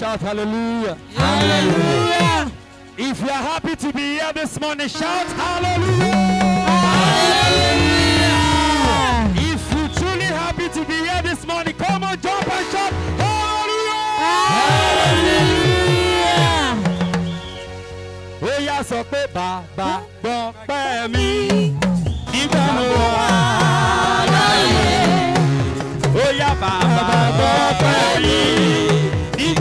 shout hallelujah. Hallelujah. If you are happy to be here this morning, shout hallelujah. Hallelujah. If you're truly happy to be here this morning, come on, jump and shout hallelujah. Hallelujah. Ó yá sọ pé bàbá gbọ́ pẹ́ mi nígbà mo wà láyé. Ó yá bàbá gbọ́ pẹ́ mi.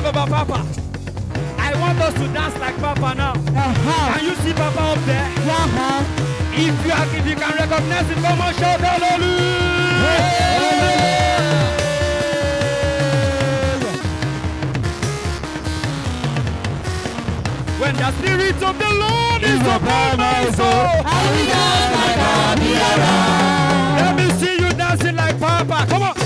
life of Papa. I want us to dance like Papa now. Uh-huh. Can you see Papa up there? Uh-huh. If you are, if you can recognize him, come on, shout hallelujah! Hey. When the spirit of the Lord is upon my soul, I will dance like Abiyara. Let me see you dancing like Papa. Come on.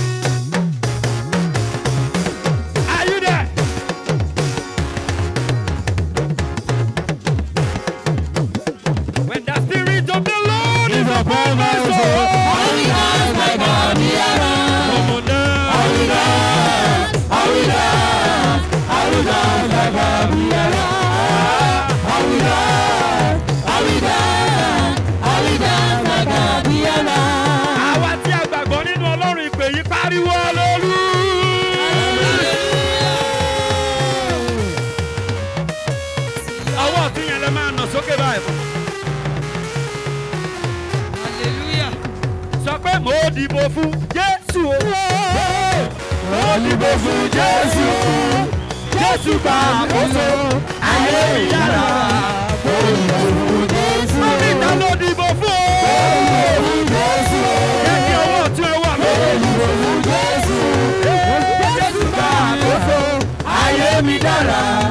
dìbò fún Jésù o. Mo dìbò fún Jésù. Jésù gba àkóso ayé mi yára. Mo dìbò fún Jésù. Mami ta ló dìbò fún o. fún Jésù. Jẹ́ ọwọ́ ọ̀tún ẹ wà. Mo fún Jésù. Jésù gba àkóso ayé mi dára.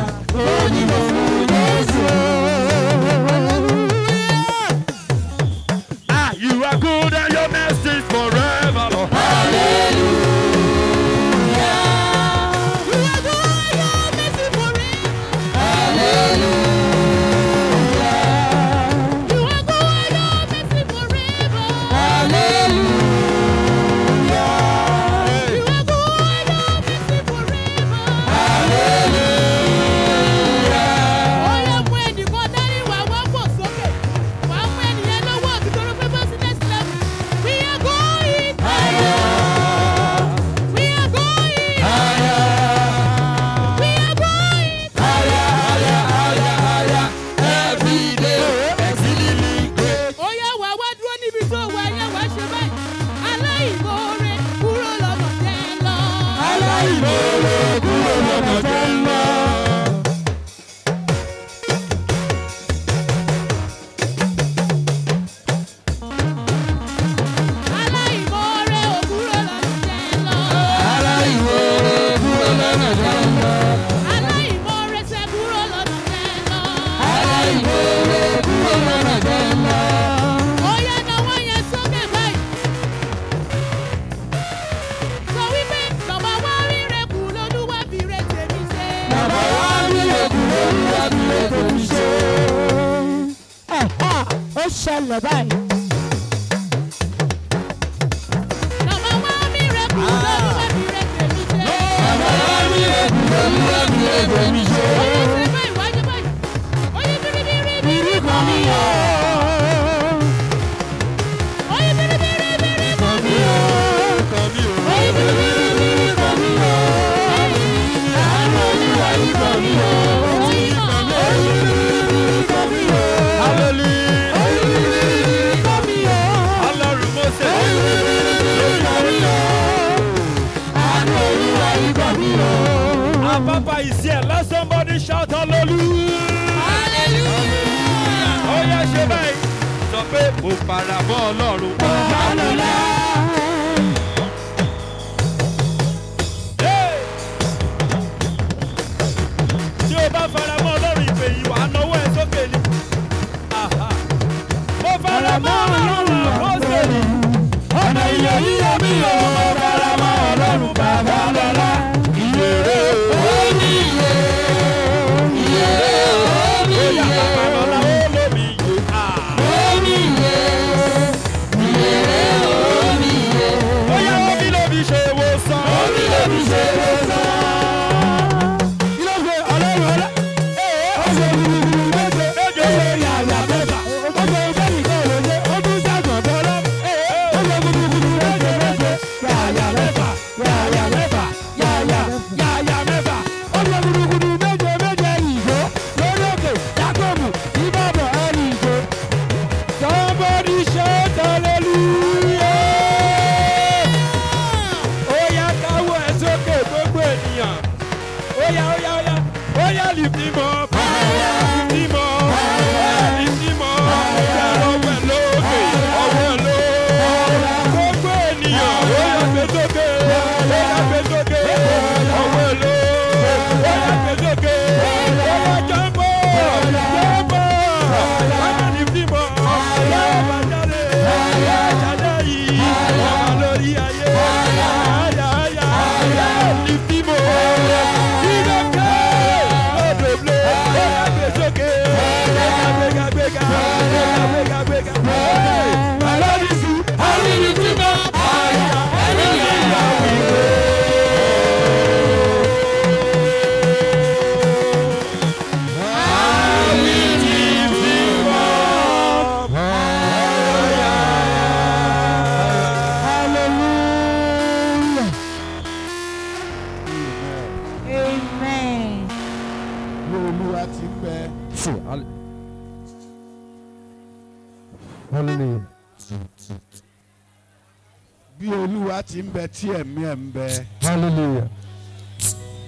tí ẹ̀mí ẹ̀ ń bẹ. hallelujah.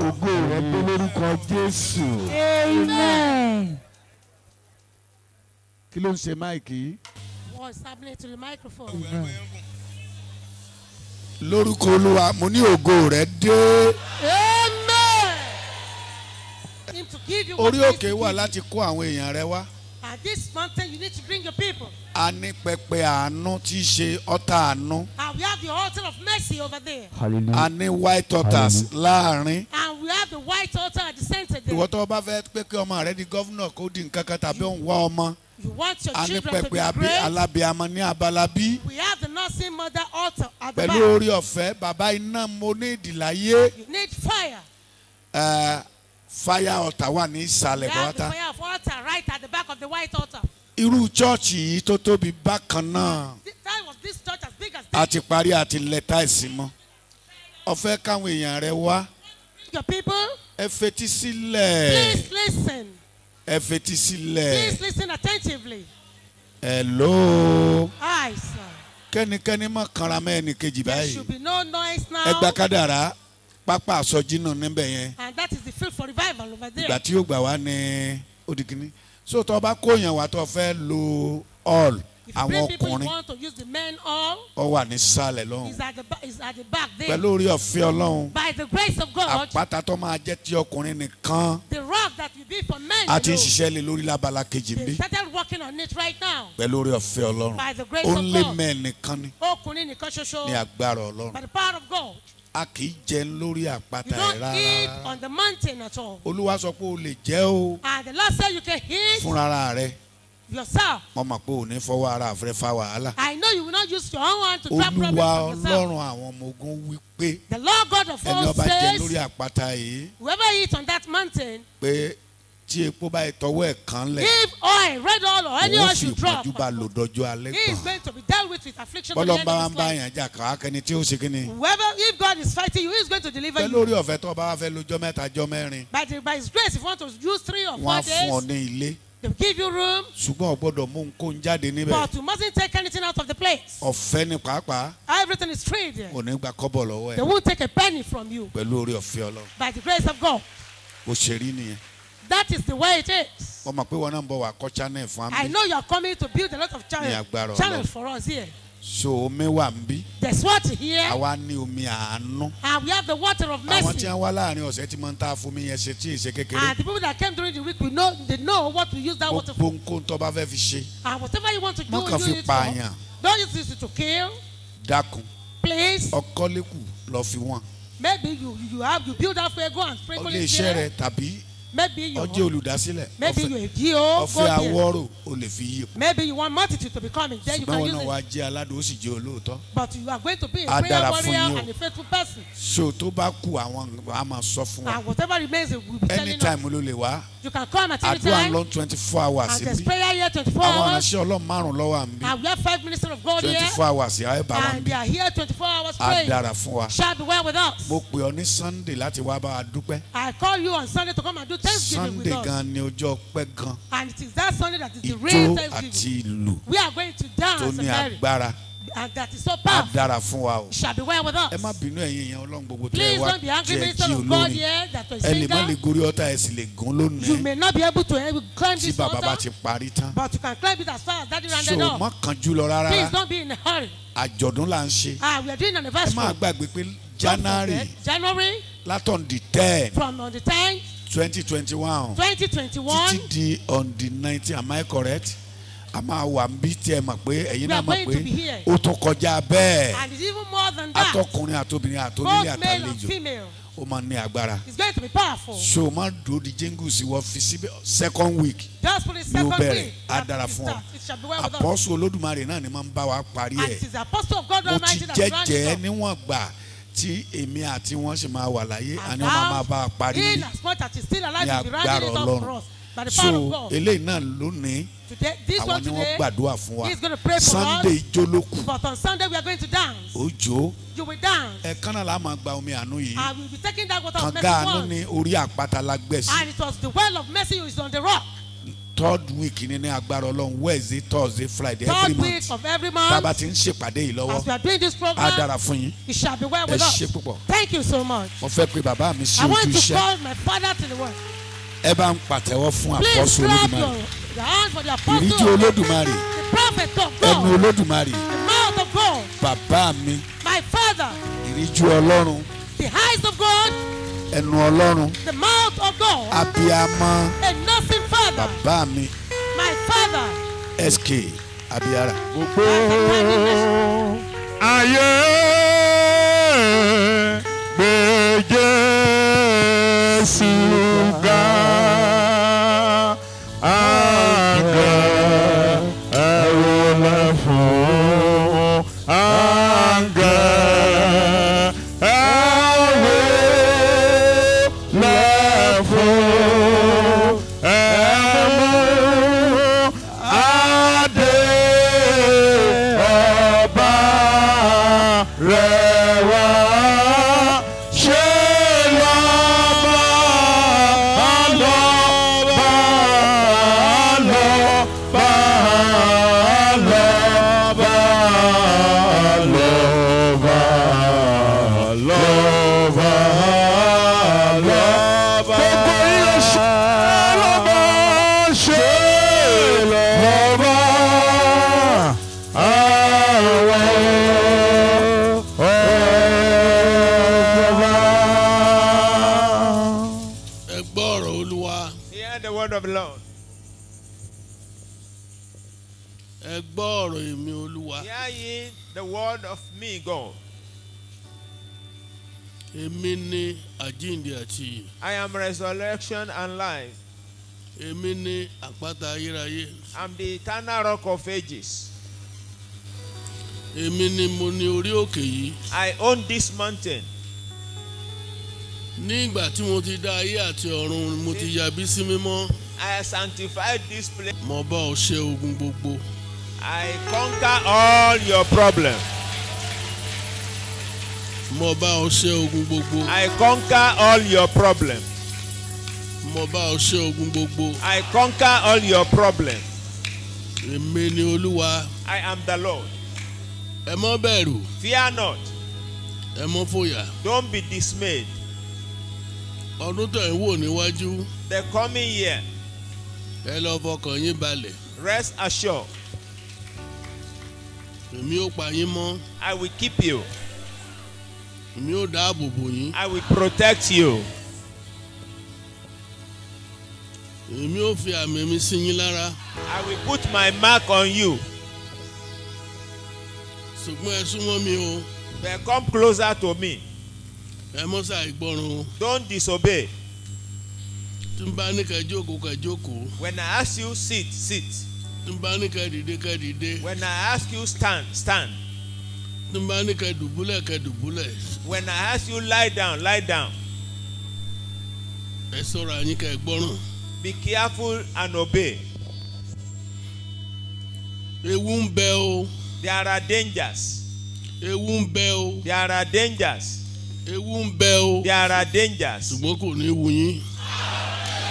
ògo rẹ gbé lórúkọ jésù. amen. kí ló ń ṣe máìkì yìí. wọ́n sábẹ́lẹ̀ tó lè microphone. lórúkọ olúwa mo ní ògo rẹ dé. amen. orí òkè wà láti kó àwọn èèyàn rẹ wá. at this mountain you need to bring your people a ní pẹpẹ àánú tí í ṣe ọta àánú. and we have the altar of mercy over there. hallelujah. a ní white altars láàrin. and we have the white altar at the center there. ìwọ tó o bá fẹ́ pé kí ọmọ rẹ di gómìnà kó di nǹkan kan tàbí òun wá ọmọ. you want your children to be great. a ní pẹpẹ alábíamọ ní abala we have the nursing mother altar at the back. pẹ̀lú orí ọ̀fẹ́ bàbá iná mo ní ìdìláyé. you need fire. Uh, fire altar wà ní ìsàlẹ̀ bọ́tà. we have the fire of altar right at the back of the white altar irú chọ́ọ̀chì yìí tó tóbi bákan náà a ti parí a ti lẹ táìsì mọ́ ó káwọn èèyàn rẹ wá ẹ fetí sílẹ̀. Please listen. ẹ fetí sílẹ̀. Please listen attentively. Hello. Hi, sir. kẹ́nikẹ́ni má kanra mẹ́ ẹnìkejì báyìí. There should be no noise now. ẹ gba kádàrá pápá àsọjí náà níbẹ̀ yẹn. And that is the field for revival over there. ìgbà tí yóò gbà wá ní odikini so tó bá kóyàn wá tó fẹ́ lo all àwọn ọkùnrin ó wà ní sàlẹ̀ lọ́hùn pẹ̀lú orí ọ̀fẹ́ Ọlọ́hun àpáta tó máa jẹ́ ti ọkùnrin nìkan a ti ń ṣiṣẹ́ lé lórí lábala kejì bí pẹ̀lú orí ọ̀fẹ́ Ọlọ́run ó ń lé mẹ́ẹ̀ nìkan ni ní agbára Ọlọ́run a kì í jẹun lórí àpáta rárá. you don't eat on the mountain at all. olúwa sọ pé o lè jẹ o. and ah, the Lord said you can eat. fúnra rẹ. yourself. mo mọ̀ pé o ní fọwọ́ ara rẹ fa wàhálà. I know you will not use your own hand to try problems for yourself. olúwa ọlọ́run àwọn ọmọ ogun wí pé. the Lord God of hosts says. ẹni ọba jẹ lórí àpáta yìí. whoever eat on that mountain. pé tí epo bá tọwọ́ ẹ̀ kan lẹ̀. give oil red oil or any oil you drop. òun sì mọ̀jú bá lò dọ́jọ́ alẹ́ kan. he is going to be dealt with with affliction. bọ́lọ̀ bá ń bá yàn jà kàá kẹni tí ó ṣe kí ni. whoever if God is fighting you he is going to deliver you. pẹ̀lú ọ̀fẹ́ tó bá wá fẹ́ lójọ́ mẹ́ta jọ mẹ́rin. by the by his grace if you want to use three or four days. wọ́n á fún ọ ní ilé. They give you room. ṣùgbọ́n o gbọ́dọ̀ mú nǹkan jáde níbẹ̀. but you mustn't take anything out of the place. ọ̀fẹ́ ni pàápàá. everything is free there. ní gba kọ́bọ̀ lọ́wọ́ ẹ̀. they won't take a penny from you. pẹ̀lú orí ọ̀fẹ́ Ọlọ́run. by the grace of God. bó ṣe rí nìyẹn. That is the way it is. I know you are coming to build a lot of channel, channel for us here. So omi wà There's water here. And we have the water of mercy. And the people that came during the week we know they know what to use that water for. And whatever you want to do, you use it for. Don't use it to kill. Dákun. Please. Maybe you you have you build up for go and sprinkle it there. Olè iṣẹ́ rẹ̀ tàbí Maybe you ọjọ́ olùdásílẹ̀ ọ̀fẹ́ àwọ̀rò o lè fi yípo. Maybe you want multitude to be coming then you can ṣùgbọ́n wọn náà wá jẹ́ aládùn ó sì jẹ́ olóòótọ́. But you are going to be a prayer warrior and a faithful person. so tó bá kù àwọn a máa sọ fún wa. and whatever remains we will be telling you. anytime ló lè wá. you can come at any time. àdúrà lọ twenty four hours. and there is prayer here twenty four hours. àwọn aránṣẹ́ ọlọ́run márùn-ún lọ́wọ́ à ń bí. and we have five ministers of God here. twenty four hours yà ẹ bá wa ń bí. and they are here twenty four hours praying. àdàrà fún wa. shall be well with us. mo pè ọ ní Sunday láti wá bá a dúpẹ́. I call you on Sunday to come and do Sunday gan ni ọjọ́ ọpẹ́ gan. And it is that Sunday that is the real àti ìlú. We are going to dance and Tó ní agbára. that is so A dára fún wa o. Ẹ má bínú ẹ̀yin èèyàn Ọlọ́run gbogbo tí wá jẹ́ kí olórin. Please don't be angry minister God that was singer. Ẹ lè má lè gorí ọ̀tá ẹ sì lè gún lónìí. You may not be able to eh, climb this mountain. Tí bàbá bá ti parí tán. But you can climb it as far as daddy rounded up. So mọ̀ lọ rárá. Please don't be in a hurry. Àjọ̀dún là ń ṣe. Ah, we are doing anniversary. Ẹ má gbàgbé pé January. January. Látọ̀n di ten. From twenty twenty one. twenty twenty one. títí di on the nineteen am I correct? a máa wà ń bí tiẹ̀ mọ̀ pé ẹ̀yin náà mọ̀ pé ó tún kọjá bẹ́ẹ̀. even more than that. atọkùnrin àtobìnrin àtolílé àtàlejò. both male and female. ó máa ní agbára. it's going to be powerful. so má dúró di jingles wọ fi síbẹ̀ second week. just for the second week. ló bẹ̀rẹ̀ á dára fún ọ. apọ́sù olódùmarè náà ni máa ń bá wa parí ẹ̀. and it is mo ti jẹ́jẹ́ níwọ̀n gbà tí èmi àti wọn sì máa wà láyé àní wọn máa bá a parí ní agbára Ọlọ́run so eléyìí náà lónìí àwọn ni wọn gbàdúrà fún wa Sunday jólókù òjò ẹ̀kan náà la máa gba omi àánú yìí kànga àánú ní orí àpáta la gbẹ̀ sí. and it was the well of mercy is on the rock third week ni ní agbára ọlọ́run wednesday thursday friday every month third week of every month tába ti ń ṣèpàdé yìí lọ́wọ́ as we are doing this program á dára fún yín it shall be well with us ẹ ṣe púpọ̀ thank you so much mo fẹ́ pe bàbá mi sí ojú iṣẹ́ i want to call my father to the world ẹ bá ń pàtẹ́wọ́ fún àpọ́sọ olódùmarè ìríjú olódùmarè ẹnu olódùmarè bàbá mi ìríjú ọlọ́run the eyes of God ẹnu ọlọ́run abiyamọ bàbá mi sk abiyara. gbogbo ayé gbé Jésù. I am resurrection and life. Èmi ni àpáta ayérayé. I'm the eternal rock of ages. Èmi ni mo ní orí òkè yìí. I own this mountain. Ní ìgbà tí mo ti dá ayé àti ọ̀run mo ti yabí sí mímọ́. I sanctified this place. Mo bá ọ ṣe ogun gbogbo. I conquer all your problems. Mo bá ọ ṣe ogun gbogbo. I conquer all your problems. Mo bá ọ ṣe ogun gbogbo. I conquer all your problems. Èmi ni Olúwa. I am the Lord. Ẹ mọ́ bẹ̀rù. Fear not. Ẹ mọ́ fòyà. Don't be dismayed. Ọdún tó ń wò níwájú. The coming year. Ẹ lọ fọkàn yín balẹ̀. Rest assured. Èmi ó pa yín mọ́. I will keep you. Èmi ó dáàbò bò yín. I will protect you. Èmi ó fi àmì mi sí yín lára. I will put my mark on you. Ṣùgbọ́n ẹ súnmọ́ mi o. But come closer to me. Ẹ mọ́ sá ìgbọràn o. Don't disobey. Tí bá ní ká jókòó ká jókòó. When I ask you sit, sit. Tí bá ní ká dìde ká dìde. When I ask you stand, stand tí n bá ní kẹ́ dùbúlẹ̀ kẹ́ dùbúlẹ̀. when I ask you lie down lie down. ẹ ṣọ́ra yín kẹ́ gbọ́ràn. be careful and obey. ewu ń bẹ o. there are dangers. ewu ń bẹ o. there are dangers. ewu ń bẹ o. there are dangers. ṣùgbọ́n kò ní wù yín.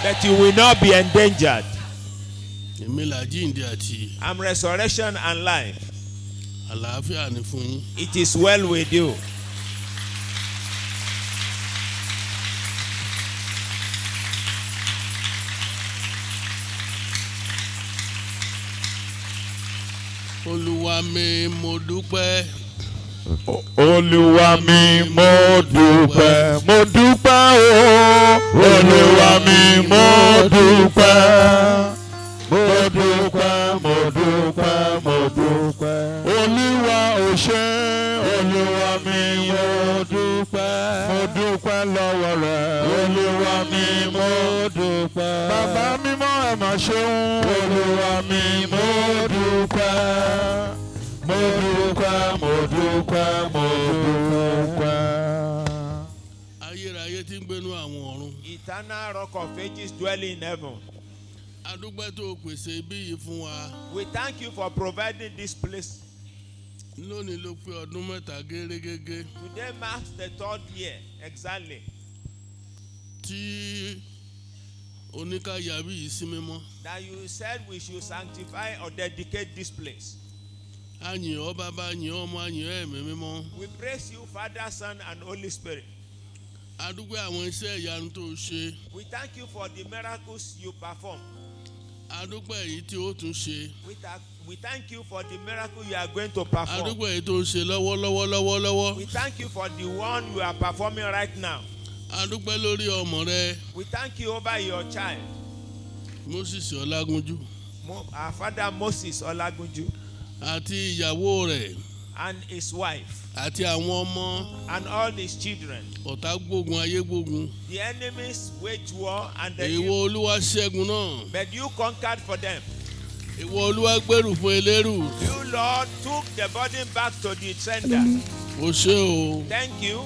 that you will not be endangered. èmi làjíǹde àti. I'm resurrection and life àlàáfíà ni fún yín. it is well with you. olúwa mi mo dúpẹ́. olúwa mi mo dúpẹ́ mo dúpẹ́ o olúwa mi mo dúpẹ́. ṣé olúwa mi mo dúpẹ́. mo dúpẹ́ lọ́wọ́ rẹ̀. olúwa mi mo dúpẹ́. bàbá mímọ́ ẹ̀ mà ṣeun. olúwa mi mo dúpẹ́. mo dúpẹ́ mo dúpẹ́ mo dúpẹ́ ayérayé tí ń gbénu àwọn ọ̀run. eternal rock of ages dwelling in heaven. adúgbò tó o pèsè ibí yìí fún wa. we thank you for providing this place lónìí ló pé ọdún mẹ́ta gẹ́gẹ́. today marks the third year exactly. tí oníkàyàbí yìí sí mímọ́. that you said we should sanctify or dedicate this place. a yìn ọ́ yìn ọmọ a ẹ̀mí mímọ́. we praise you father son and holy spirit. a àwọn iṣẹ́ ìyanu tó ṣe. we thank you for the miracles you perform. a èyí tí ó tún ṣe. we thank We thank you for the miracle you are going to perform. Adúgbò èyí tó ń ṣe lọ́wọ́lọ́wọ́ lọ́wọ́lọ́wọ́. We thank you for the one you are performing right now. Adúgbò lórí ọmọ rẹ. We thank you over your child. Moses Ọlágúnjú. Our father Moses Olagunju. Àti ìyàwó rẹ̀. And his wife. Àti àwọn ọmọ. And all his children. Ọ̀tá gbógun ayé gbógun. The enemies wage war and the. Ìwọ Olúwa ṣẹ́gun náà. But you conquered for them. Ìwọ Olúwa fún elérù. You Lord took the burden back to the sender. O ṣé o. Thank you.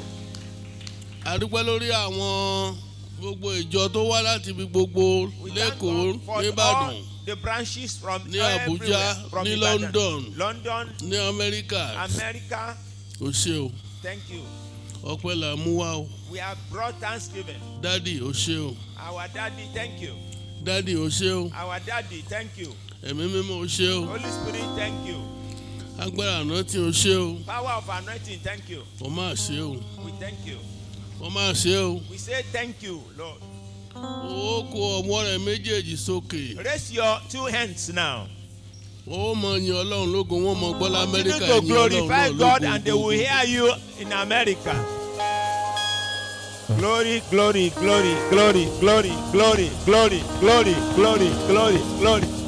A dúpẹ́ lórí àwọn gbogbo ìjọ tó wá láti ibi gbogbo lẹ́kọ̀ọ́ nìbàdàn the branches from ní Abuja ní London London ní America America o ṣé o thank you ọpẹ́ là mú wá o we have brought thanksgiving daddy o ṣé o our daddy thank you daddy o ṣé o our daddy thank you ẹ̀mí mímọ́ o ṣé o. holy spirit thank you. agbára anointing o ṣé o. power of anointing thank you. o máa ṣe o. we thank you. o máa ṣe o. we say thank you lord. o kó ọmọ rẹ méjèèjì sókè. raise your two hands now. ó mọ yin ọlọ́run lógun wọ́n mọ gbọ́lá amẹ́ríkà yin ọlọ́run lógun. continue to glorify God and they will hear you in America. Glory, glory, glory, glory, glory, glory, glory, glory, glory, glory, glory.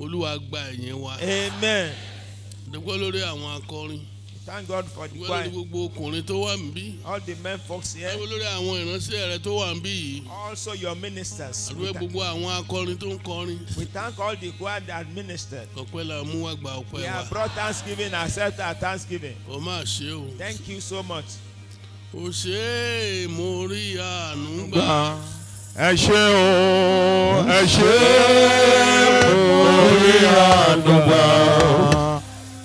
olúwa gba ẹ̀yìn wa. amen. dúpẹ́ lórí àwọn akọrin. thank God for the choir. dúpẹ́ lórí gbogbo ọkùnrin tó wà níbí. all the men folks here. dúpẹ́ lórí àwọn ìránṣẹ́ rẹ tó wà níbí yìí. also your ministers. àdúgbò gbogbo àwọn akọrin tó ń kọrin. we thank all the choir that ministered. ọpẹ́ la mú wa gba ọpẹ́ wa. we have brought thanksgiving accept our thanksgiving. o máa ṣe o. thank you so much. o mo rí àánú gbà ẹ ṣé o ẹ ṣé orí àdùgbà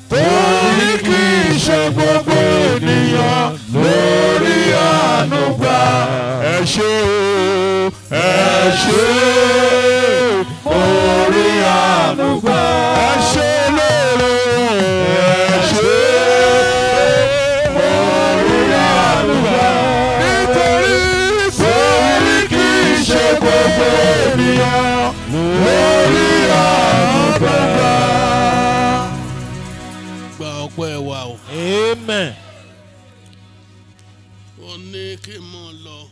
torí kì í ṣe gbogbo ènìyàn lórí àdùgbà ẹ ṣé o ẹ ṣé orí àdùgbà ẹ ṣé. Amen. Ó ní kí n mọ̀ lọ.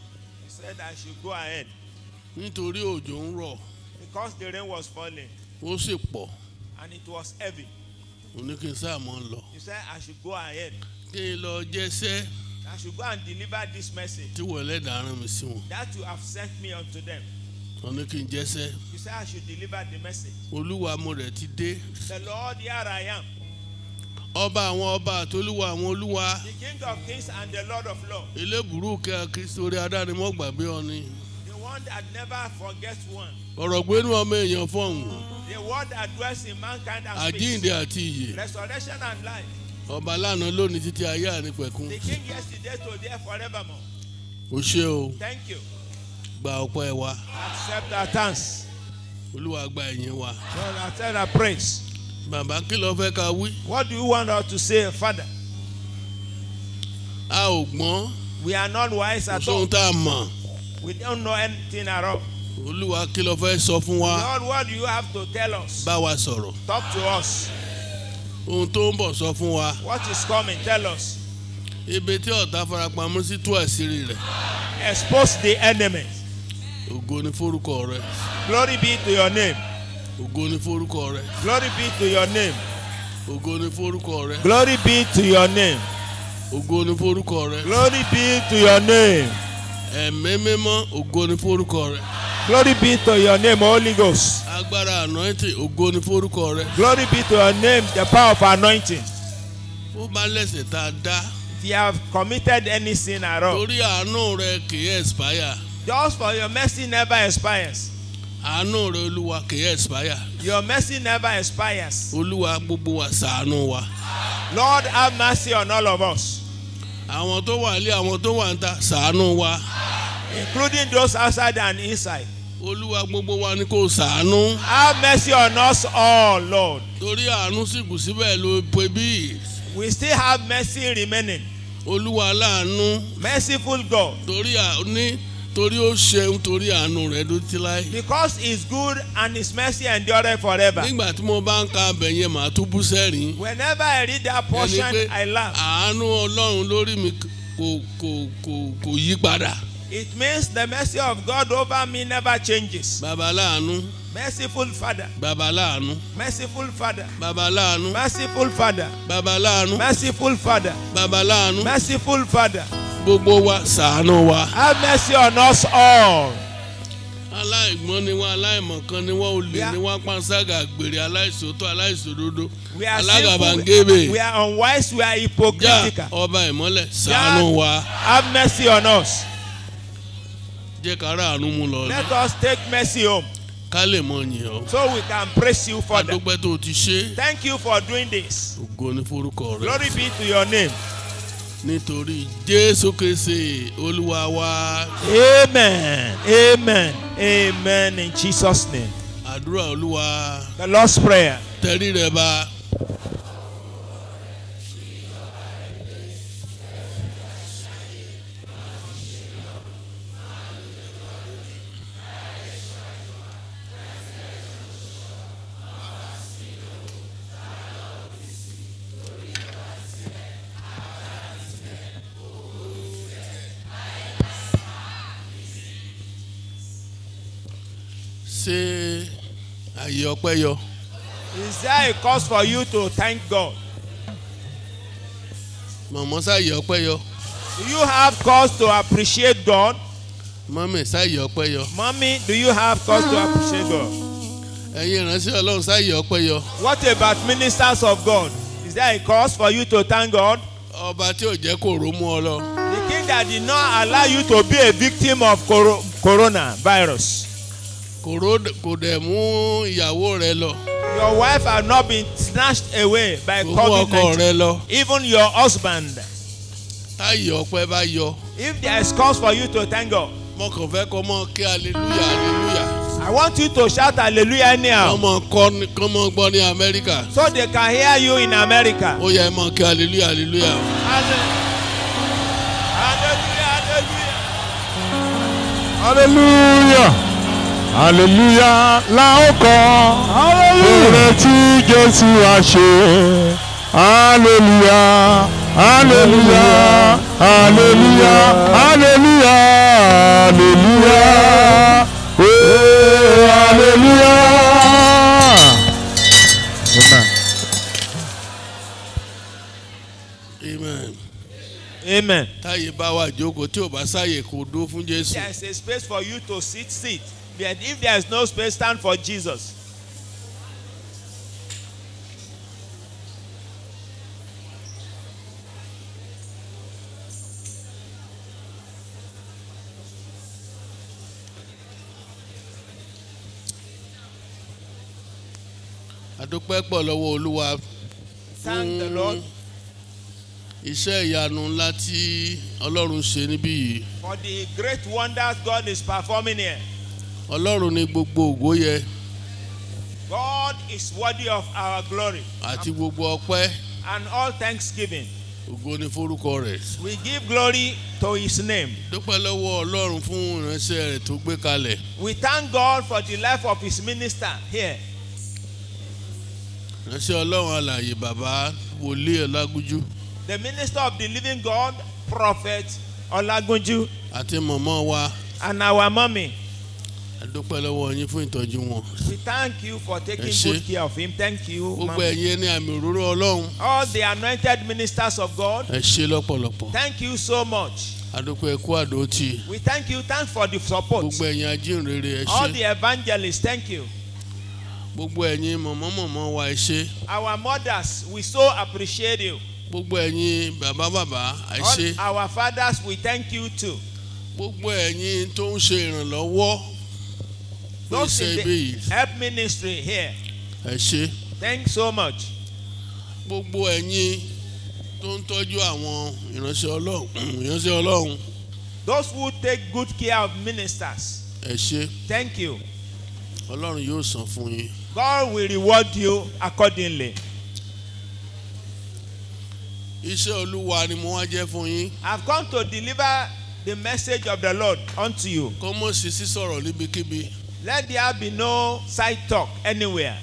He said I should go ahead. Nítorí òjò ń rọ̀. Because the rain was falling. Ó sì pọ̀. And it was heavy. Ó ní kí n sáà mọ̀ lọ. He said I should go ahead. Kí n lọ jẹ́sẹ́. I should go and deliver this message. Tí wọ́n ẹlẹ́dàá mi sí wọn. That you have sent me unto them. Ọ̀nà kí n jẹ́sẹ́. You said I should deliver the message. Olúwa mo rẹ̀ ti dé. The Lord here I am ọba àwọn ọba àtolúwa àwọn olúwa. the king of kings and the lord of lords. elébùrú kẹ́ kristu orí adánimọ̀gbàgbé ọni. the one that never forgets one. ọ̀rọ̀ gbénu ọmọ èèyàn fọ̀hún. the word that dwells in mankind and speaks. àjíǹde àti ìyè. restoration and life. ọba lánàá lónìí títí ayé ànípẹ̀kún. the king yesterday today forevermore. o ṣé o. thank you. gba ọpẹ́ wa. accept our thanks. olúwa gba ìyìn wa. lord accept our praise. Bàbá kí ló fẹ́ ká wí? What do you want us to say, Father? A ò gbọ́n. We are not wise at all. Kò sóhun tá a mọ̀. We don't know anything at all. Olúwa kí ló fẹ́ sọ fún wa? Lord, what do you have to tell us? Bá wa sọ̀rọ̀. Talk to us. Ohun tó ń bọ̀ sọ fún wa. What is coming? Tell us. Ibi tí ọ̀tá farapamọ́ sí tú àṣírí rẹ̀. Expose the enemy. Ògo ni fórúkọ rẹ. Glory be to your name ògo ni forúkọ rẹ. glory be to your name. ògo ni forúkọ rẹ. glory be to your name. ògo ni forúkọ rẹ. glory be to your name. ẹ̀mí mímọ́ ògo ni forúkọ rẹ. glory be to your name holy ghost. agbára anointing ògo ni forúkọ rẹ. glory be to your name the power of anointing. ó bá lẹ́sẹ̀ tá a dá. if you have committed any sin at all. torí àánú rẹ kì í expire. just for your mercy never expires àánú rẹ olúwa kì í expire. your mercy never expires. olúwa gbogbo wa ṣàánú wa. lord have mercy on all of us. àwọn tó wà lé àwọn tó wà ń ta ṣàánú wa. including those outside and inside. olúwa gbogbo wa ni kò ṣàánú. have mercy on us all lord. torí àánú sì síbẹ̀ ló pe bí. we still have mercy remaining. olúwa láàánú. merciful God. torí àánú torí ó ṣeun torí àánú rẹ̀ ló ti because he is good and his mercy endure forever. nígbà tí mo bá ń ka abẹ màá tún bú sẹ́rìn. whenever I read that portion I laugh. àánú Ọlọ́run lórí mi kò kò kò kò yí padà. it means the mercy of God over me never changes. babaláàánú. Merciful Father. Baba láàánú. Merciful Father. Baba Merciful Father. Baba Merciful Father. Baba Merciful Father gbogbo wa ṣàánú wa. have mercy on us all aláìgbọ́n ni wọ́n aláìmọ̀kan ni wọ́n olè ni wọ́n panṣágà gbèrè aláìṣòótọ́ aláìṣòdodo alágàbàǹgẹ̀bẹ̀. we are unwise we are hypocritical. já ọba ìmọ́lẹ̀ ṣàánú wa. have mercy on us. jẹ́ ká ráàánú mú lọ. let us take mercy home. ká lè mọ yìn ọ́. so we can praise you for that. adúpẹ́ tó o ti ṣe. thank you for doing this. ògo ni forúkọ rẹ. glory be to your name nítorí jésù kristi olúwa wa. amen amen amen in jesus name. àdúrà olúwa. the lord's prayer. tẹrí rẹ ba. ṣé àyè ọpẹ́ yọ? Is there a cause for you to thank God? Mọ̀mọ́ ṣàyè ọpẹ́ yọ. Do you have cause to appreciate God? Mọ́mí ṣàyè ọpẹ́ yọ. Mọ́mí, do you have cause to appreciate God? Ẹ̀yin ìránṣẹ́ Ọlọ́run ṣàyè ọpẹ́ yọ. What about ministers of God? Is there a cause for you to thank God? Ọba tí ò jẹ́ kòró mú ọ lọ. The king that did not allow you to be a victim of coro coronavirus kò dẹ̀ mú ìyàwó rẹ lọ. your wife has not been snatched away by covid nineteen even your husband. táyọ̀ ọpẹ́ bá yọ. if there is cause for you to thank God. mo kàn fẹ́ kọ́ mọ́ kí hallelujah hallelujah. I want you to shout hallelujah now. Come on, come, come on, born America. So they can hear you in America. Oh yeah, man, hallelujah, hallelujah. Hallelujah, hallelujah. Hallelujah hallelujah la ó kọ èrè tí jésù wá ṣe hallelujah hallelujah hallelujah hallelujah hallelujah hallelujah. Amen. Amen. Táyé bá wà jókòó tí ò bá sáyè kò dó fún Jésù. There is a space for you to sit sit if there is no space, stand for Jesus. àdúpẹ́ pọ̀ lọ́wọ́ olúwa fún iṣẹ́ ìyanu ńlá tí ọlọ́run ṣe níbí yìí. for the great wonders God is performing here ọlọ́run ni gbogbo ògo yẹ. God is worthy of our glory. àti gbogbo ọpẹ́. and all thanksgiving. ògo ni forúkọ rẹ̀. we give glory to his name. dúpẹ́ lọ́wọ́ ọlọ́run fún ìránṣẹ́ rẹ̀ tó gbé kalẹ̀. we thank God for the life of his minister here. ìránṣẹ́ ọlọ́run alààyè bàbá wòlíì ọlágúnjú. the minister of the living God prophet ọlágúnjú. àti mọ̀mọ́ wa. and our mommy dúpẹ́ lọ́wọ́ yín fún ìtọ́jú wọn. we thank you for taking good care of him thank you. gbogbo ẹ̀yin ni àmì òróró Ọlọ́run. all the anointed ministers of God. ẹ ṣé lọ́pọ̀lọpọ̀. thank you so much. Adúpẹ́ ẹ̀kú àdótì. We thank you thanks for the support. Gbogbo ẹ̀yin ajínrere ẹ ṣé. All the evangelists thank you. Gbogbo ẹ̀yin mọ̀mọ́mọ̀mọ́ wa ẹ ṣé. Our mothers we so appreciate you. Gbogbo ẹ̀yin bàbá bàbá ẹ ṣé. All our fathers we thank you too. Gbogbo ẹ̀yin tó ń ṣe ìrànlọ́wọ́ those in the help ministry here. ẹ ṣe. thanks so much. gbogbo ẹ̀yin tó ń tọ́jú àwọn ìránṣẹ́ ọlọ́run ìránṣẹ́ ọlọ́run. those who take good care of ministers. ẹ ṣe. thank you. ọlọ́run yóò san fún yín. God will reward you accordingly. Iṣẹ́ Olúwa ni mo wá jẹ́ fún yín. I have come to deliver the message of the Lord unto you. Kó sísọ̀rọ̀ níbikíbi. Let there be no side talk anywhere.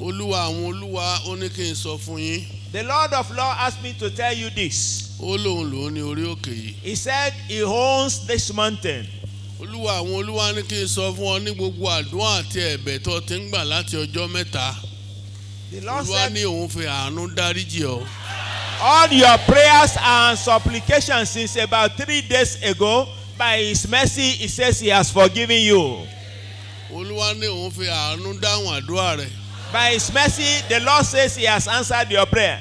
Olúwa àwọn olúwa ó ní kí n sọ fún yín. The Lord of Law asked me to tell you this. Ó lóun lòun ní orí òkè yìí. He said he owns this mountain. Olúwa àwọn olúwa ní kí n sọ fún ọ ní gbogbo àdúrà àti ẹ̀bẹ̀ tó ti ń gbà láti ọjọ́ mẹ́ta. The Lord said. Olúwa ní òun fi àánú dáríjì ọ. All your prayers and supplications since about three days ago by his mercy he says he has forgiven you. Olúwa ní òun fi àánú dáhùn àdúrà rẹ̀. By his mercy the Lord says he has answered your prayer.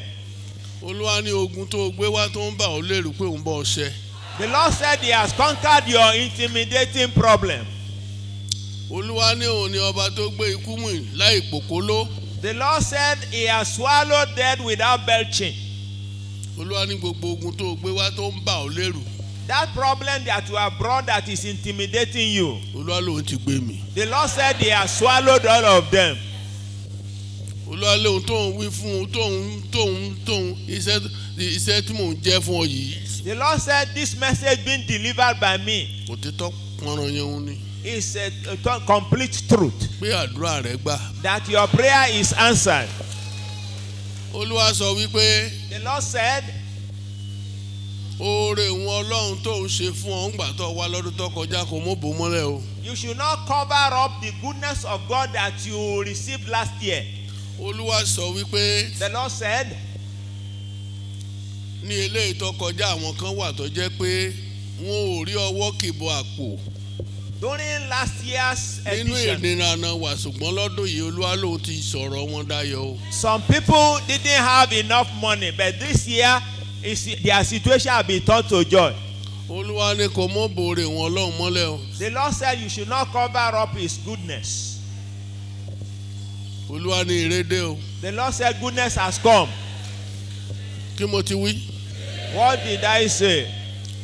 Olúwa ní ogun tó gbé wá tó ń bà ọ́ lérò pé òun bọ́ ọ The Lord said he has conquered your intimidating problem. Olúwa ní òun ni ọba tó gbé ikú mì láì pòkóló. The Lord said he has swallowed death without belching. Olúwa ní gbogbo ogun tó gbé wá tó ń bà ọ́ lérò. That problem that you have brought that is intimidating you. Olúwa ti gbé mi. The Lord said "They have swallowed all of them. Olúwa lòun tóun wí fún un tóun tóun tóun iṣẹ́ iṣẹ́ tí mò ń jẹ́ fún ọ yìí. The Lord said this message being delivered by me. Òtítọ́ pọnran yẹn ń ní. Is a, complete truth. Pé àdúrà rẹ gbà. That your prayer is answered. Olúwa sọ wípé. The Lord said oore ìwọ̀n ọlọ́run tó ń ṣe fún ọ ńgbà tó wá lọ́dún tó kọjá kò mú bò mọ́lẹ̀ o. you should not cover up the goodness of God that you received last year. olúwa sọ wípé. the lord said. ní eléyìí tó àwọn kan wà tó jẹ́ pé wọn ò rí ọwọ́ kìbọ àpò. during last year's edition. nínú ìnira wà ṣùgbọ́n lọ́dún yìí olúwa lòun ti sọ̀rọ̀ wọn dayọ̀ o. some people didn't have enough money but this year their situation be turned to joy. olúwa ni kò mọ bòrè wọn ọlọ́run mọ́lẹ̀ o. the lord said you should not cover up his goodness. olúwa ni ìrédé o. the lord said goodness has come. kí mo ti wí. what did I say.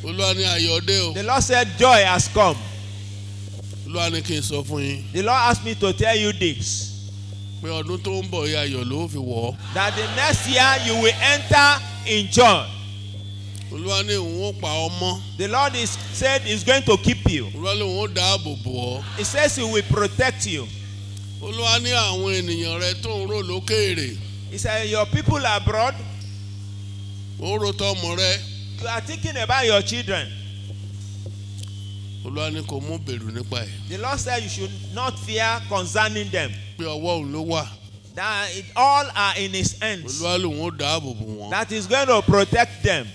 olúwa ni ayọ̀ o. the lord said joy has come. olúwa ni kí n sọ fún yín. the lord asked me to tell you this. pé ọdún tó ń bọ̀ yá ayọ̀ ló fi wọ̀ ọ́. that the next year you will enter enjoy. Olúwa ní òun ó pa ọmọ. The Lord is said he is going to keep you. Olúwa ní òun ó dáàbò bò ọ́. He says he will protect you. Olúwa ní àwọn ènìyàn rẹ tó ń rò lókèèrè. He said your people abroad. Ó ro tọmọ rẹ. You are thinking about your children. Olúwa ní kò mú bẹ̀rù nípa ẹ̀. The Lord said you should not fear concerning them. Pé ọwọ́ òun ló wà. That it, all are in his hands. That is going to protect them.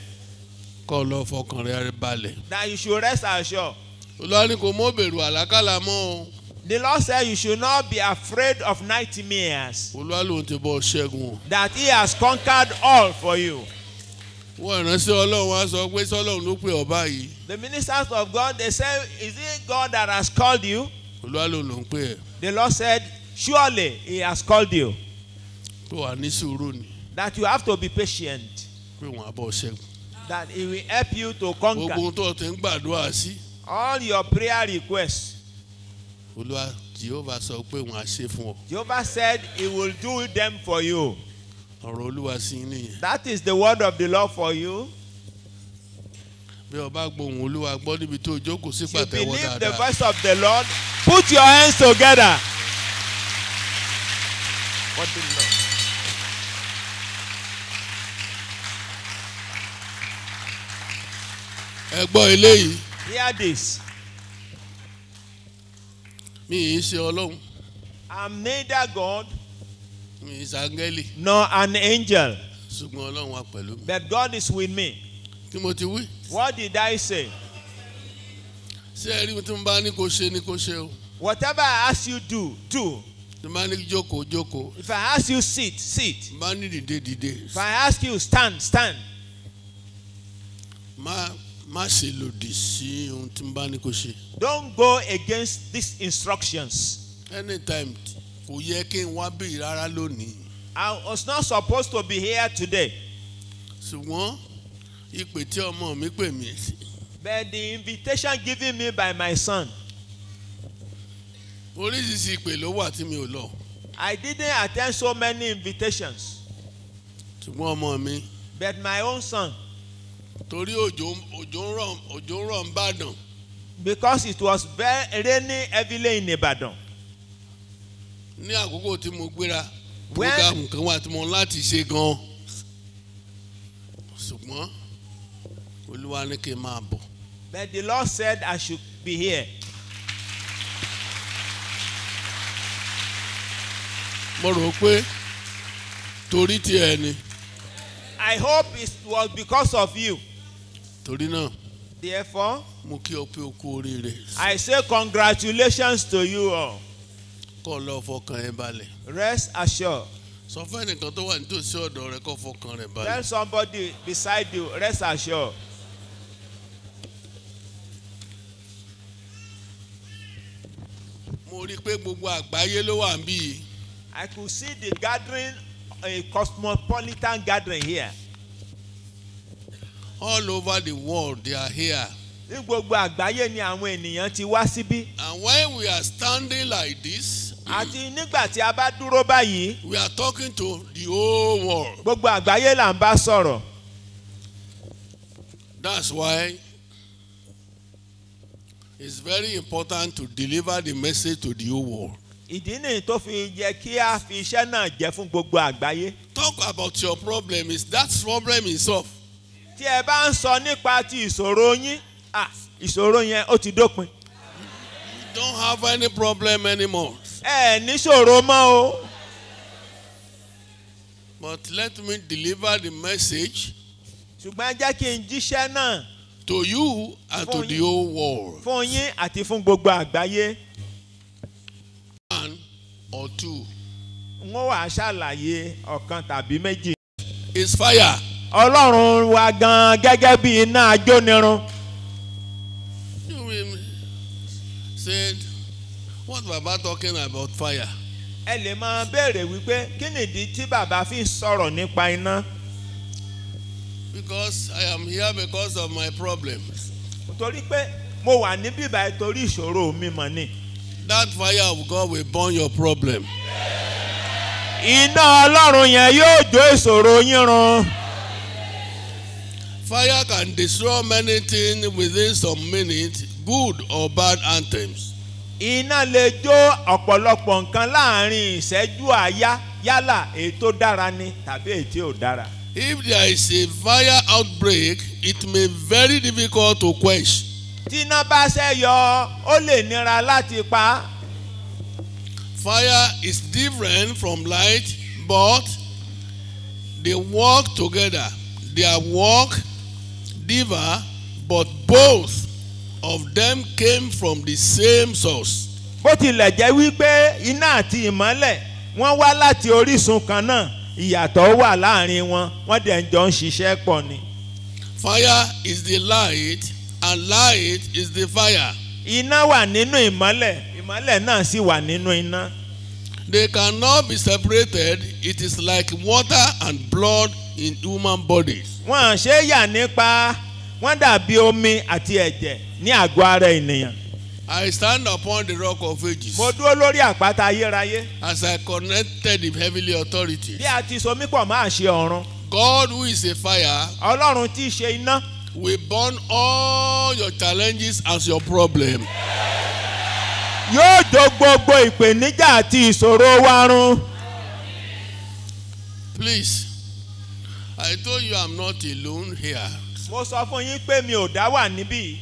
Kọ́ lọ fọkàn rẹ balẹ̀. That you should rest assured. Olúwa kò mọ bẹ̀rù àlákàlà mọ́ o. The Lord said you should not be afraid of nightmares. Olúwa lòun ti bọ́ ṣẹ́gun. That he has conquered all for you. Wọ́n ìránṣẹ́ Ọlọ́run á sọ pé sọ́lọ́run ló pè ọ́ báyìí. The ministers of God they say is it God that has called you? Olúwa lòun ló ń pè ẹ́. The Lord said surely he has called you. tó wà ní sùúrù ni. that you have to be patient. pé wọn á bọ̀ ṣẹ́gun. that he will help you to conquer. gbogbo ohun tó ti ń gbàdúrà sí. all your prayer requests. olúwa jehovah sọ pé wọn á ṣe fún ọ. jehovah said he will do them for you. ọ̀rọ̀ olúwa sí nìyẹn. that is the word of the Lord for you. bí o bá olúwa gbọ́ níbi tó jókòó sí pàtẹ́wọ́ dáadáa. you believe the voice of the Lord put your hands together ọdún náà. ẹ gbọ́ eléyìí. hear this. mi ì ṣe ọlọ́run. I'm neither God. mi ì ṣe nor an angel. ṣùgbọ́n ọlọ́run wà pẹ̀lú mi. but God is with me. kí mo ti wí. what did I say? ṣé ẹ rí mi tí mo bá ní kó ṣe ni kó ṣe o. whatever I ask you do do tí n bá ní jókòó jókòó. if I ask you sit sit. n bá ní dìde dìde. if I ask you stand stand. má má ṣe lòdì sí ohun tí n bá ní kó ṣe. don't go against these instructions. anytime kò yẹ kí n wá bí rárá lónìí. I was not supposed to be here today. ṣùgbọ́n ìpè tí ọmọ mi pè mí. but the invitation given me by my son oríṣiríṣi ìpè ló wà tí mi ò lọ. I didn't attend so many invitations. ṣùgbọ́n ọmọ mi. But my own son. torí òjò òjò ń rọ̀ òjò ń rọ̀ ń bàdàn. Because it was very raining heavily in Ibadan. ní àkókò tí mo gbéra program kan wà tí mo láti ṣe gan ṣùgbọ́n Olúwa ní kí n máa bọ̀. But the Lord said I should be here. mo rò pé torí ti ẹ ni. I hope it was because of you. Torí náà. Therefore. Mo kí ọ pé o kú oríire. I say congratulations to you all. Kọ́ lọ fọkàn ẹ balẹ̀. Rest assured. Sọ fún ẹnìkan tó wà nítòsí ọ̀dọ̀ rẹ kó fọkàn rẹ balẹ̀. Tell somebody beside you rest assured. Mo rí i pé gbogbo àgbáyé ló wà níbí yìí. I could see the gathering, a cosmopolitan gathering here. All over the world, they are here. Ní gbogbo àgbáyé ni àwọn ènìyàn ti wá síbí. And when we are standing like this. Àti nígbà tí a bá dúró báyìí. We are talking to the whole world. Gbogbo àgbáyé là ń bá sọ̀rọ̀. That's why it's very important to deliver the message to the whole world ìdí nìyí tó fi jẹ́ kí a fi iṣẹ́ náà jẹ́ fún gbogbo àgbáyé. talk about your problem is that problem is off. tí ẹ bá ń sọ nípa ti ìṣòro yín ìṣòro yẹn ó ti dópin. you don't have any problem anymore. ẹ níṣòro mọ́ o. but let me deliver the message. ṣùgbọ́n jẹ́ kí n jíṣẹ́ náà. to you and to the whole world. fún yín àti fún gbogbo àgbáyé or two. n ó ṣàlàyé ọ̀kan tàbí méjì. is fire. ọlọ́run wa gan gẹ́gẹ́ bí iná ajónirun. you what baba talking about fire. ẹ lè máa béèrè wípé kí nìdí tí bàbá fi sọ̀rọ̀ nípa iná. because I am here because of my problems. torí pé mo wà níbí báyìí torí ìṣòro mi mọ̀ ni. That fire of God will burn your problem. Iná Ọlọ́run yẹn yóò jó ìṣòro yín run. Fire can destroy many things within some minutes, good or bad anthems. Iná lè jó ọ̀pọ̀lọpọ̀ nǹkan láàrin ìṣẹ́jú àáyá yálà èyí tó dára ni tàbí èyí tí ò dára. If there is a fire outbreak, it may very difficult to quench tíná bá ṣe yọ ó lè nira láti pa. Fire is different from light but they work together their work differ but both of them came from the same source. bó tilẹ̀ jẹ́ wípé iná àti ìmọ́lẹ̀ wọ́n wá láti orísun kan náà ìyàtọ̀ wà láàrin wọn wọ́n dẹ̀ jọ ń ṣiṣẹ́ pọ̀ ni. Fire is the light and light is the fire. Iná wà nínú ìmọ́lẹ̀, ìmọ́lẹ̀ náà sì wà nínú iná. They cannot be separated. It is like water and blood in human bodies. Wọ́n ṣe yà nípa wọ́n dàbí omi àti ẹ̀jẹ̀ ní àgọ́ ara ènìyàn. I stand upon the rock of ages. Mo dúró lórí àpáta ayérayé. As I connected with heavenly authority. Bí a ti so mí pọ̀ máa ṣe ọ̀run. God who is a fire. Ọlọ́run tí í ṣe iná. We burn all your challenges as your problem. Yóò jó gbogbo ìpèníjà àti ìṣòro wa run. Please, I told you I'm not alone here. Mo sọ fún yín pé mi ò dá wà níbí.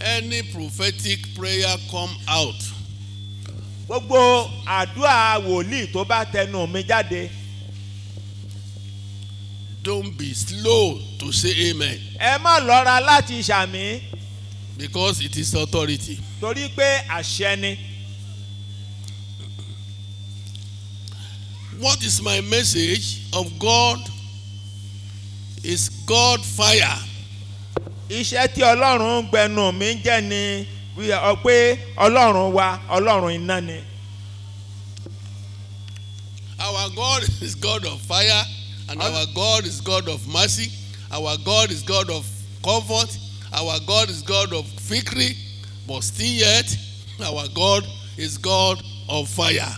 Any prophetic prayer come out. Gbogbo àdúrà wòlíì tó bá tẹnu mi jáde don't be slow to say amen. ẹ má lọ́ra láti ṣàmì. because it is authority. torí pé àṣẹ ni. What is my message of God is God fire. Iṣẹ́ tí Ọlọ́run ń gbẹnu mi jẹ́ ni pé Ọlọ́run wa Ọlọ́run iná ni. Our God is God of fire. And our God is God of mercy. Our God is God of comfort. Our God is God of victory. But still yet, our God is God of fire.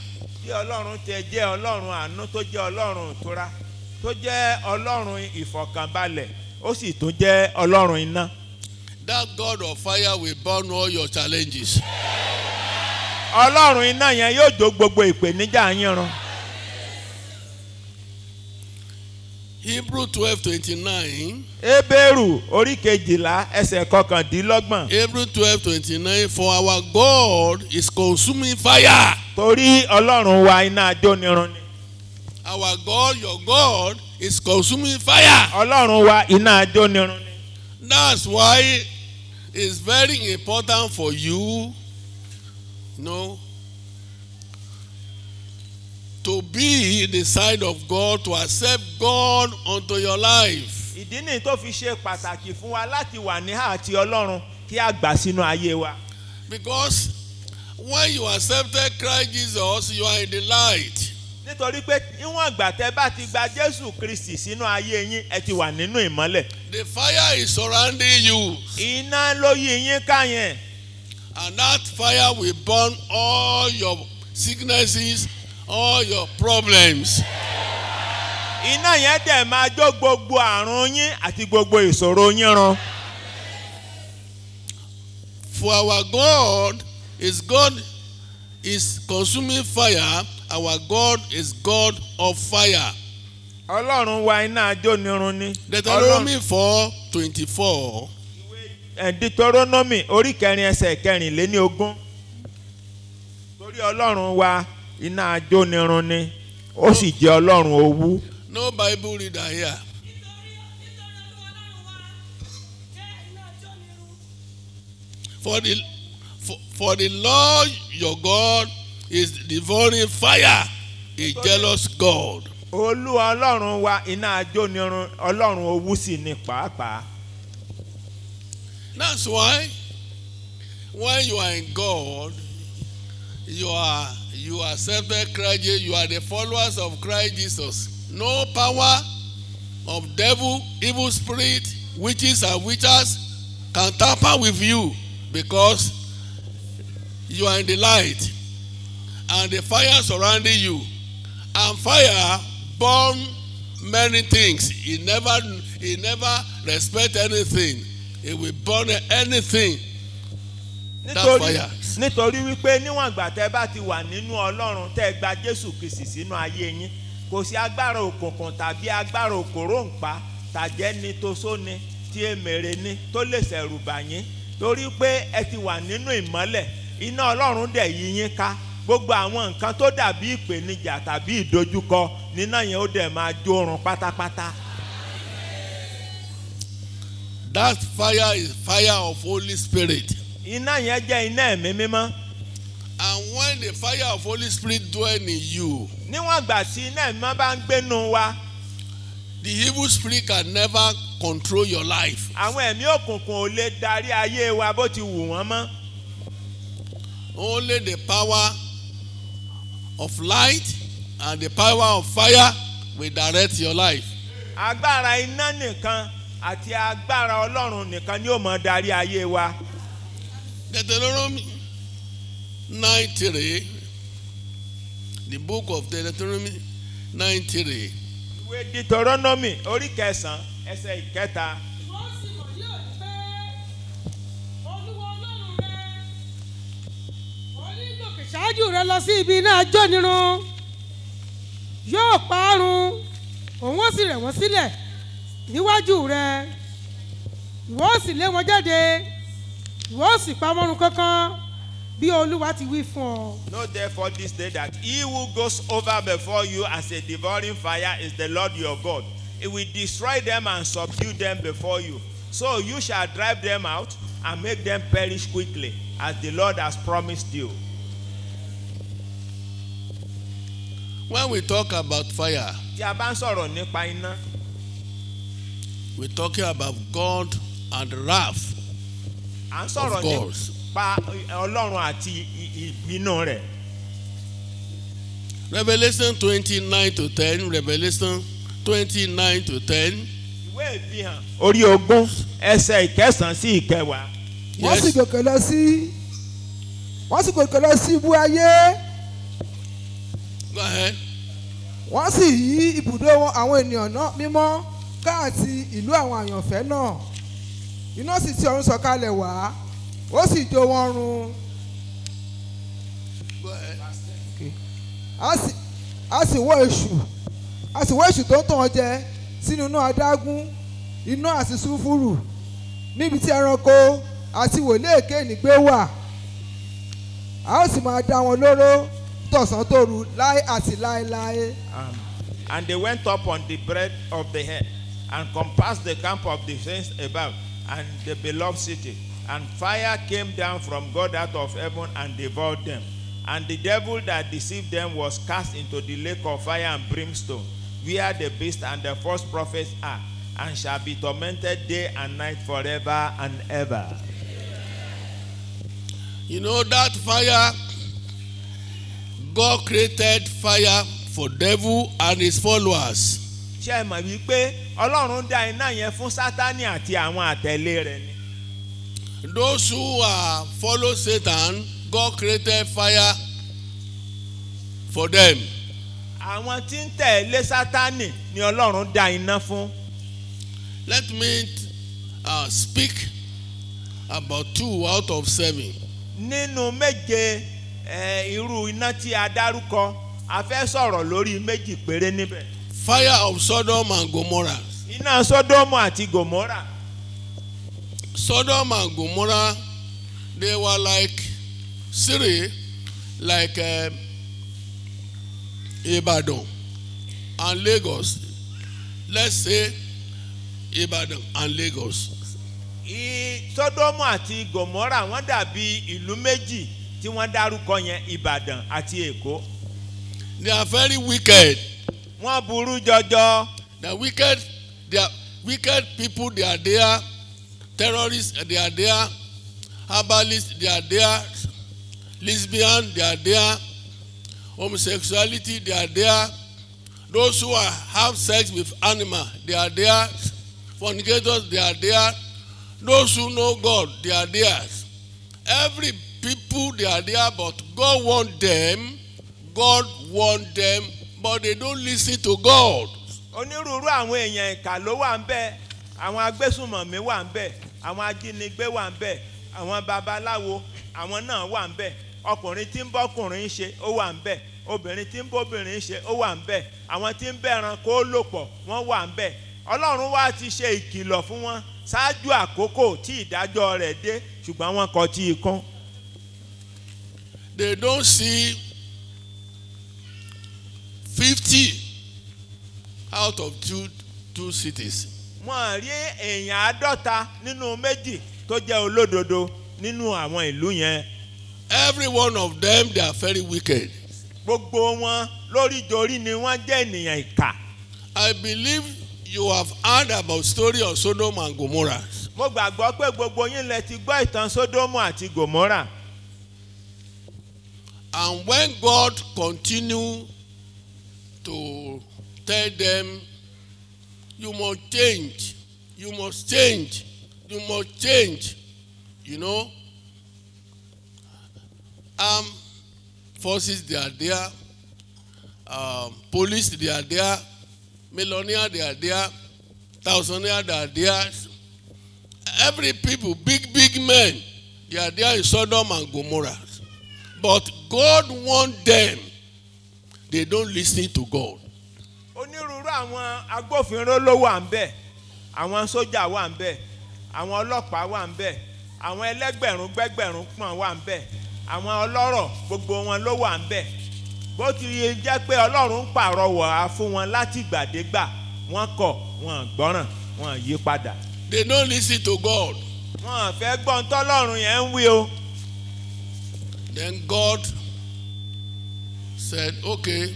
Tí Ọlọ́run tẹ jẹ́ Ọlọ́run àánú tó jẹ́ Ọlọ́run ìtura tó jẹ́ Ọlọ́run ìfọ̀kànbalẹ̀ ó sì tún jẹ́ Ọlọ́run iná. That God of fire will burn all your challenges. Ọlọ́run iná yẹn yóò jó gbogbo ìpèníjà yín run. Hebrew twelve twenty nine. Hébérù orí kejìlá ẹsẹ̀ kọkàndínlọ́gbọ̀n. Hebrew twelve twenty nine for our God is consuming fire. Torí Ọlọ́run wa iná ajónirun ni. Our God your God is consuming fire. Ọlọ́run wa iná ajónirun ni. That's why it's very important for you, you know, to be the side of God, to accept God unto your life. Ìdí nìyí tó fi ṣe pàtàkì fún wa láti wà ní àti Ọlọ́run kí a gbà sínú ayé wa. Because when you accepted Christ Jesus, you are in the light. Nítorí pé níwọ̀n ìgbà tẹ́ bá ti gba Jésù Kristi sínú ayé yín, ẹ ti wà nínú ìmọ́lẹ̀. The fire is surrounding you. Iná ló yí yín ká And that fire will burn all your sicknesses all your problems. Iná yẹn dẹ̀ máa jó gbogbo àrùn yín àti gbogbo ìṣòro yín run. For our God is God is consuming fire. Our God is God of fire. Ọlọ́run wa iná ajónirun ni. Deuteronomy four twenty-four. Deuteronomy orí kẹrin ẹsẹ̀ kẹrìnléní ogún. Torí Ọlọ́run wa. iná ajónirun ni ó sì jẹ́ ọlọ́run owú. no bible reader here. for the for, for the Lord your God is devouring fire a jealous God. olúwa ọlọ́run wa iná ajónirun ọlọ́run owú sì ni pàápàá. that's why when you are in God you are you accepted Christ Jesus, you are the followers of Christ Jesus. No power of devil, evil spirit, witches and witches can tamper with you because you are in the light and the fire surrounding you. And fire burn many things. It never, it never respect anything. It will burn anything. That fire nítorí wípé níwọ̀n ìgbà tẹ́ bá ti wà nínú ọlọ́run tẹ́ gba jésù kìsì sínú ayé yín kò sí agbára òkùnkùn tàbí agbára òkòrò ń pa tàjẹ́ ni tó sóni tí èmèrè ni tó lè ṣẹ̀rù bà yín torí pé ẹ ti wà nínú ìmọ́lẹ̀ iná ọlọ́run dẹ̀ yí yín ká gbogbo àwọn nǹkan tó dàbí ìpèníjà tàbí ìdojúkọ níná yẹn ó dẹ̀ máa jórun pátápátá. That fire is fire of Holy Spirit iná yẹn jẹ́ iná ẹ̀mí mímọ́. and when the fire of Holy Spirit dwell in you. níwọ̀n ìgbà tí iná ẹ̀mí bá ń gbénu wa. the evil spirit can never control your life. àwọn ẹ̀mí òkùnkùn ò lè darí ayé wa bó ti wù wọ́n mọ́. only the power of light and the power of fire will direct your life. agbára iná nìkan àti agbára Ọlọ́run nìkan ni ó mọ̀ darí ayé wa. Deuteronomy 93, the book of Deuteronomy 93. Ìwé Deuteronomy orí kẹsàn-án ẹsẹ̀ ìkẹta. ṣáájú rẹ lọ sí ibi iná ajó yóò parun òun ó sì rẹ̀ wọ́n sílẹ̀ níwájú rẹ ìwọ sì lé wọn jáde Wọ́n sì pa mọ́run kankan bí Olúwa ti wí fún ọ. Know therefore this day that he who goes over before you as a devouring fire is the Lord your God. He will destroy them and subdue them before you. So you shall drive them out and make them perish quickly, as the Lord has promised you. When we talk about fire, tí a bá ń sọ̀rọ̀ nípa iná, we talking about God and wrath à ń sọ̀rọ̀ nípa eh, ọlọ́run àti ìbínú rẹ̀. Revelation twenty nine to ten Revelation twenty nine to ten. ìwé ìfihàn orí ogún ẹsẹ̀ ìkẹsàn-án sí ìkẹwàá. wọ́n sì gòkè lọ sí wọ́n sì gòkè lọ sí ibú ayé. Go ahead. wọ́n sì yí ibùdó àwọn ènìyàn náà mímọ́ káàtì ìlú àwọn àyànfẹ́ náà iná sì ti ọ̀run sọ̀kalẹ̀ wá ó sì jó wọn run a sì wọ́ èṣù a sì wọ́ èṣù tó ń tàn án jẹ sínú inú adágún iná àti sulfuru níbi tí ẹranko àti wòlé èké wà a ó sì máa dá wọn lóró tọ̀sán tòru láé àti láéláé. And they went up on the breadth of the head and compassed the camp of the saints about and the beloved city. And fire came down from God out of heaven and devoured them. And the devil that deceived them was cast into the lake of fire and brimstone, where the beast and the false prophets are, and shall be tormented day and night forever and ever. You know that fire, God created fire for devil and his followers ṣe mọ̀ wípé ọlọ́run dá iná yẹn fún sátani àti àwọn àtẹ̀lé rẹ̀ ni. Those who are follow Satan, God created fire for them. Àwọn tí ń tẹ̀lé Sátánì ni Ọlọ́run dá iná fún. Let me uh, speak about two out of seven. Nínú méje eh, irú iná tí a dárúkọ, a fẹ́ sọ̀rọ̀ lórí méjì péré níbẹ̀ fire of Sodom and Gomorrah. iná Sódómù àti Gomorrah. Sodom and Gomorrah they were like Syria like uh, Ibadan and Lagos let's say Ibadan and Lagos. Sódómù àti Gòmórà wọ́n dàbí ìlú méjì tí wọ́n dárúkọ yẹn Ìbàdàn àti Èkó. they are very wicked wọ́n burú jọjọ. the wicked the wicked people they are there terrorists they are there herbalists they are there lesbian they are there homosexuality they are there those who are, have sex with animals, they are there fornicators they are there those who know God they are there every people they are there but God warn them God warn them but they don't listen to God. onírúurú àwọn èèyàn ìkà ló wà ń bẹ àwọn agbésùmọ̀mí wà ń bẹ àwọn ajínigbé wà ń bẹ àwọn babaláwo àwọn náà wà ń bẹ ọkùnrin tí ń bọ́kùnrin ṣe ó wà ń bẹ obìnrin tí ń bóbìnrin ṣe ó wà ń bẹ àwọn tí ń bẹran kó lò pọ̀ wọ́n wà ń bẹ ọlọ́run wá ti ṣe ìkìlọ̀ fún wọn ṣáájú àkókò tí ìdájọ́ rẹ̀ dé ṣùgbọ́n wọn kò tí ì kún. they don't see fifty out of two two cities. wọ́n rí èèyàn àádọ́ta nínú méjì tó jẹ́ olódodo nínú àwọn ìlú yẹn. every one of them they are very wicked. gbogbo wọn lóríjorí ni wọ́n jẹ́ ènìyàn ìkà. I believe you have heard about story of Sodom and Gomorrah. mo gbàgbọ́ pé gbogbo yín lẹ ti gbọ́ ìtàn Sódómù àti Gòmórà. And when God continued to tell them, you must change, you must change, you must change, you know. Armed forces, they are there. Um, police, they are there. Millionaire, they are there. Thousandaire, they are there. Every people, big, big men, they are there in Sodom and Gomorrah. But God wants them They don't listen to God. Onírúurú àwọn agbófinró ló wà ń bẹ̀, àwọn sójà wà ń bẹ̀, àwọn ọlọ́pàá wà ń bẹ̀, àwọn ẹlẹ́gbẹ̀rún gbẹ́gbẹ̀rún pọ̀n wà ń bẹ̀, àwọn ọlọ́rọ̀ gbogbo wọn ló wà ń bẹ̀. Bó ti yẹ jẹ́ pé Ọlọ́run ń pàrọwà fún wọn látìgbàdégbà, wọ́n kọ̀, wọ́n gbọ́ràn, wọ́n yí padà. They don't listen to God. Wọ́n fẹ́ gbọ́n tọ́lọ́run yẹn ń wí o. Then God said, Okay,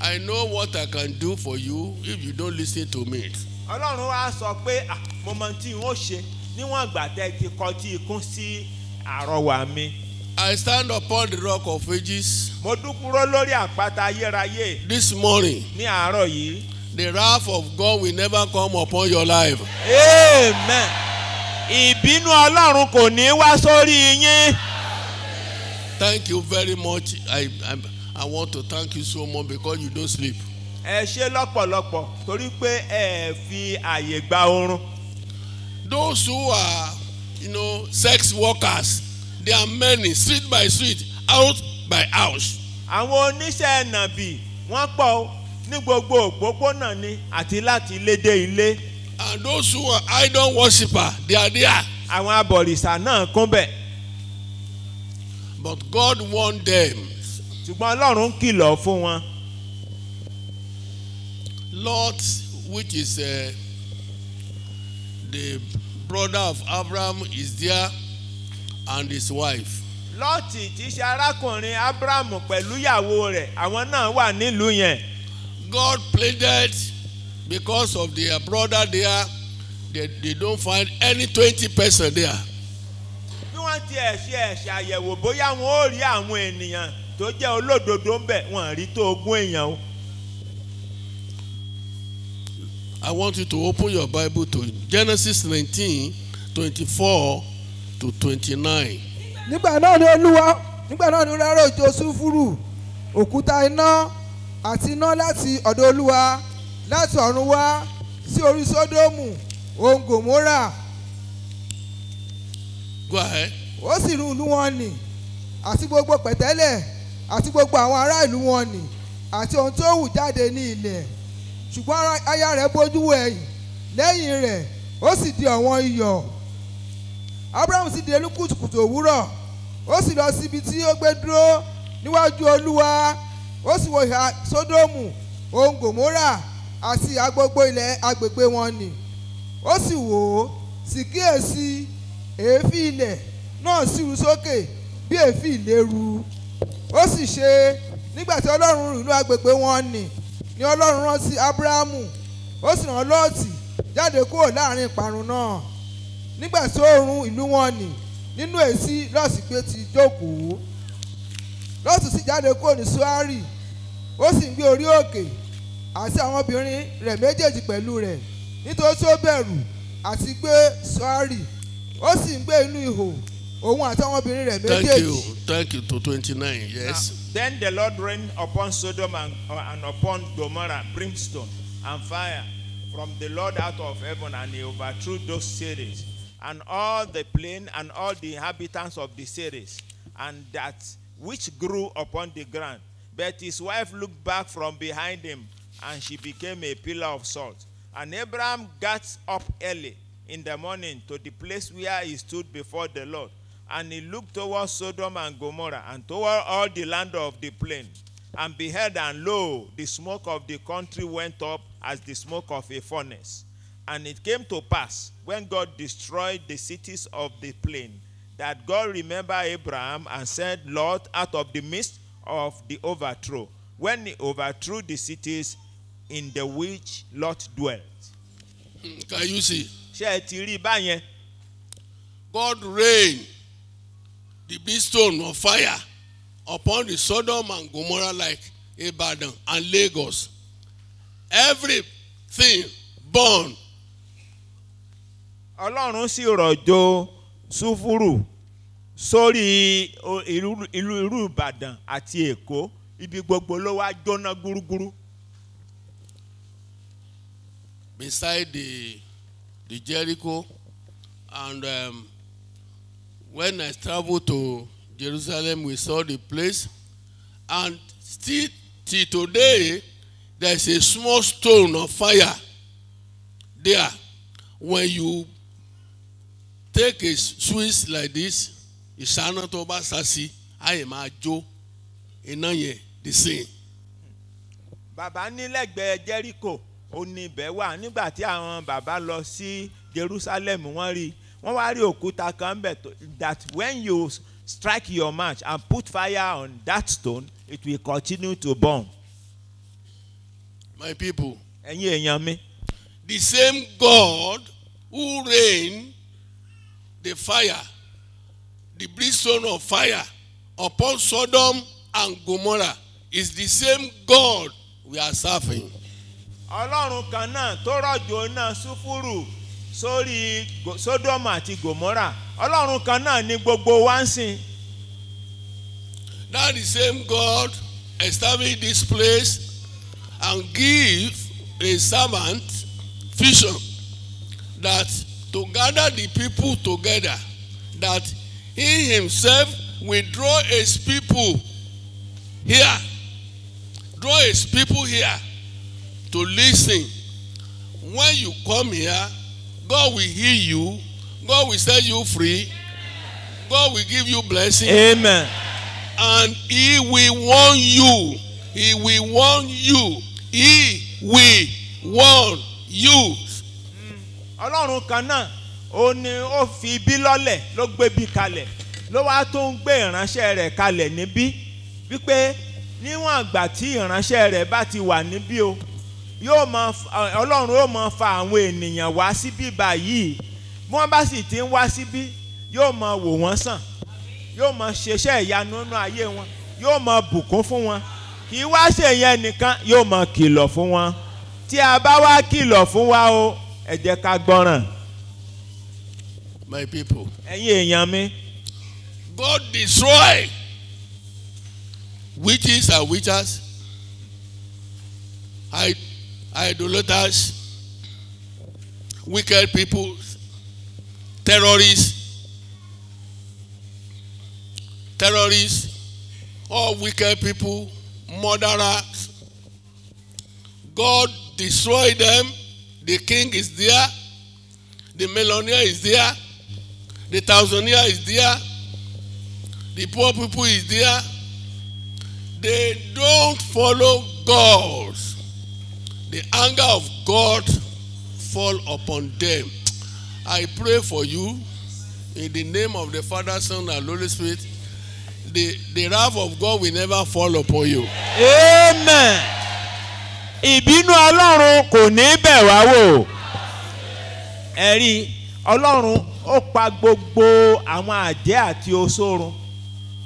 I know what I can do for you if you don't listen to me. Ọlọ́run wá sọ pé mo mọ tí n ó ṣe níwọ̀n ìgbà tẹ́ ti kọ ikún sí àrọwà mi. I stand upon the rock of ages. Mo dúkúrò lórí àpáta ayérayé. This morning. Ní àárọ̀ yìí. The wrath of God will never come upon your life. Amen. Ìbínú Ọlọ́run kò ní wá sórí yín. Thank you very much. I, I, I want to thank you so much because you don't sleep. Ẹ ṣé lọ́pọ̀lọpọ̀ torí pé ẹ fi àyè gba oorun. Those who are you know, sex workers they are many street by street house by house. Àwọn oníṣẹ́ nàbì wọ́n pọ̀ ní gbogbo òpópónà ni àti láti ilé dé ilé. And those who are idol worshippers they are there. Àwọn abọ̀rìṣà náà kún bẹ̀. But God warned them ṣùgbọ́n Ọlọ́run kìlọ̀ fún wọn. Lot which is uh, the brother of Abraham is there and his wife. Lot, tí í ṣe arákùnrin Abraham pẹ̀lú ìyàwó rẹ̀ àwọn náà wà nílùú yẹn. God pleaded because of their brother there they, they don't find any twenty person there. Bí wọ́n ti ẹ̀ ṣe ẹ̀ ṣàyẹ̀wò bóyá wọn ò rí àwọn ènìyàn tó jẹ́ olódodo ń bẹ̀ wọ́n rí tó ogún èèyàn o. I want you to open your Bible to Genesis nineteen twenty-four to twenty-nine. nígbà náà ni olúwa nígbà náà ni olúwa òjò sùfúrù òkúta iná àti iná láti ọ̀dọ̀ olúwa láti ọ̀run wá sí orí sódómù ohun gòmórà. Go ahead. ó sì run ìlú wọn nì àti gbogbo pẹ̀tẹ́lẹ̀ àti gbogbo àwọn ará ìlú wọn nì àti ohun tó hù jáde ní ilẹ̀ ṣùgbọ́n aya rẹ̀ bójú wo ẹ̀yìn lẹ́yìn rẹ̀ ó sì di ọ̀wọ́n iyọ̀ abrahamu sì dé ní kùtùkùtù òwúrọ̀ ó sì lọ síbi tí ó gbé dúró níwájú olúwa ó sì wo ìhà sódómù ohun gòmórà àti ìhà gbogbo ilẹ̀ agbègbè wọn nì ó sì wò ó sì kíyèsí èéfín ilẹ̀ náà sì rú sókè bí èéfín ìléru ó sì ṣe nígbà tí ọlọ́run ìlú agbègbè wọn nì ni ọlọ́run rán sí ábúráhámù ó sì rán lọ́ọ̀tì jáde kúrò láàrin ìparun náà nígbà tí oòrùn ìlú wọn nì nínú èsì lọ́ọ̀sì pé ti jókòó lọ́ọ̀tì sì jáde kúrò ní suari ó sì ń gbé orí òkè àti àwọn obìnrin rẹ̀ méjèèjì pẹ̀lú rẹ̀ nítorí tí ó bẹ̀rù àti gbé suari ó sì ń gbé inú ihò thank you thank you to twenty-nine yes. Now, then the Lord rained upon Sodom and, uh, and upon Gomorrah brimstone and fire from the Lord out of heaven and he overthrew those cities and all the plain and all the inhabitants of the cities and that which grew upon the ground. But his wife looked back from behind him and she became a pillar of salt. And Abraham got up early in the morning to the place where he stood before the Lord And he looked towards Sodom and Gomorrah and toward all the land of the plain and beheld, and lo, the smoke of the country went up as the smoke of a furnace. And it came to pass, when God destroyed the cities of the plain, that God remembered Abraham and sent Lot out of the midst of the overthrow, when he overthrew the cities in the which Lot dwelt. Hmm, can you see? God reigned the big stone of fire upon the Sodom and Gomorrah like Ibadan and Lagos. Everything burn. Ọlọ́run sì rọ̀jò sùfúrù sórí ìlú ìlú Ìbàdàn àti Èkó ibi gbogbo ló wá jóná gúrúgúrú. Beside the the Jericho and um, When I traveled to Jerusalem, we saw the place. And still, till today, there's a small stone of fire there. When you take a switch like this, ìṣáná not bá sá sí, àyè máa jó iná yẹn the same. Baba, nílẹ̀gbẹ̀ẹ́ Jẹ́ríkò, Jericho. ní ibẹ̀ wà nígbà tí àwọn bàbá lọ sí Jerusalem wọ́n wọ́n wá rí òkúta kan bẹ̀ that when you strike your match and put fire on that stone it will continue to burn. My people. Ẹ̀yin èèyàn mi. The same God who rained the fire, the brimstone of fire upon Sodom and Gomorrah is the same God we are serving. Ọlọ́run kan náà tó rọ̀jò náà súfúrù sórí Sódómù àti Gomora. ọlọ́run kan náà ni gbogbo wa ń sìn. That the same God establish this place and give a servant vision that to gather the people together that he himself will draw his people here draw his people here to listen when you come here God will heal you. God will set you free. God will give you blessing. Amen. And He will warn you. He will warn you. He will warn you. Ọlọ́run kan náà ó ní ó fi ibi lọ́lẹ̀ ló gbé bí kalẹ̀ ló wá tó ń gbé ìránṣẹ́ rẹ̀ kalẹ̀ níbí wípé níwọ̀n àgbà tí ìránṣẹ́ rẹ̀ bá ti wà níbí o yóò mọ ọlọ́run yóò mọ fa àwọn ènìyàn wá síbí báyìí bí wọ́n bá sì ti ń wá síbí yóò mọ wò wọ́n sàn yóò mọ ṣeṣẹ́ ìyanu nínú ayé wọn yóò mọ bùkún fún wọn kì í wá ṣèyẹn nìkan yóò mọ kìlọ̀ fún wọn tí a bá wá kìlọ̀ fún wa o ẹ jẹ́ ká gbọ́ràn. my people. ẹ̀yin èèyàn mi. God destroy witches and witches. I idolaters, wicked people, terrorists, terrorists, all wicked people, murderers. God destroyed them. The king is there. The millionaire is there. The thousandaire is there. The poor people is there. They don't follow God the anger of God fall upon them. I pray for you in the name of the Father, Son, and Holy Spirit. The, the wrath of God will never fall upon you. Amen. Ìbínú Ọlọ́run kò ní bẹ̀ wá wò. Ẹ̀rí Ọlọ́run ó pa gbogbo àwọn àjẹ́ àti oṣórun.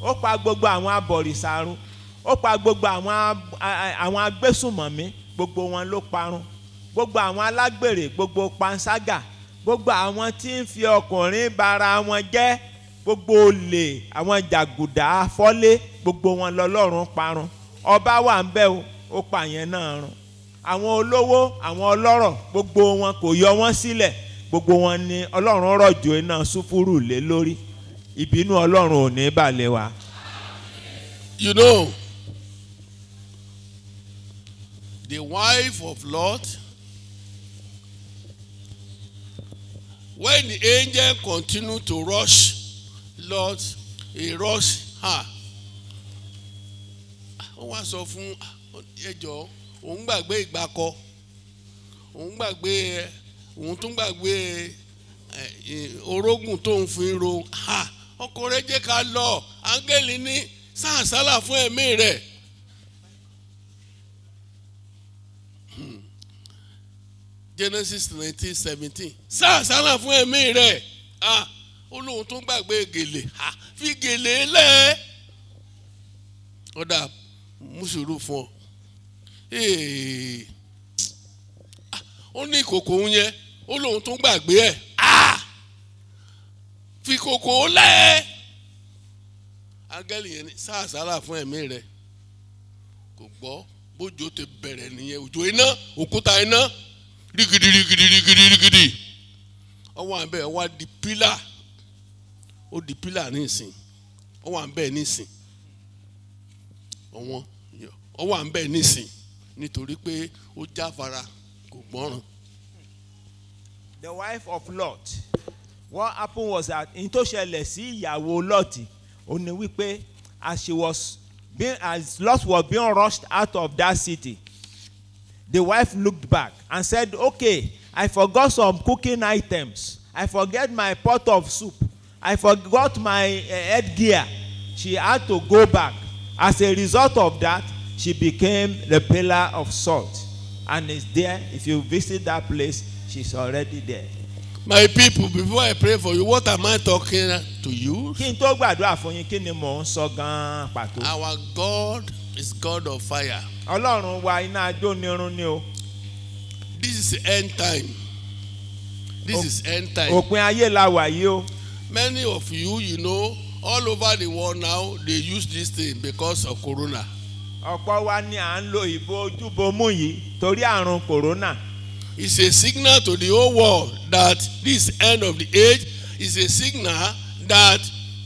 Ó pa gbogbo àwọn abọ̀rìṣàrun. Ó pa gbogbo àwọn agbésùmọ̀mí gbogbo wọn ló parun gbogbo àwọn alágbèrè gbogbo panṣágà gbogbo àwọn tí ń fi ọkùnrin bara wọn jẹ́ gbogbo olè àwọn jàgùdà afọ́lé gbogbo wọn lọ́lọ́run parun ọba wà ń bẹ̀ ó pààyàn náà run àwọn olówó àwọn ọlọ́rọ̀ gbogbo wọn kò yọ wọ́n sílẹ̀ gbogbo wọn ni ọlọ́run rọ̀jò iná sùfúrù lé lórí ìbínú ọlọ́run ò ní balẹ̀ wa. you know the wife of Lot, when the angel continued to rush Lot, he rushed her. Ó wá sọ fún ẹjọ́ òun gbàgbé ìgbàkọ òun gbàgbé òun tún gbàgbé orógùn tóun fi ro ọkọ rẹ jẹ́ ká lọ áńgẹ́lì ní sáàsálà fún ẹ̀mí rẹ̀. Genesis nineteen seventeen sáà sálà fún ẹ̀mí rẹ̀ ó lóun tó gbàgbé gèlè fi gèlè lẹ̀ ọ̀dà mùsùlùmí fún ọ ó ní ìkòkò ń yẹn ó lóun tó gbàgbé ẹ̀ fi kòkò lẹ̀ áńgẹ́lì yẹn ní sáà sálà fún ẹ̀mí rẹ̀ kò gbọ́ bójú ó ti bẹ̀rẹ̀ nìyẹn òjò iná òkúta iná rígidì rígidì rígidì rígidì wà di pílà ó di pílà ní ìsìn ó wà ńbẹ̀ ní ìsìn ọ̀wọ́n ó wà ńbẹ̀ ní ìsìn nítorí pé ó jáfara kò gbọ́ràn. the wife of Lot what happened was that n tó ṣẹlẹ̀ sí ìyàwó Lot ó ní wípé as she was being as Lot was being rushed out of that city The wife looked back and said, Okay, I forgot some cooking items. I forget my pot of soup. I forgot my uh, headgear. She had to go back. As a result of that, she became the pillar of salt. And is there. If you visit that place, she's already there. My people, before I pray for you, what am I talking to you? Kí n tó gbàdúrà fún yín, kí ni mò ń sọ gan-an pàtó? Our God is God of fire. Ọlọ́run wa iná ajó nirun ni o. This is end time. This o, is end time. Òpin ayé la wà yìí o. Many of you, you know, all over the world now, they use this thing because of corona. Ọ̀pọ̀ wa ni à ń lo ìbò ojúbomú yìí torí àrùn corona. It's a signal to the whole world that this end of the age is a signal that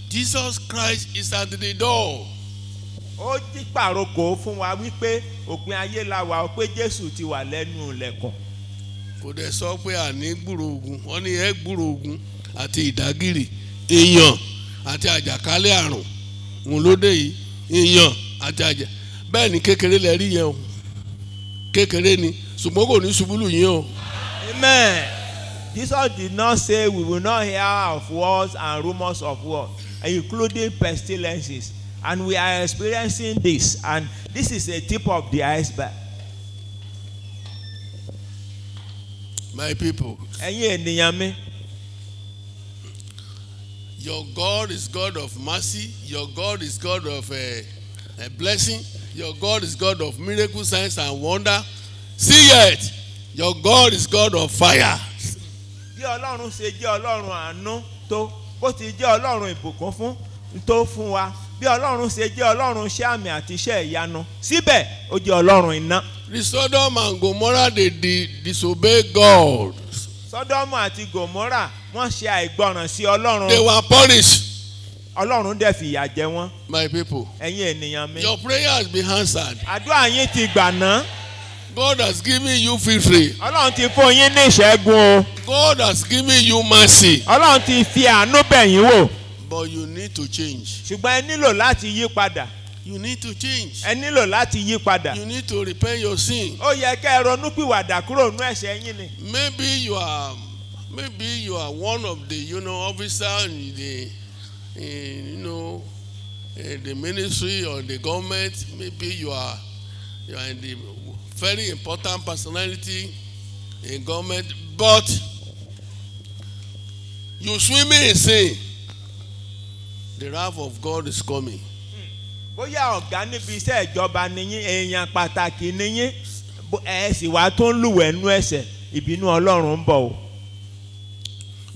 Jesus Christ is at the door ó jí pàrokò fún wa wípé òpin ayé la wà ó pé jésù ti wà lẹ́nu ilẹ̀kùn. kò dẹ̀ sọ pé àní gbúrò ogun wọ́n ní ẹ gbúrò ogun àti ìdágìrì ìyàn àti àjàkálẹ̀ àrùn òun ló dé yìí ìyàn àti àjà bẹ́ẹ̀ ni kékeré lẹ rí yẹn o kékeré ni ṣùgbọ́n kò ní ṣubúlù yín o. amen Jesus did not say we will not hear of wars and rumours of wars, including pestilences. And we are experiencing this. And this is a tip of the iceberg. My people. Your God is God of mercy. Your God is God of a, eh, a eh, blessing. Your God is God of miracle, signs, and wonder. See yet, Your God is God of fire. Bí Ọlọ́run ṣe jẹ́ Ọlọ́run àánú tó bó ti jẹ́ Ọlọ́run ìbùkún fún tó fún wa bí ọlọ́run ṣe jẹ́ ọlọ́run iṣẹ́ àmì àti iṣẹ́ ìyanu síbẹ̀ ó jẹ́ ọlọ́run iná. The Sodom and Gomorrah they, they disobey God. Sodom àti Gomorrah wọ́n ṣe àìgbọràn sí ọlọ́run. They were punished. Ọlọ́run dẹ̀ fìyà jẹ wọ́n. My people. Ẹ̀yin ènìyàn mi. Your prayers be answered. Àdúrà yín ti gbà náà. God has given you feel free. Ọlọ́run ti fún yín ní ìṣẹ́gun o. God has given you mercy. Ọlọ́run ti fi àánú bẹ̀ yín wò. But you need to change. Ṣùgbọ́n ẹ nílò láti yí padà. You need to change. Ẹ nílò láti yí padà. You need to repent your sin. Ó yẹ kẹ́ ẹ ronúpìwàdà kúrò nú ẹ̀ṣẹ̀ yín ni. Maybe you are maybe you are one of the you know, officer in the in, you know, in the ministry or the government. Maybe you are you are in the very important personality in government, but you swimming in sin. The wrath of God is coming. Bóyá ọ̀gá níbi iṣẹ́ ìjọba nìyí, èèyàn pàtàkì nìyí, ẹ sì tó ń lùwẹ̀ nú ẹ̀ṣẹ̀, ìbínú Ọlọ́run ń bọ̀ o.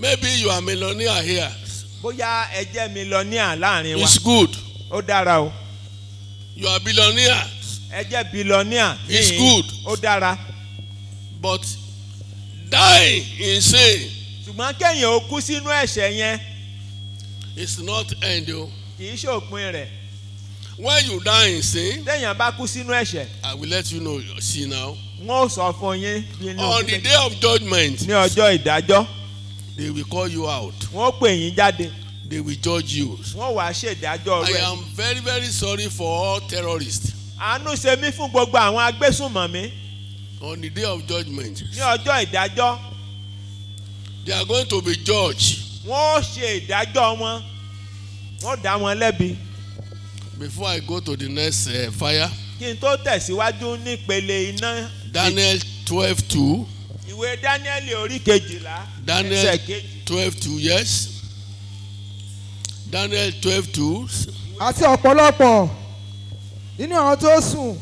Maybe you are millionaire here. Bóyá ẹ jẹ́ millionaire láàrin wa. It's good. Ó dára o. You are billionaire. Ẹ jẹ́ billionaire. It's good. Ó dára. But die in sin. Ṣùgbọ́n kéèyàn ó kú sínú ẹ̀ṣẹ̀ yẹn. It's not end o. Oh. Kì í ṣòpin rẹ̀. When you die in sin. Téèyàn bá kú sínú ẹ̀ṣẹ̀. I will let you know see now. Wọ́n ó sọ fún yín. On the day of judgment, Ní ọjọ́ ìdájọ́. They will call you out. Wọ́n pè yín jáde. They will judge you. Wọ́n wàá ṣèdájọ́ rẹ̀. I am very very sorry for all terrorists. Àánú ṣe mí fún gbogbo àwọn agbésùnmọ̀mí. On the day of judgment, Ní ọjọ́ ìdájọ́. They are going to be judged wọ́n ṣe ìdájọ́ wọn wọ́n dá wọn lẹ́bi. before I go to the next uh, fire. kí n tó tẹ̀síwájú nípele iná. Daniel twelve two. ìwé Daniel orí kejìlá. Daniel twelve two yes. Daniel twelve two. àti ọ̀pọ̀lọpọ̀ nínú àwọn tó sùn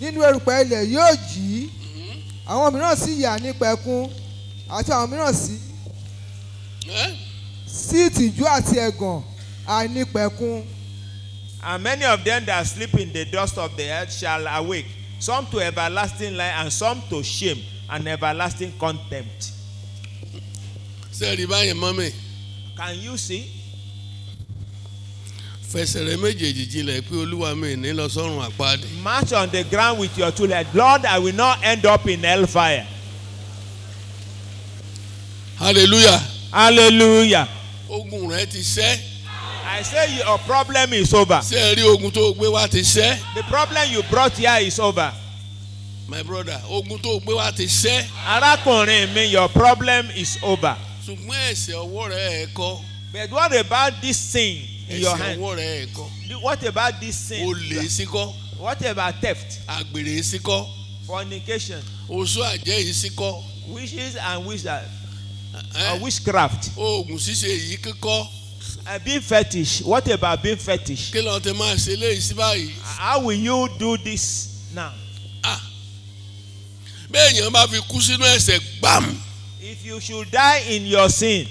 nínú erùpẹ̀ ilẹ̀ yóò jí mm-hmm. àwọn mìíràn sì yà nípa ẹkún àti àwọn mìíràn sì sí ìtìjú àti ẹ̀gàn àìnípẹ̀kun. And many of them that sleep in the dust of the earth shall awake, some to everlasting life and some to shame and everlasting contempt. Ṣé rí báyìí mọ́mì? Can you see? Fẹsẹ̀rẹ̀ méjèèjì jinlẹ̀ pé Olúwa mi ní lọ sọ́run àpáàdé. March on the ground with your two legs. Lord, I will not end up in hellfire. Hallelujah hallelujah. ogun rẹ ti sẹ́. I say your problem is over. Ṣé ẹ rí ogun tó gbé wá ti sẹ́? The problem you brought here is over. My brother, ogun tó gbé wá ti sẹ́. Arákùnrin mi, your problem is over. Ṣùgbọ́n ẹ̀ṣẹ̀ ọwọ́ rẹ̀ ẹ̀ But what about this thing in your hand? Ẹ̀ṣẹ̀ ọwọ́ rẹ̀ ẹ̀ What about this thing? Olè síkọ́. What about theft? Àgbèrè síkọ́. Fornication. Oṣù àjẹ́ yìí síkọ́. Wishes and wizards. Eh, eh. A witchcraft. oògùn ṣíṣe yìí kíkọ́. Uh, being fetish what about being fetish. kí ló ń tẹ máa ṣe léyìí sí báyìí. how will you do this now. ah béèyàn bá fi kú sínú ẹ̀ṣẹ̀ gbàm. if you should die in your sin.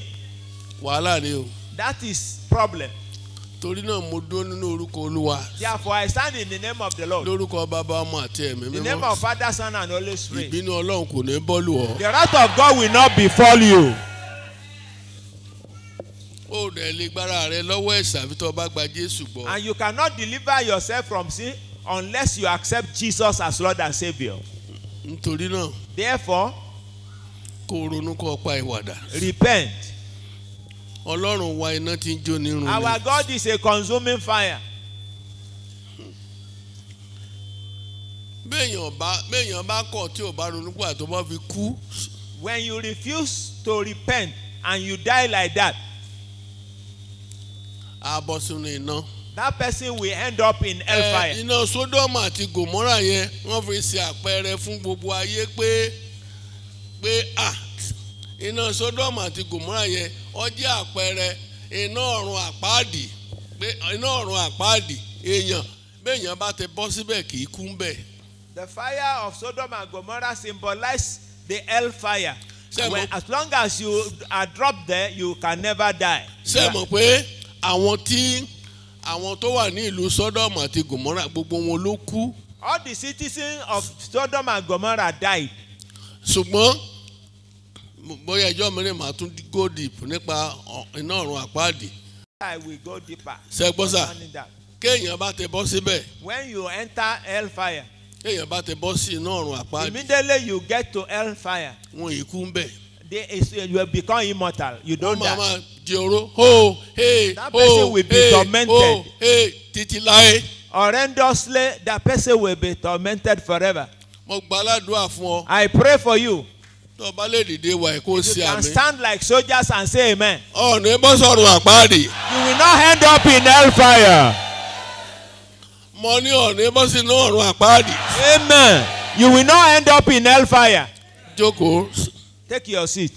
wàhálà ni o. that is problem torí náà mo dúró nínú orúkọ olúwa. therefore I stand in the name of the Lord. lórúkọ bàbá ọmọ àti ẹ̀mí mímọ́. the name of father son and holy spirit. ìbínú ọlọ́run kò ní bọ́ lù ọ́. the wrath of God will not befall you. o rẹ̀ lè gbára rẹ lọ́wọ́ ẹ̀ṣẹ̀ àfi tó o gba Jésù gbọ́. and you cannot deliver yourself from sin unless you accept Jesus as Lord and Saviour. nítorí náà. therefore. kó ronú kó pa ìwàdà. repent. Ọlọ́run wa iná tí ń jó ní run. Our God is a consuming fire. Béèyàn bá béèyàn bá kọ̀ tí ò bá ronúpìwà tó bá fi kú. When you refuse to repent and you die like that. A bọ́ sínú iná. That person will end up in hellfire. Iná Sodom àti Gomorrah yẹn wọ́n fi ṣe àpẹẹrẹ fún gbogbo ayé pé pé ah iná Sodom àti Gomorrah yẹn ó jẹ́ iná ọ̀run àpáàdì pé iná ọ̀run àpáàdì èèyàn béèyàn bá ti bọ́ síbẹ̀ kì í kú ń The fire of Sodom and Gomorrah symbolizes the hell fire. Sẹ́mo when as long as you are dropped there you can never die. Sẹ́mo pé àwọn tí àwọn tó wà ní ìlú Sodom àti Gomorrah gbogbo wọn ló kú. All the citizens of Sodom and Gomorrah died. Ṣùgbọ́n. So, bóyá ẹjọ́ mìíràn máa tún go deep nípa iná ọ̀run àpáàdì. I will go deeper. ṣe gbọ́ sà kéèyàn bá ti bọ́ síbẹ̀. when you enter hell fire. kéèyàn bá ti bọ́ sí iná ọ̀run àpáàdì. immediately you get to hell fire. wọn yìí kú ń bẹ̀. they is you will become immortal you don't die. wọ́n máa di oró ho hey ho hey ho hey títí láé. horrendously that person will be tormented forever. mo gbàládùá fún ọ. I pray for you tó bá lè dìde wà kó sí àmì. you can stand like soldiers and say amen. ọ̀nà bọ́ sọ̀rọ̀ àpáàdì. you will not end up in hellfire. mo ní ọ̀nà bọ́ sínú ọ̀run àpáàdì. amen. you will not end up in hellfire. jókòó. take your seat.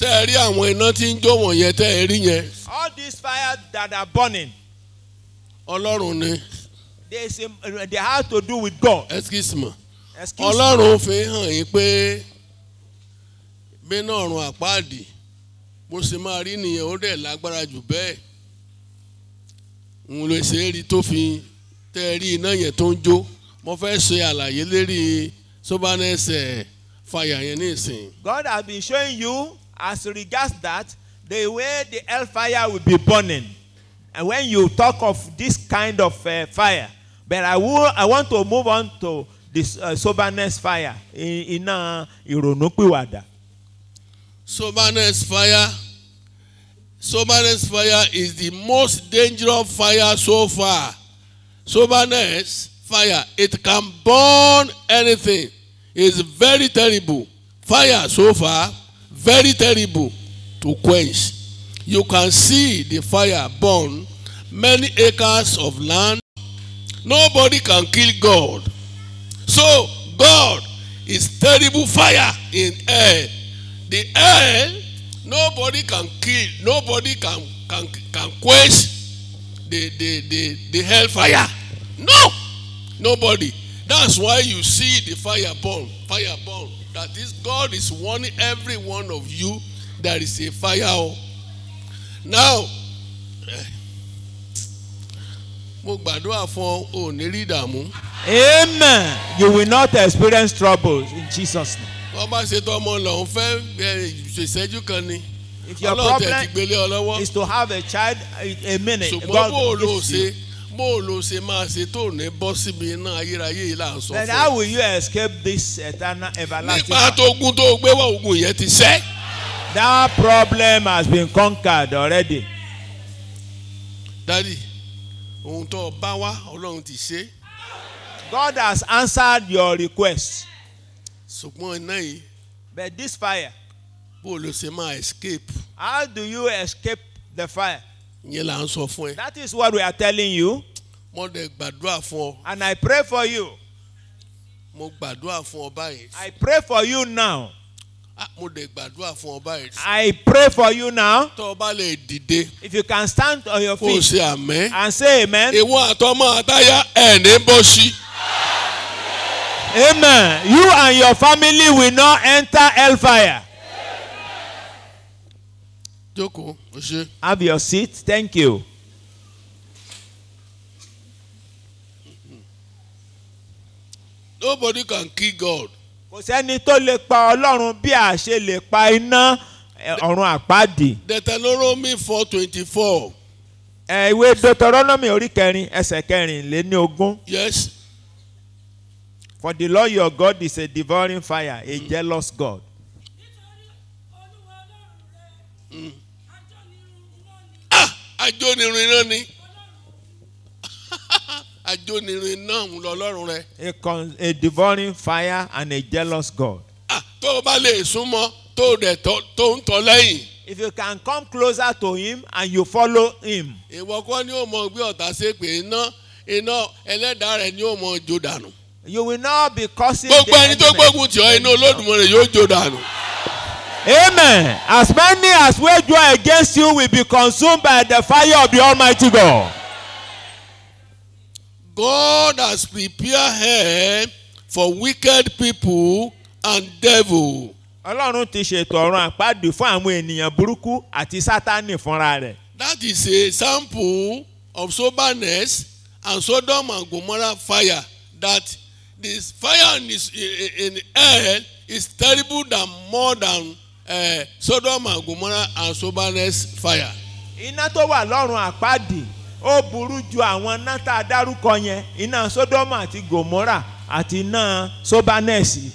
tẹ́ ẹ rí àwọn iná tí ń jó wọ̀nyẹn tẹ́ ẹ rí yẹn. all these fires that are burning. ọlọ́run ni. they say they have to do with God. excuse me ọlọ́run fi hàn yín pé bínú ọ̀run àpáàdì bó ṣe máa rí nìyẹn ó dẹ̀ lágbára jù bẹ́ẹ̀ òun lè ṣe é rí tó fi tẹ́ ẹ rí iná yẹn tó ń jó mo fẹ́ ṣe àlàyé lérí soberness fire yẹn ní God has been showing you as regards that the way the hell fire will be burning and when you talk of this kind of uh, fire but I will I want to move on to the uh, soberness fire iná ìrònúpìwàdà. soberness fire soberness fire is the most dangerous fire so far soberness fire it can burn anything it's very terrible fire so far very terrible to quench you can see the fire burn many acres of land nobody can kill God So God is terrible fire in air. The air, nobody can kill, nobody can, can, can quench the, the, the, the hellfire. No! Nobody. That's why you see the fire burn, fire burn. That is, God is warning every one of you there is a fire. Now, mo gbàdúrà fún ọ ò ní rí ìdààmú. amen you will not experience trouble in Jesus name. wọ́n bá ṣe tọ́mọ fẹ́ ìṣèṣẹ́jú kan ni. if your problem is to have a child a minute. ṣùgbọ́n bó o lò ṣe bó o lò ṣe máa ṣe tó ní bọ́ síbi iná ayérayé yìí là ń sọ fún. then how will you escape this eternal everlasting. nípa tó tó gbé wá ogun yẹn ti ṣẹ́. that problem has been conquered already. daddy ohun tó bá wá ọlọ́run ti ṣe. God has answered your request. ṣùgbọ́n iná yìí. But this fire. bó o lọ ṣe máa escape. How do you escape the fire? ìyẹn là ń sọ fún ẹ. That is what we are telling you. mo dẹ̀ gbàdúrà fún ọ. And I pray for you. mo gbàdúrà fún ọ báyìí. I pray for you now. Ah, I pray for you now. If you can stand on your feet and say amen. Amen. You and your family will not enter hellfire. Have your seat. Thank you. Nobody can kill God. kò sẹ́ni tó lè pa ọlọ́run bí a ṣe lè pa iná ọ̀run àpáàdì. Deuteronomy four twenty four. ìwé Deuteronomy orí kẹrin ẹsẹ̀ kẹrin lé ní ogún. yes. For the Lord your God is a devouring fire, a mm. jealous God. Ah, ah ajónirun iná ni ajónirin náà ń lọ lọ́rùn rẹ. a con a devouring fire and a jealous God. ah tó o bá lè súnmọ́ tó o dẹ̀ tó ń tọ́ lẹ́yìn. if you can come closer to him and you follow him. ìwọ kọ́ ni o mọ̀ gbé ọ̀tá ṣe pé iná iná ẹlẹ́dàá rẹ̀ ni o mọ̀ jó dànù. you will not be causing gbogbo ẹni tó gbógun tì ọ́ iná Olódùmarè yóò jó dànù. Amen. As many as wage war against you will be consumed by the fire of the Almighty God. God has prepared her for wicked people and devil. Ọlọ́run ti ṣètò ọ̀run àpáàdé fún àwọn ènìyàn burúkú àti Sátánì fúnra rẹ̀. That is a sample of soberness and Sodom and Gomorrah fire that the fire in, this, in, in hell is terrible than more than uh, Sodom and Gomorrah and soberness fire. Iná tó wà lọ́run àpáàdé ó burú ju àwọn náà dárúkọ yẹn iná Sódómù àti Gòmórà àti iná Sóbánẹ́sì.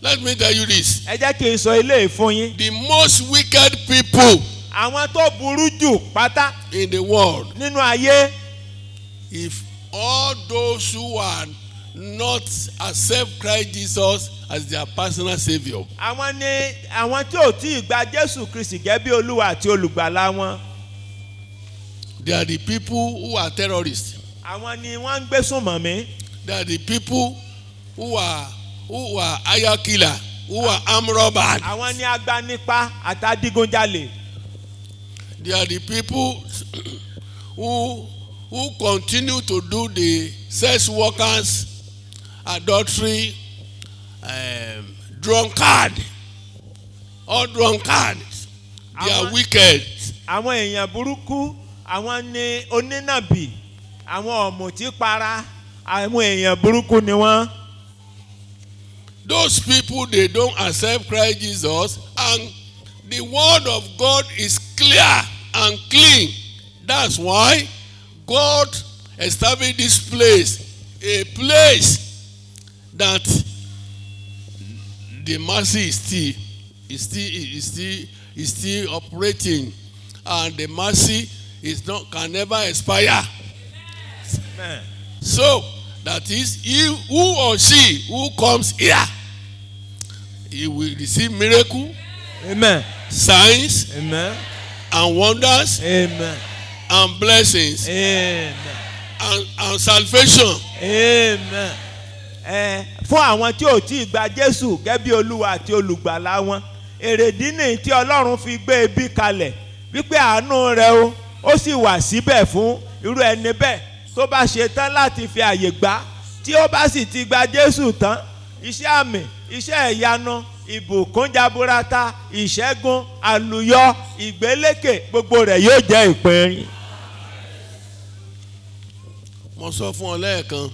let me tell you this. ẹ jẹ́ kí n sọ eléyìí fún yín. the most wicked people. àwọn tó burú jù pátá. in the world. nínú ayé. if all those who are not accept Christ Jesus as their personal saviour. àwọn ni àwọn tí ò tí ì gba Jésù Kristi gẹ́gẹ́ Olúwa àti olùgbàlà wọn. They are the people who are terrorists. Àwọn ni wọ́n ń gbé sùnmọ̀ mi. They are the people who are who are hire killer who are armed robbers. Àwọn ni agbanipa àtàdígunjalè. They are the people who who continue to do the sex workers adultery um, drunkard all drunkards they are wicked. Àwọn èèyàn burúkú àwọn ni onínàbì àwọn ọ̀mùtípara àwọn èèyàn burúkú ni wọ́n. Those people they don't accept Christ Jesus and the word of God is clear and clean. That's why God established this place, a place that the mercy is still is still is still is still operating and the mercy is not can never expire. Amen. So that is he who or she who comes here, he will receive miracle. Amen. Signs. Amen. And wonders. Amen. And blessings. Amen. And, and salvation. Amen. Eh, fún àwọn tí ò tí ì gba Jésù gẹ́gẹ́ bí Olúwa àti olùgbàlà wọn èrèdí nìyí tí Ọlọ́run fi gbé ebi kalẹ̀ wípé àánú rẹ̀ o ó sì wà síbẹ̀ fún irú ẹni bẹ́ẹ̀ tó bá ṣe tán láti fi àyè gbà tí ó bá sì ti gba Jésù tán iṣẹ́ àmì iṣẹ́ ìyanu ìbùkún ìṣẹ́gun àlùyọ ìgbélékè gbogbo rẹ̀ yóò jẹ́ ìpín. mo sọ fún ọ lẹ́ẹ̀kan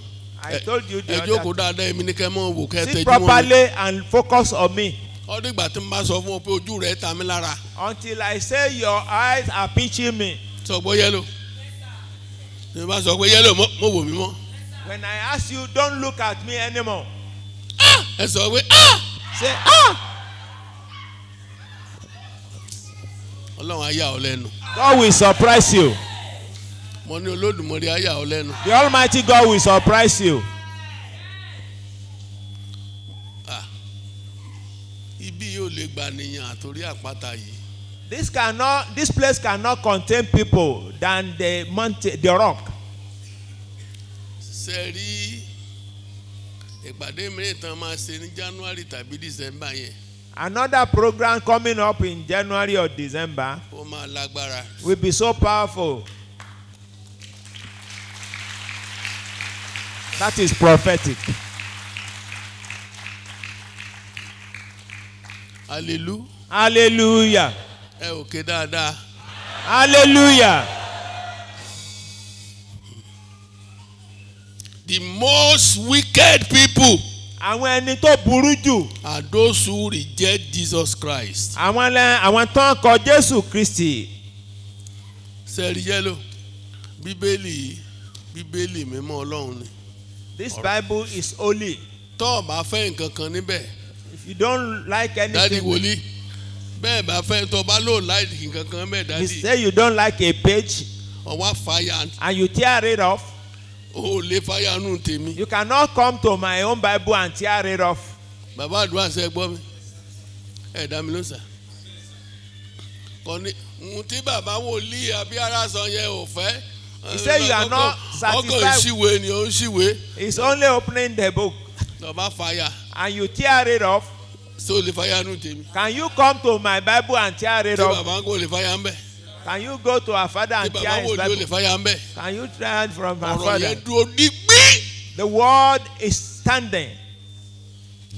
ẹ jókòó dáadáa èmi ni kẹ́ mọ̀ wò kẹ́ tẹ́jú mọ́ mi. properly and focus on me. ọdún ìgbà tí mo bá sọ fún ọ pé ojú rẹ ta mi lára. until I say your eyes are pinching me sọ pé yẹ́lò tí bá sọ pé yẹ́lò mo wò mí mọ́. when I ask you don't look at me anymore. Ah! ẹ sọ pé ṣe ah! ah! ọlọ́run á yà lẹ́nu. God will surprise you. mo ní olódùmọ̀rí á yà lẹ́nu. the almighty God will surprise you. ibi yóò lè gbà nìyàn àtòrí àpáta yìí. This cannot, this place cannot contain people than the mountain, the rock. Ṣé rí ìpàdé mìíràn tán máa ṣe ní January tàbí December yẹn? Another program coming up in January or December. Ó máa lágbára. Will be so powerful. That is prophetic. Hallelujah. Hallelujah ẹ ò ké dáadáa. hallelujah. the most wicked people. àwọn ẹni tó burú jù. are those who reject Jesus Christ. àwọn lẹ àwọn tán kọ Jésù Kristi. sẹ́ẹ̀rì yẹ́lò bíbélì bíbélì mímọ́ Ọlọ́run ni. this Bible is holy. tó bá fẹ́ nǹkan kan níbẹ̀. if you don't like anything. dádì wòlíì bẹ́ẹ̀ bá fẹ́ tó bá lò láìkì kankan bẹ́ẹ̀ dáàdi. you say you don't like a page. ọwọ́ fire?" and you tear it off. o lè fire! nù tèmi. you cannot come to my own bible and tear it off. bàbá àdúrà sẹ gbọ́ mi ẹ dá mi ló sà kọ́ni ohun tí bàbá wòlíì àbí ara sọ yẹn ò fẹ́. he say you are not satisfied. ọkọ ìṣìwé ni ó ń ṣìwé. he is only opening the book. lọ́ba fàyà. and you tear it off so lè fàyà nù can you come to my bible and tear it up. tí baba ń ń bẹ̀. can you go to her father and tear his bible. tí baba ń ń bẹ̀. can you try from her father. ọ̀rọ̀ yẹn dúró digbí. the word is standing.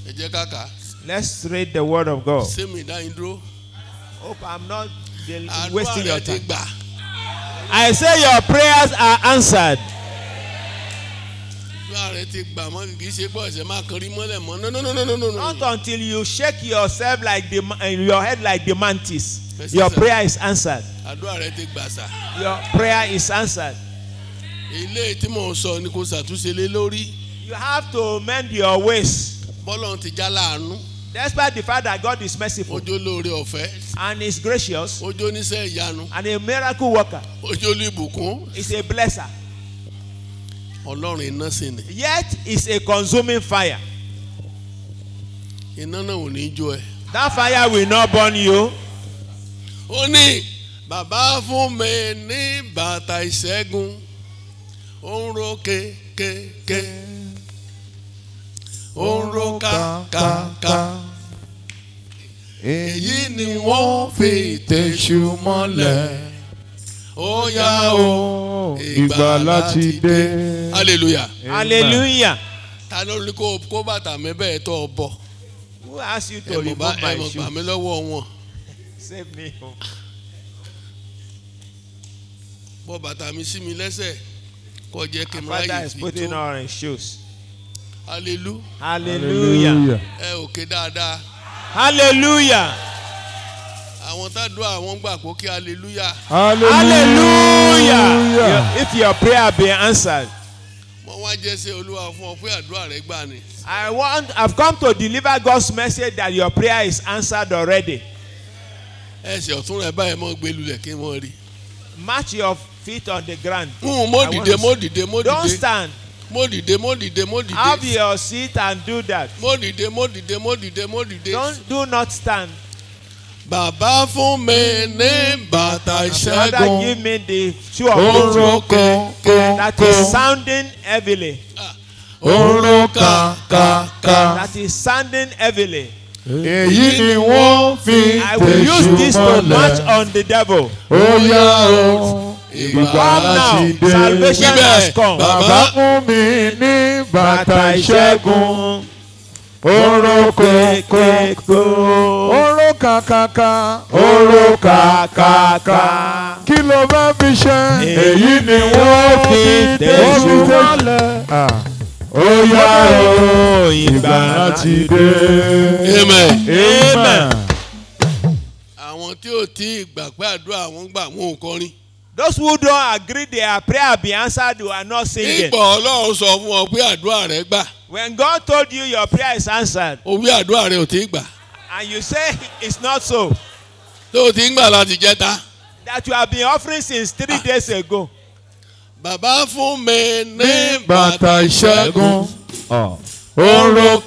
ẹ jẹ́ ká let's read the word of God. sẹ́mi dáhìn dúró. hope i'm not wasting your time. I say your prayers are answered àdúrà ti gbà mọ́ kì í ṣe pọ̀ ẹ̀sẹ̀ máa kan rí mọ́lẹ̀ mọ́ no no no no no. not until you shake yourself like the uh, your head like the mantis your prayer is answered. àdúrà rẹ ti gbà sà. your prayer is answered. ilé tí mò ń sọ ni kò ṣàtúnṣe lé lórí. you have to mend your ways. bọ́lọ̀ ti já láàánú. Despite the fact that God is merciful. Ojo lóore ọ̀fẹ́. And is gracious. Ojo oníṣẹ́ ìyanu. And a miracle worker. Ojo olú ìbùkún. is a blesser. Ọlọ́run iná sì ni. Yet it's a consuming fire. Iná náà ò ní jó ẹ. That fire will not burn you. Ó ní bàbá fún mi ní bàtà ìṣẹ́gun ó ń ro kékeré ó ń ro kàkàkà èyí ni wọ́n fi tẹ̀sù mọ́lẹ̀ ó yá o ìgbà láti dé. hallelujah. hallelujah. ta ló ní kó bàtà mi bẹ́ẹ̀ tó o bọ̀. who asked you to remove my shoe. ẹ̀mọ̀ bà mí lọ́wọ́ wọn. save me o. Oh. bọ́ bàtà mi sí mi lẹ́sẹ̀ kó jẹ́ kí n ráyè fi tó. father is putting on his shoes. hallelujah. hallelujah. ẹ òkè dáadáa. hallelujah àwọn tá a dùn àwọn gbà pé kí hallelujah. hallelujah if your prayer be answered. mo wá jẹ́ sẹ́ olúwa fún ọ pé àdúrà rẹ gbà ni. I want I've come to deliver God's message that your prayer is answered already. ẹsẹ̀ ọ̀tún rẹ̀ báyìí mọ́ gbé lulẹ̀ kí wọ́n rí. match your feet on the ground. mo dìde mo dìde mo dìde. don't stand mo dìde mo dìde mo dìde. have your seat and do that. mo dìde mo dìde mo dìde mo dìde. don't do not stand. Bàbá fún mi ní bàtà ìṣẹ́gun. Father give me the shoe of victory. Orun That is sounding heavily. Orun kan kan kan. That is sounding heavily. Èyí ni wọ́n fi tẹ̀sùmọ́lẹ̀. I will use this to match on the devil. Ó yá o. Ìgbàlá ti dé. Salvation has come. Bàbá fún mi ní bàtà ìṣẹ́gun. Oró kékèké. Oró kàkàkà. Oró kàkàkà. Kí ló bá fi ṣe? Èyí ni wọ́n fi tẹ̀sù wálẹ̀. Ó yá o, ìgbà ti dé. Amen. Amen. Àwọn tí ò tí ì gbà pé àdúrà àwọn gbà wọn ò kọrin those who don't agree their prayer be answered who are not singing. ìgbà ọlọ́run sọ fún ọ pé àdúrà rẹ gbà. when God told you your prayer is answered. o wí àdúrà rẹ ò tí gbà. and you say it's not so. tó o ti ń gbà láti jẹta. that you have been offering since three ah. days ago. bàbá fún mi ní bàtà ìṣẹ́gun òun ro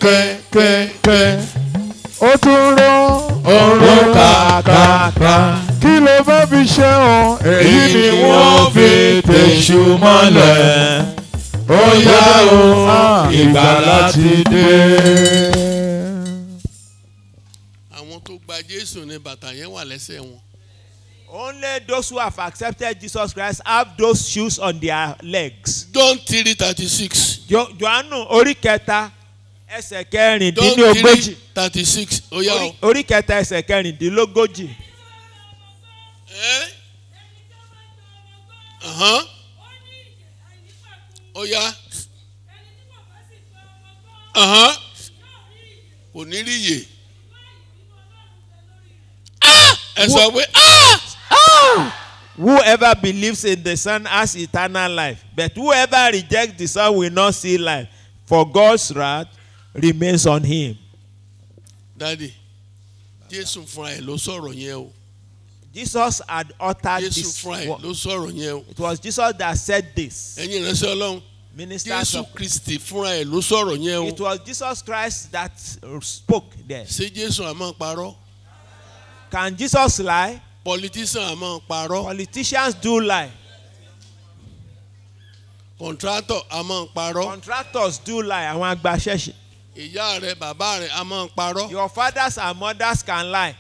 ó tún rán òun kàkàkà kí ló fẹ́ fi ṣe hàn èyí ni wọ́n fi tẹ̀sù mọ́lẹ̀ ó yá o ìgbàlà ti dé. àwọn tó gba Jésù ni bàtà yẹn wà lẹ́sẹ̀ wọn. Only those who have accepted Jesus Christ have those shoes on their legs. John 336. thirty six. Jòhánù orí kẹta ẹsẹ̀ kẹrìndínlógójì. thirty six ó yá o. orí kẹta ẹsẹ̀ kẹrìndínlógójì. ó yá kò ní rí yè. ẹ sọ pé. Whoever believes in the Son has eternal life, but whoever rejects the Son will not see life, for God's wrath remains on him. Daddy, Jésù fúnra ẹ̀ ló sọ̀rọ̀ Jesus had uttered Jesus this word. Jésù fúnra ẹ̀ ló sọ̀rọ̀ It was Jesus that said this. Ẹ̀yin ìránṣẹ́ Ọlọ́run. Minister Jésù Kristi fúnra ẹ̀ ló sọ̀rọ̀ yẹn o. It was Jesus Christ that spoke there. Ṣé Jésù àmọ́ parọ́? Can Jesus lie? Politicians àmọ́ parọ́. Politicians do lie. Contractors àmọ́ parọ́. Contractors do lie àwọn agbaṣẹ́ṣe ìyá rẹ bàbá rẹ a máa ń parọ́. your fathers and mothers can lie.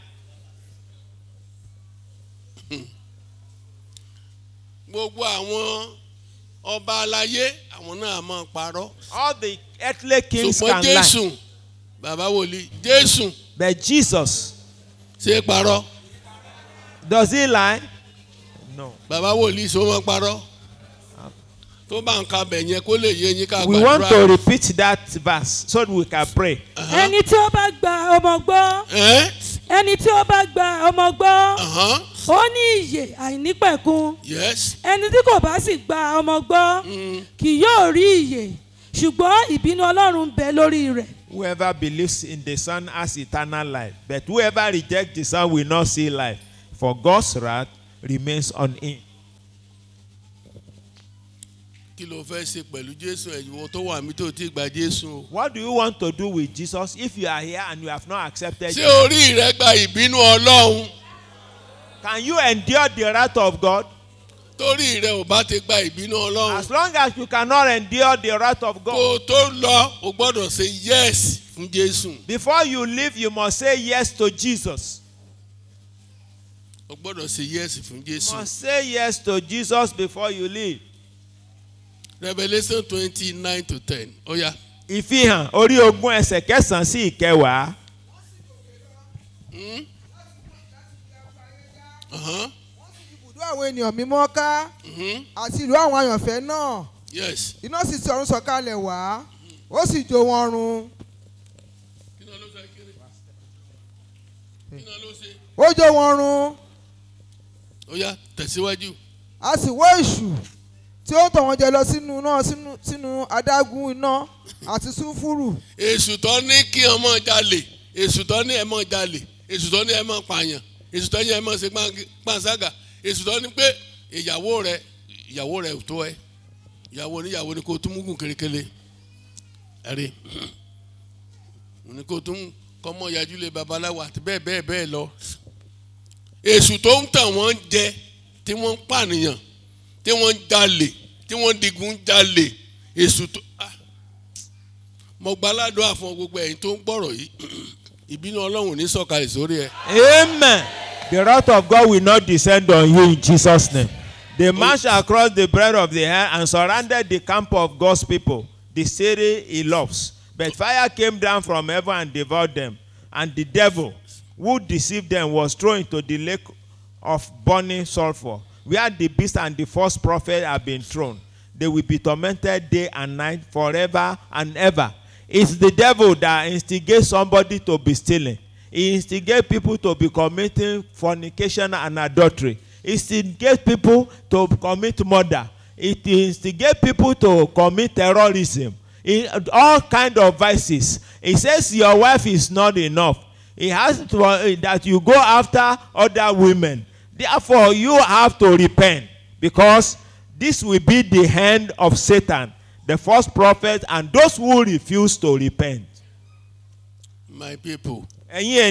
gbogbo àwọn ọba aláyé àwọn náà máa ń parọ́. all the earthly kings can lie. ṣùgbọ́n Jésù bàbá wòlíì Jésù. but Jesus. ṣé parọ́. does he lie? no. bàbá wòlíì ṣó máa parọ́ tó bá ń ka bẹ̀ yẹn kó lè yé yín ká gbàdúrà. we want to repeat that verse so that we can pray. ẹni tí ó bá gba ọmọ gbọ́ ẹni tí ó bá gba ọmọ gbọ́ ó ní ìyè àìnípẹ̀kun ẹni tí kò bá sì gba ọmọ gbọ́ mm. kì yóò rí ìyè ṣùgbọ́n ìbínú Ọlọ́run bẹ lórí rẹ̀. whoever believes in the son has eternal life but whoever rejects the son will not see life for God's wrath remains on him kí ló fẹ́ ṣe pẹ̀lú Jésù ẹ̀yìnwó tó wà mí tó ti gba Jésù. What do you want to do with Jesus if you are here and you have not accepted Ṣé orí rẹ gba ìbínú Ọlọ́run? Can you endure the wrath of God? Torí rẹ ò bá ti gba ìbínú Ọlọ́run. As long as you cannot endure the wrath of God. Kò tó lọ, o gbọ́dọ̀ ṣe yes fún Jésù. Before you leave, you must say yes to Jesus. O gbọ́dọ̀ ṣe yes fún Jésù. You must say yes to Jesus before you leave. Revelation twenty nine to ten ó yá. ìfihàn orí ogún ẹsẹ̀ kẹsàn-án sí ìkẹwàá. wọ́n hmm? sì uh-huh. ibùdó àwọn ènìyàn mímọ́ ká mm-hmm. àti ìlú àwọn àyànfẹ́ náà iná sì ti ọ̀run sọ̀kalẹ̀ wá ó sì jó wọn run. Hmm. ó jó wọn run. ó yá tẹ̀síwájú. a sì wọ́ èṣù tí ó tọ̀ wọ́n jẹ lọ sínú náà sínú adágún iná àti sulfuru. èṣù tó ní kí ọmọ jalè èṣù tó ní ẹ má jalè èṣù tó ní ẹ má pààyàn èṣù tó ní ẹ má ṣe pàǹsága èṣù tó ní pé ìyàwó rẹ ìyàwó rẹ tó ẹ ìyàwó oníyàwó ni kò tún múgùn kérekére ẹrí ni kò tún kọ́mọ yajúlé babaláwo àti bẹ́ẹ̀ bẹ́ẹ̀ bẹ́ẹ̀ lọ èṣù tó ń tàn wọ́n jẹ tí wọ́n ń pànìyàn tí wọ́n ń jalè tí wọ́n ń digun ń jalè èṣù tó mo gba aládùn àfọn gbogbo ẹ̀yin tó ń gbọ́rọ̀ yìí ìbínú ọlọ́run ní sọ̀kalẹ̀ sórí ẹ. amen the wrath of God will not descend on you in Jesus name they marched across the breadth of the air and surrounded the camp of God's people the city he loves but fire came down from heaven and devoured them and the devil who deceived them was thrown into the lake of burning sulphur where the beast and the false prophet have been thrown. They will be tormented day and night forever and ever. It's the devil that instigates somebody to be stealing. He instigates people to be committing fornication and adultery. He instigates people to commit murder. It instigates people to commit terrorism. It, all kind of vices. He says your wife is not enough. He has to, uh, that you go after other women. Therefore, you have to repent because this will be the hand of Satan, the false prophet, and those who refuse to repent. My people. Your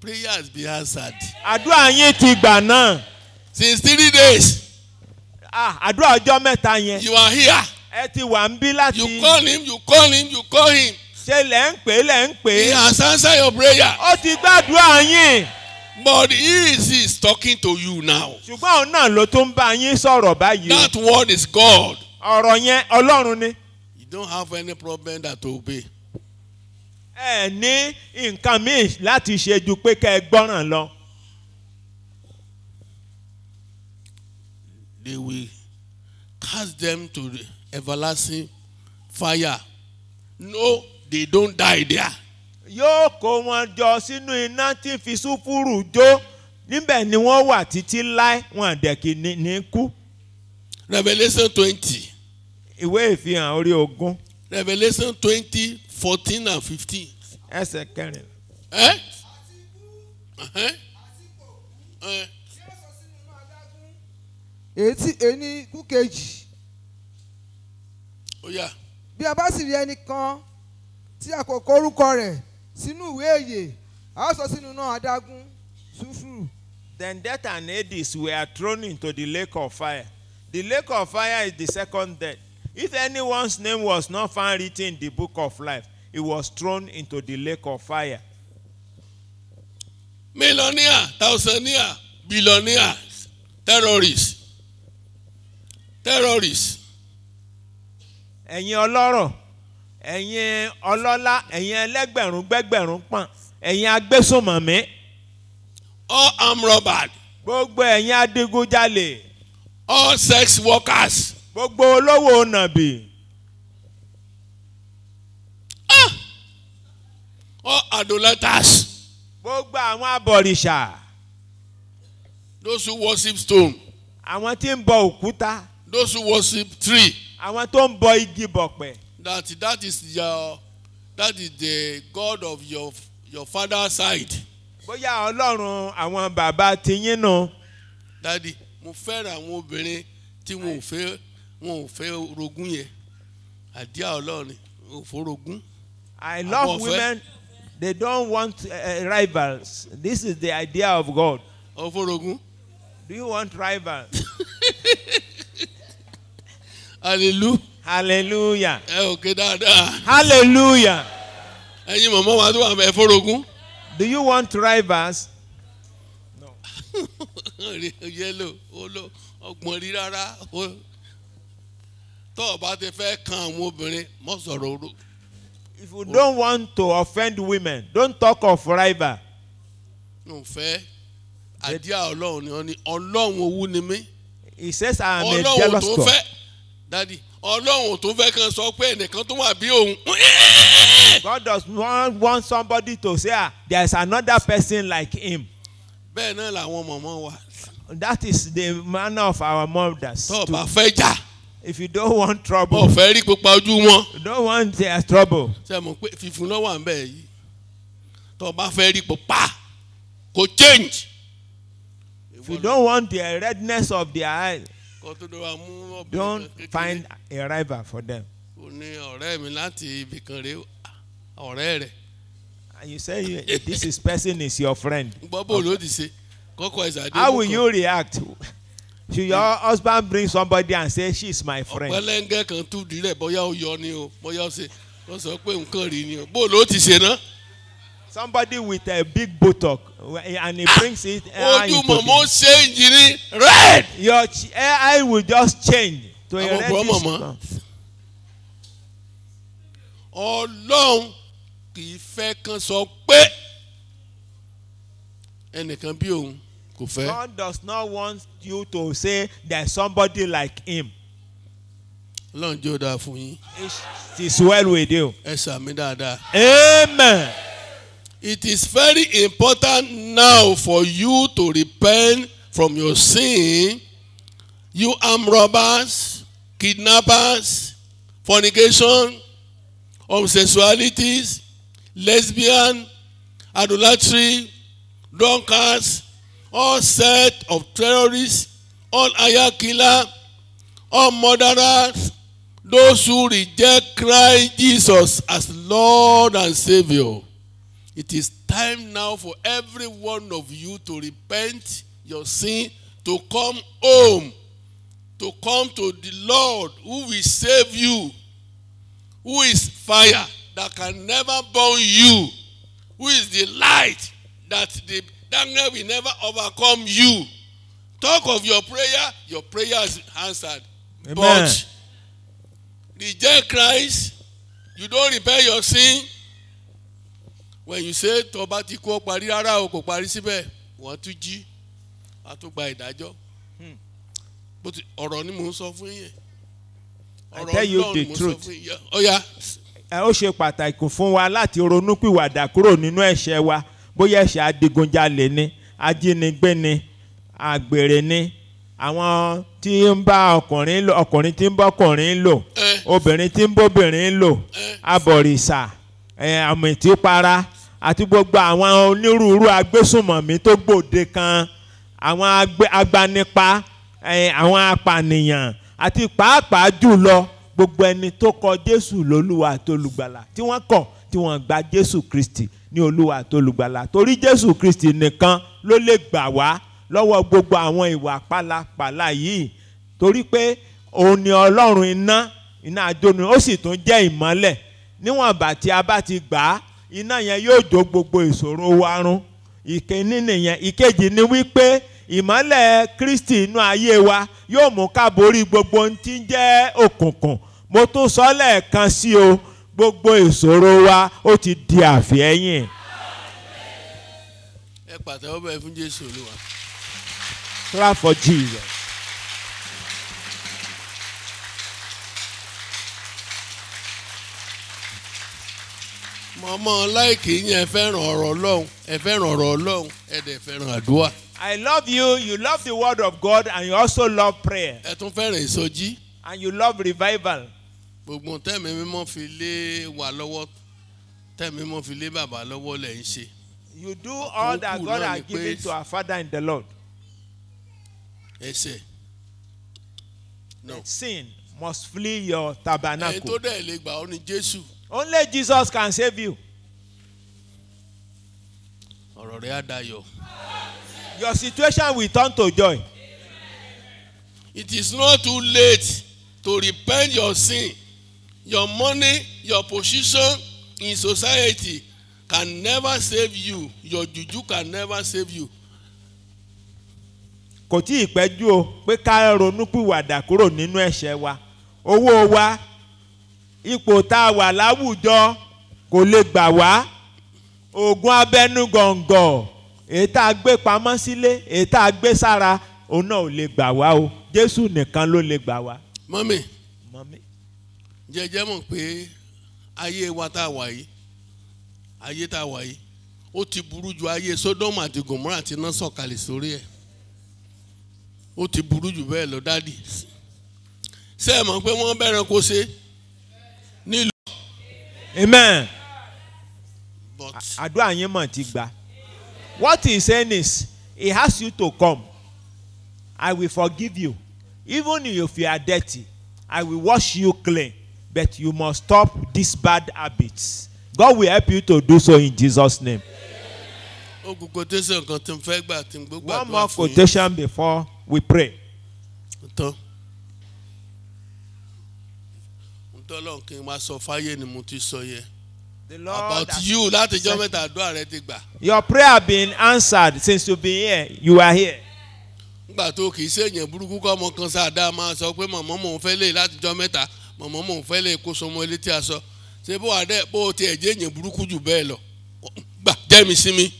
prayer has been answered. Àdúrà yín ti gbà náà. Since three days. Ah, àdúrà ọjọ́ mẹ́ta yẹn. You are here. Ẹ ti wà ń bí láti. You call him, you call him, you call him. Ṣé lẹ́ ń pè é lẹ́ ń pè é? He has answered your prayer. Ó ti gbàdúrà yín. But he is, he is talking to you now. Ṣùgbọ́n òun náà ló tó ń bá yín sọ̀rọ̀ báyìí. That word is God. Ọ̀rọ̀ yẹn Ọlọ́run ni. You don't have any problem that to obey. Ẹ ní nǹkan míì láti ṣe ju pé kẹ́ ẹ gbọ́ràn lọ. They will cast them to the everlasting fire. No, they don't die there yóò kó wọn jọ sínú iná tí fi sùfúrù jó níbẹ̀ ni wọ́n wà títí láé wọn àdẹ̀kì ní kú. Revelation twenty. ìwé ìfihàn orí ogún. Revelation twenty fourteen and fifteen. ẹsẹ̀ kẹrin. ẹ ẹ ẹni kú kejì. bí a bá sì rí ẹnìkan tí a orúkọ rẹ̀ sínú ìwé èyè a sọ sínú náà adágún sùfúrù. Then death and Hades were thrown into the lake of fire. The lake of fire is the second death. If anyone's name was not found written in the book of life, he was thrown into the lake of fire. Millionaire, thousandaire, billionaire, terrorists, terrorist. Ẹ̀yin ọlọ́rọ̀ ẹ̀yin ọlọ́lá ẹ̀yin ẹlẹ́gbẹ̀rún gbẹ́gbẹ̀rún pọ̀n ẹ̀yin agbésùnmọ̀mí. all armed robbers. gbogbo ẹ̀yin adigunjalè. all sex workers. gbogbo olówó nàbì. Ah! all idolaters. gbogbo àwọn abọ̀rìṣà. those who worship stone. àwọn tí ń bọ òkúta. those who worship tree. àwọn tó ń bọ igi bọ̀pẹ̀ that that is your that is the God of your your father side. bóyá ọlọ́run àwọn bàbá ti yín nù. dadi mo fẹ́ràn àwọn obìnrin tí wọn ò fẹ́ wọn ò fẹ́ rogún yẹn àdíà ọlọ́run ò forogún. I love women they don't want uh, rivals this is the idea of God. ọ̀fọ̀rọ̀gún. do you want rivals. hallelujah hallelujah. ẹ ò ké dáadáa. hallelujah. ẹyin mọ̀mọ́ wa tó wà bẹ́ẹ̀ fọ́rọ̀gún. do you want drivers? no. yẹ́lò ọgbọ̀n rí rárá tó o bá ti fẹ́ kan àwọn obìnrin mọ́ sọ̀rọ̀ oró. if you don't want to offend women don't talk of driver. n fẹ́ àdíà ọlọ́run ni ọlọ́run owú ni mí. he says I am a jealous God. ọlọ́run tó fẹ́ dadi ọlọ́run tó fẹ́ kan sọ pé ẹnìkan tó wà bí òun. God does not want somebody to say ah there is another person like him. bẹ́ẹ̀ náà làwọn mọ̀mọ́ wa. that is the manner of our mothers. tó o bá fẹ́ jà. if you don't want trouble. o fẹ́ rí pupa ojú wọn. you don't want their trouble. ṣe mo pe fífun lọ́wọ́ à ń bẹ̀ yìí tó o bá fẹ́ rí pupa kò change. if you don't want the redness of their eyes. Don't find a rival for them. O ọ̀rẹ́ mi láti ibì kan rèé ọ̀rẹ́ rẹ̀. you say this is person is your friend. Gbọ́bọ̀ lòdì sí. Kọ́kọ́ ẹ̀sà dé. How will you react? Should your husband bring somebody and say she is my friend? Ọ̀pẹ̀lẹ́ngẹ́ kan tú dirẹ̀ bóyá ó yọ ni o bóyá ó ṣe wọ́n sọ pé nǹkan rí ni o bó ló ti náà. Somebody with a big buttock eh, and he brings it. Eh, Ojú mọ̀mọ́ ṣe yìnyín red. Your eh, eye will just change to a reddish color. Ọlọ́run kì í fẹ́ kan sọ pé ẹnìkan bí òun kò fẹ́. God does not want you to say that somebody like him. Ọlọ́run jẹ́ ó dáa fún yín. It is well with you. Ẹ sàmì dáadáa. Amen. It is very important now for you to repent from your sin. You armed robbers, kidnappers, fornication, homosexualities, lesbian, adultery, drunkards, all set of terrorists, all ayah killer, all murderers, those who reject Christ Jesus as Lord and Savior. It is time now for every one of you to repent your sin, to come home, to come to the Lord who will save you, who is fire that can never burn you, who is the light that the darkness will never overcome you. Talk of your prayer, your prayer is answered. Amen. But reject Christ, you don't repent your sin, when you say tó bá ti kú ọ parí rárá o kò parí síbẹ̀ wọ́n tún jí a tún gba ìdájọ́ hmm. ọ̀rọ̀ ni mò ń sọ fún yín ọ̀rọ̀ náà ni mò ń sọ fún yín ọ̀ya. ó ṣe pàtàkì fún wa láti ronúpìwàdà kúrò nínú ẹ̀ṣẹ̀ wa bóyá ẹ̀ṣẹ̀ adigunjalè ni ajínigbé ni àgbèrè ni àwọn tí ń bá ọkùnrin lò ọkùnrin tí ń bá lò eh. obìnrin tí ń bóbìnrin lò eh. abọ̀rìṣà eh, àmì tí para àti gbogbo àwọn onírúurú agbésùnmọ̀mí tó gbòde kan àwọn agbanipa àwọn apànìyàn àti pàápàá jùlọ gbogbo ẹni tó kọ Jésù lólúwa àtolùgbàlà tí wọ́n kọ̀ tí wọ́n gba Jésù Kristi ní olúwa àtolùgbàlà torí Jésù Kristi nìkan ló lè gbà wá lọ́wọ́ gbogbo àwọn ìwà pálapàla yìí torí pé òun ni Ọlọ́run iná iná àjóni ó sì tún jẹ́ ìmọ́lẹ̀ níwọ̀n bá tí a bá ti gbà á iná yẹn yóò jó gbogbo ìṣòro wa ìkíní nìyẹn ìkejì ni wípé ìmọ́lẹ̀ Kristi inú ayé wa yóò mú ká borí gbogbo ohun tí ń jẹ́ òkùnkùn mo tún o gbogbo ìṣòro wa ó ti di àfihẹ́yìn. ẹ mọ̀mọ́ láìkì yín ẹ fẹ́ràn ọ̀rọ̀ ọlọ́run ẹ fẹ́ràn ọ̀rọ̀ ọlọ́run ẹ dẹ̀ fẹ́ràn àdúrà. I love you, you love the word of God and you also love prayer. Ẹ tún fẹ́ràn ìsọjí. And you love revival. Gbogbo tẹ́mi mímọ́ fi lé wa lọ́wọ́ tẹ́mi mímọ́ fi lé bàbá lọ́wọ́ lẹ̀ ń ṣe. You do all that God has given to our father in the Lord. Ẹsẹ̀. No. Sin must flee your tabernacle. Ẹni tó dẹ̀ lè gbà ọ́ ni Jésù. Only Jesus can save you. Your situation will turn to joy. It is not too late to repent your sin. Your money, your position in society can never save you. Your juju can never save you. Kò tí ì pẹ́jú o pé ká ronú pìwàdà kúrò nínú ẹ̀ṣẹ̀ wa. Owó wa ipò tá a wà láwùjọ kò lè gbà wá oògùn abẹ́nú gọ̀ǹgọ̀ èyí tá a gbé pamọ́ sílé èyí tá a gbé sára òun náà ò lè gbà wá o Jésù nìkan ló lè gbà wá. mọ́mì jẹjẹ mọ̀ pé ayé wa tá a wà yìí ayé tá a wà yìí ó ti burú ju ayé Sódómù àti Gòmórà tí iná sọ̀kalẹ̀ sórí ẹ̀ ó ti burú jù bẹ́ẹ̀ lọ dádì ṣé ẹ mọ̀ pé wọ́n bẹ̀rẹ̀ kó ṣe é nílùú. amen. but àdúrà yín mọ̀ ti gbà. what he saying is he asked you to come I will forgive you even if you are dirty I will wash you clean but you must stop these bad habits. God will help you to do so in Jesus' name. ogun quotation kan tí n fẹ́ gbà tí n gbàdúrà fún yín. one more quotation before we pray. tán. tọ́lọ́n kí n máa sọ fáyé ni mo ti sọ yẹn. The Lord about you láti jọ́ mẹ́ta àdúrà rẹ ti gbà. Your prayer been answered since you been here you are here. Nígbà tó kì í ṣèyàn burúkú kọ́ ọmọ kan sáadá máa sọ pé mọ̀mọ́ mò ń fẹ́ lè láti jọ́ mẹ́ta mọ̀mọ́ mò ń fẹ́ lè kó sọmọ ilé tí a sọ ṣé bó adé bó tiẹ̀ jẹ́ èyàn burúkú jù bẹ́ẹ̀ lọ gbà jẹ́ mi sí mi.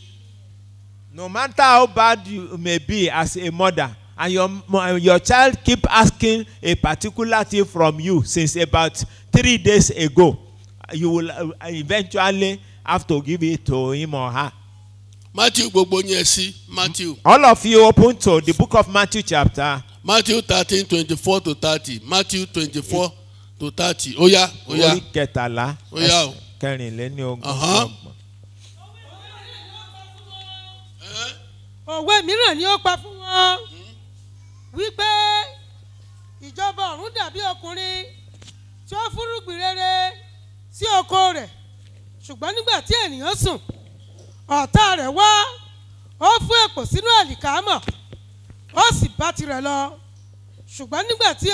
No matter how bad you may be as a mother and your, uh, your child keep asking a particular thing from you since about three days ago, you will uh, eventually have to give it to him or her. Matthew gbogbo yẹn sí Matthew. All of you open to the book of Matthew chapter. Matthew thirteen twenty-four to thirty Matthew twenty-four to thirty oya oya. Orí kẹtàlá oya o kẹrìnlélógún ọgbọ̀n. Òwe mìíràn ni ó pa fún wọn wípé ìjọba ọ̀run dàbí ọkùnrin tí ó fúrúgbìn rere sí oko rẹ̀ ṣùgbọ́n nígbà tí ènìyàn sùn ọ̀tá rẹ̀ wá ó fún èpò sínú àlìkámọ̀ ó sì bá tirẹ̀ lọ ṣùgbọ́n nígbà tí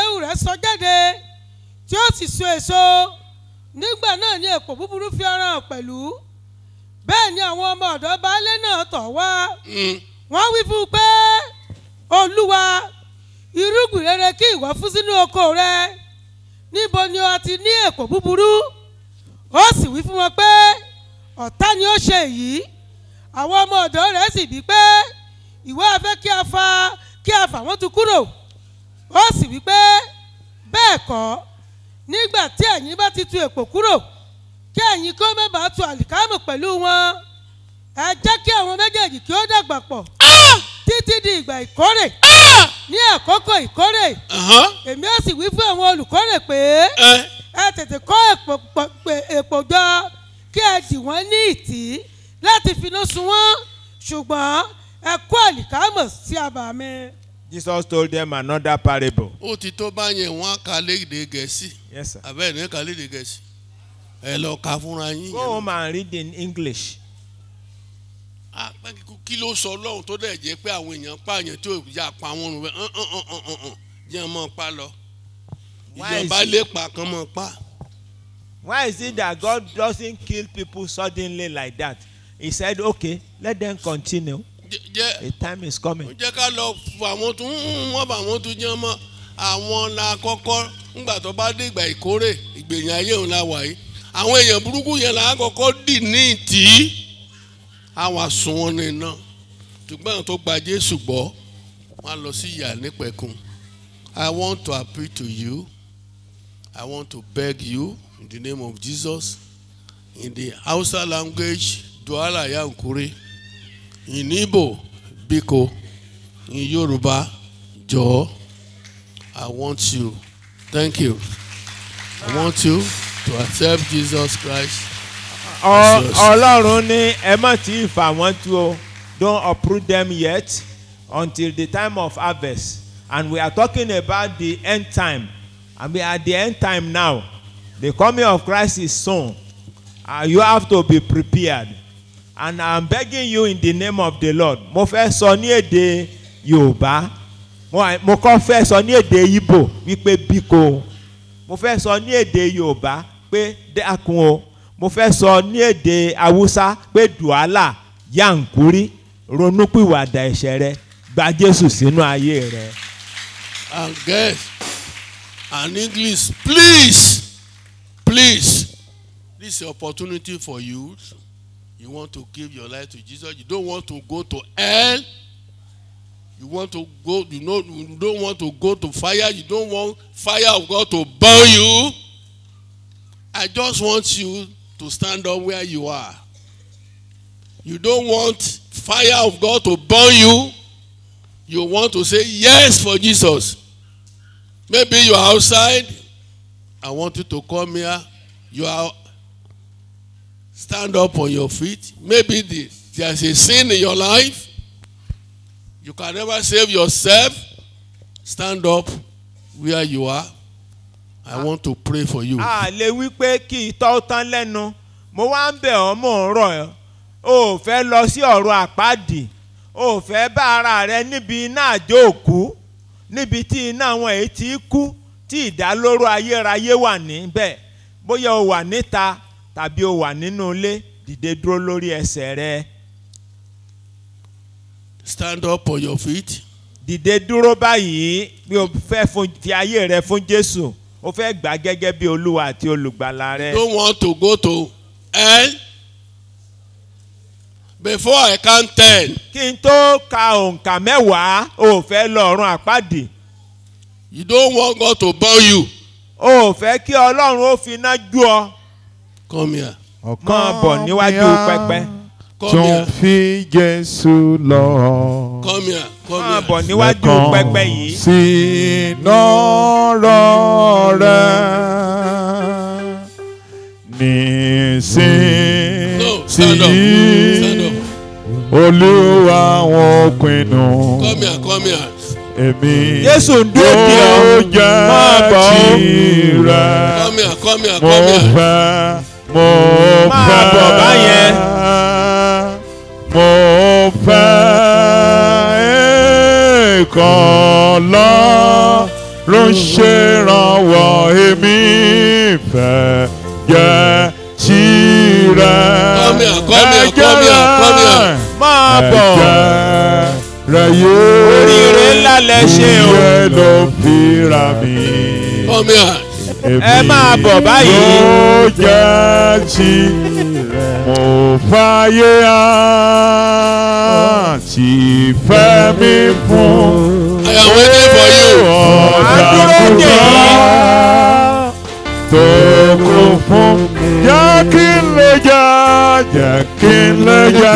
ehu rẹ̀ sọ jáde tí ó sì so èso nígbà náà ni èpò búburú fi ọ̀ràn pẹ̀lú bẹ́ẹ̀ ni àwọn ọmọ ọ̀dọ́ baálé náà tọ̀ wá hmm. wọ́n wí fún un pé olúwa irúgbìn rere kí ìwọ fún sínú oko rẹ níbo ni o ti ní èpò búburú ó sì wí fún wọn pé ọ̀tá ni ó ṣe èyí àwọn ọmọ ọ̀dọ́ rẹ̀ sì bí pé ìwọ a fẹ́ kí a fa kí a fà wọ́n tu kúrò ó sì wí pé bẹ́ẹ̀ kọ́ nígbà tí ẹ̀yin bá ti tu èpò kúrò kí ẹ̀yin kó má bàa tu àlìkámù pẹ̀lú wọn ẹ jẹ́ kí àwọn méjèèjì kí ó dàgbà pọ̀ títí di ìgbà ìkórè ah! ní àkókò ìkórè uh-huh. èmi á sì wí fún àwọn olùkórè pé eh? ẹ tètè kó èpò jọ kí ẹ dì wọ́n ní ìtì láti finá sun wọ́n ṣùgbọ́n ẹ kó àlìkámọ̀ sí abà mi. Jesus told them another parable. ó ti tó báyẹn wọn á ka lédè gẹ̀ẹ́sì. yes sir. àbẹ́ẹ̀ ní ká lédè gẹ̀ẹ́sì. ẹ lọ ka fúnra yín. go home and read in English kí ló sọ ọlọ́run tó dẹ̀ jẹ́ pé àwọn èèyàn pààyàn tí ò yà pa wọn rùn bẹ́ẹ̀ jẹ́ ọmọ pa lọ ìjọba lè pa kán mọ́ pa. Why is it that God doesn't kill people suddenly like that? He said, okay, let them continue. jẹ the time is coming. jẹ́ ká lọ àwọn tún hmm, wọ́n bá àwọn tún jẹ́ ọmọ àwọn la kọ́kọ́ ńgbà tó bá dé ìgbà ìkórè ìgbẹ̀yìn ayé òun la wà yìí àwọn èèyàn burúkú yẹn là kọ́kọ́ dì ní ìtì àwọn àsùnwọ̀n ní iná ṣùgbọ́n àwọn tó gba Jésù gbọ́ wọ́n lọ sí ìyà nípẹ̀kun I want to appeal to you I want to beg you in the name of Jesus in the Hausa language duala yankuri in Igbo biko in Yoruba jọ̀ọ́ I want you thank you I want you to accept Jesus Christ Ọlọ́run ní ẹ má tí ì fà wọ́n tú o don't approve them yet until the time of harvest and we are talking about the end time and we are at the end time now the coming of Christ is soon uh, you have to be prepared and I am begging you in the name of the Lord mo fẹ́ sọ ní èdè Yorùbá mo kọ́ fẹ́ sọ ní èdè Ìgbò wípé bíko mo fẹ́ sọ ní èdè Yorùbá pé dákun o mo fẹ́ sọ ní èdè haúsá pé duala yankuri ronúpìwàdà ẹ̀ṣẹ̀ rẹ gba jésù sínú ayé rẹ. and get an english please please this is opportunity for you you want to give your life to jesus you don't want to go to hell you want to go you know you don't want to go to fire you don't want fire of god to burn you i just want you to stand up where you are. You don't want fire of God to burn you. You want to say yes for Jesus. Maybe you are outside. I want you to come here. You are stand up on your feet. Maybe there's a sin in your life. You can never save yourself. Stand up where you are. I want to pray for you. a lè wí pé kí ìtọ́ tán lẹ́nu mo wá ń bẹ̀ ọ́ mò ń rọ̀ ẹ́ o ò fẹ́ lọ sí ọ̀rọ̀ àpáàdì o ò fẹ́ bá ara rẹ níbi iná àjò òkú níbi tí iná àwọn èyí ti kú tí ìdálóró ayérayé wà níbẹ̀ bóyá o wà níta tàbí o wà nínú ilé dìde dúró lórí ẹsẹ̀ rẹ. stand up on your feet. dìde dúró báyìí bí o fẹ́ fi ayé rẹ fún Jésù o fẹ́ gbà gẹ́gẹ́ bí olúwa àti olùgbàlà rẹ. you don't want to go to hell before I count ten. kí n tó ka òǹkà mẹ́wàá o fẹ́ lọ ọ̀run àpáàdì. you don't want God to burn you. o fẹ́ kí ọlọ́run ó fi iná jó ọ. come here. ọ̀kan bọ̀ níwájú pẹpẹ. tún fi Jésù lọ. come here máa bọ̀ níwájú pẹpẹ yìí. sínú rọrẹ nísinsìnyí olúwa wọn pinnu. come here come here èmi yóò jẹ́ tirẹ̀ mo fẹ́ mo fẹ́ mo fẹ́ nìkan lọ ló ń ṣèrànwọ́ èmi fẹ́ jẹ́ tirẹ̀ ẹ̀jẹ̀ rẹ̀ máa bọ̀ rẹ̀ yóò oríire ńlá lẹ ṣe o ìwé ló fi ra mi ẹ máa bọ̀ báyìí. ó jẹ́ ti mo fàyè àti fẹ́ mi fún. I am waiting for you. tó kún fún. jẹ́ kí n lè jà jẹ́ kí n lè jà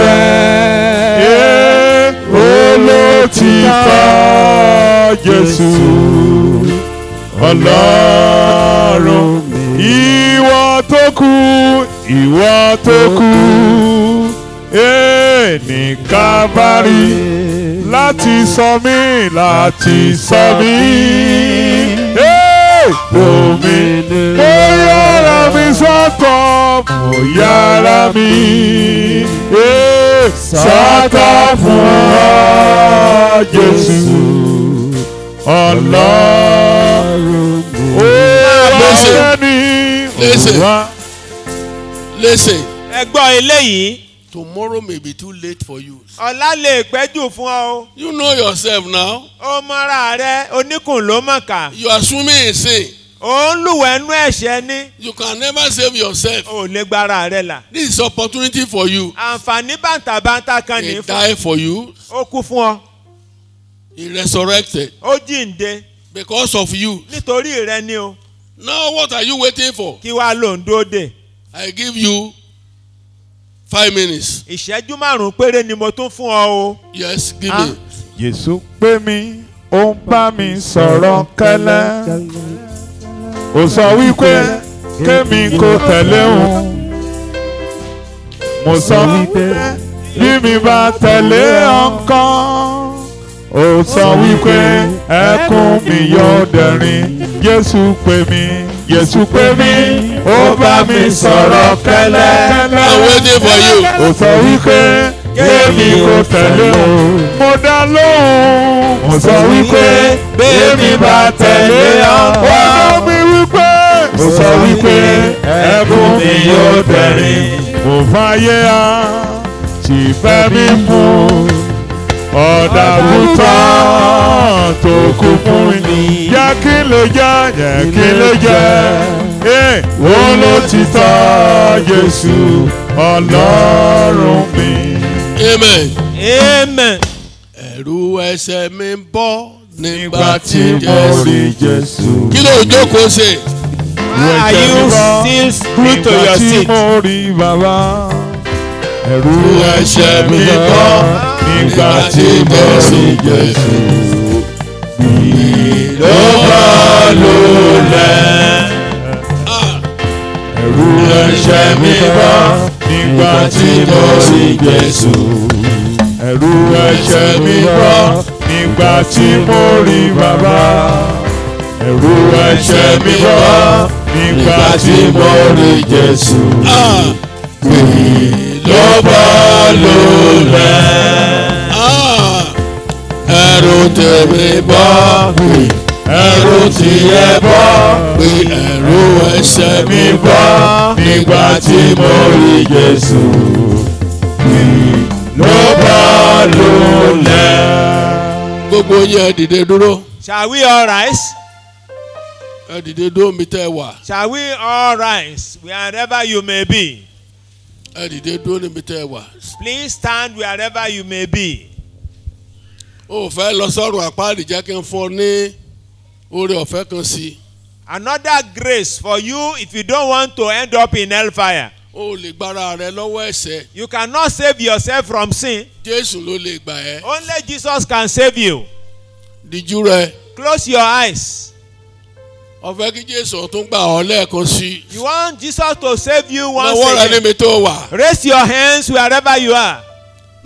ẹ́ olótìfà Jésù ọlọ́run ìwọ tó kú ìwọ tó kú ní kábàárì láti sọ mí láti sọ mí bomi mo yára mi sọ́tọ̀ mo yára mi sọ́tọ̀ fún ọ Jésù ọlọ́run. listen listen. ẹ gbọ́ eléyìí. tomorrow may be too late for you. ọ̀la lè pẹ́ fún ọ you know yourself now. ó mọ́ra rẹ oníkùn ló mọ̀ ká. you are swimming in sin. ò ń lùwẹ̀ nú ẹ̀ṣẹ̀ ni. you can never save yourself. o lè gbára rẹ là. this is opportunity for you. àǹfààní bàǹtàbàǹtà kan ní fún. he die for you. ó kú fún ọ. he resurrected. ó jíǹde. because of you. nítorí rẹ ni o. Now what are you waiting for? Kí wàá lò ń dúró dè. I give you five minutes. Ìṣẹ́jú márùn-ún péré ni mo tún fún ọ o. Yes, give ah. me. Jésù pè mí, ó ń bá mi sọ̀rọ̀ kẹ́lẹ́. Ó sọ wípé kémi kò tẹ̀lé òun. Mo sọ wípé bí mi bá tẹ̀lé ọ̀kan ó sọ wípé ẹkún mi yóò dẹ̀rín Jésù pè mí Jésù pè mí ó bá mi sọ̀rọ̀ kẹ́lẹ́. I'm waiting for you. ó sọ wípé bẹ́ẹ̀mi kò tẹ̀lé o mo dá lóhùn. ó sọ wípé bẹ́ẹ̀mi bá tẹ̀lé ọ. ó sọ mi wípé. ó sọ wípé ẹkún mi yóò dẹ̀rín. mo fàyè á tì fẹ́ mi mú ọ̀daràn tán tó kú fún mi. Jẹ́ kí ló jẹ́, jẹ́ kí ló jẹ́. Wọ́n ló ti tọ́ Jésù Ọlọ́run mi. Amen. Amen. Ẹ̀rù ẹ̀ṣẹ̀ mi ń bọ́ nígbà tí mo rí Jésù. Kí ló jókòó ṣe? Are you still true to your seat? Nígbà tí mo rí bàbá, ẹ̀rù ẹ̀ṣẹ̀ mi bọ́ nígbà tí mo rí Jésù mi ló bá lulẹ̀. Ẹ̀rù ẹ̀ṣẹ̀ mi bá nígbà tí mo rí Jésù. Ẹ̀rù ẹ̀ṣẹ̀ mi bá nígbà tí mo rí bàbá. Ẹ̀rù ẹ̀ṣẹ̀ mi bá nígbà tí mo rí Jésù. Ah! ló bọ́ lulẹ̀. Ah, ẹrù tèmi bọ́ pè ẹrù tìyẹ bọ́ pè ẹrù ẹ̀ṣẹ̀ mi bọ́ nígbà tí mo rí Jésù ló bọ́ lulẹ̀. gbogbo yẹn dìde dúró. Shall we all rise? ẹ dìde dúró mi tẹ́ wà. Shall we all rise wherever you may be? ẹ dìde dúró níbi tẹ́ ẹ wà. please stand wherever you may be. o fẹ́ lọ sọ́run àpáàdì jẹ́ kí n fọ ní oore ọ̀fẹ́ kan sí i. another grace for you if you don't want to end up in hellfire. o lè gbára rẹ lọ́wọ́ ẹ̀ṣẹ̀. you cannot save yourself from sin. Jésù ló lè gbà ẹ́. only Jesus can save you. díjú rẹ. close your eyes ọ̀fẹ́ kí jésù tún gbà ọ́ lẹ́ẹ̀kan sí. you want Jesus to save you once again. lọ́wọ́ rẹ níbi tó wà. raise your hands wherever you are.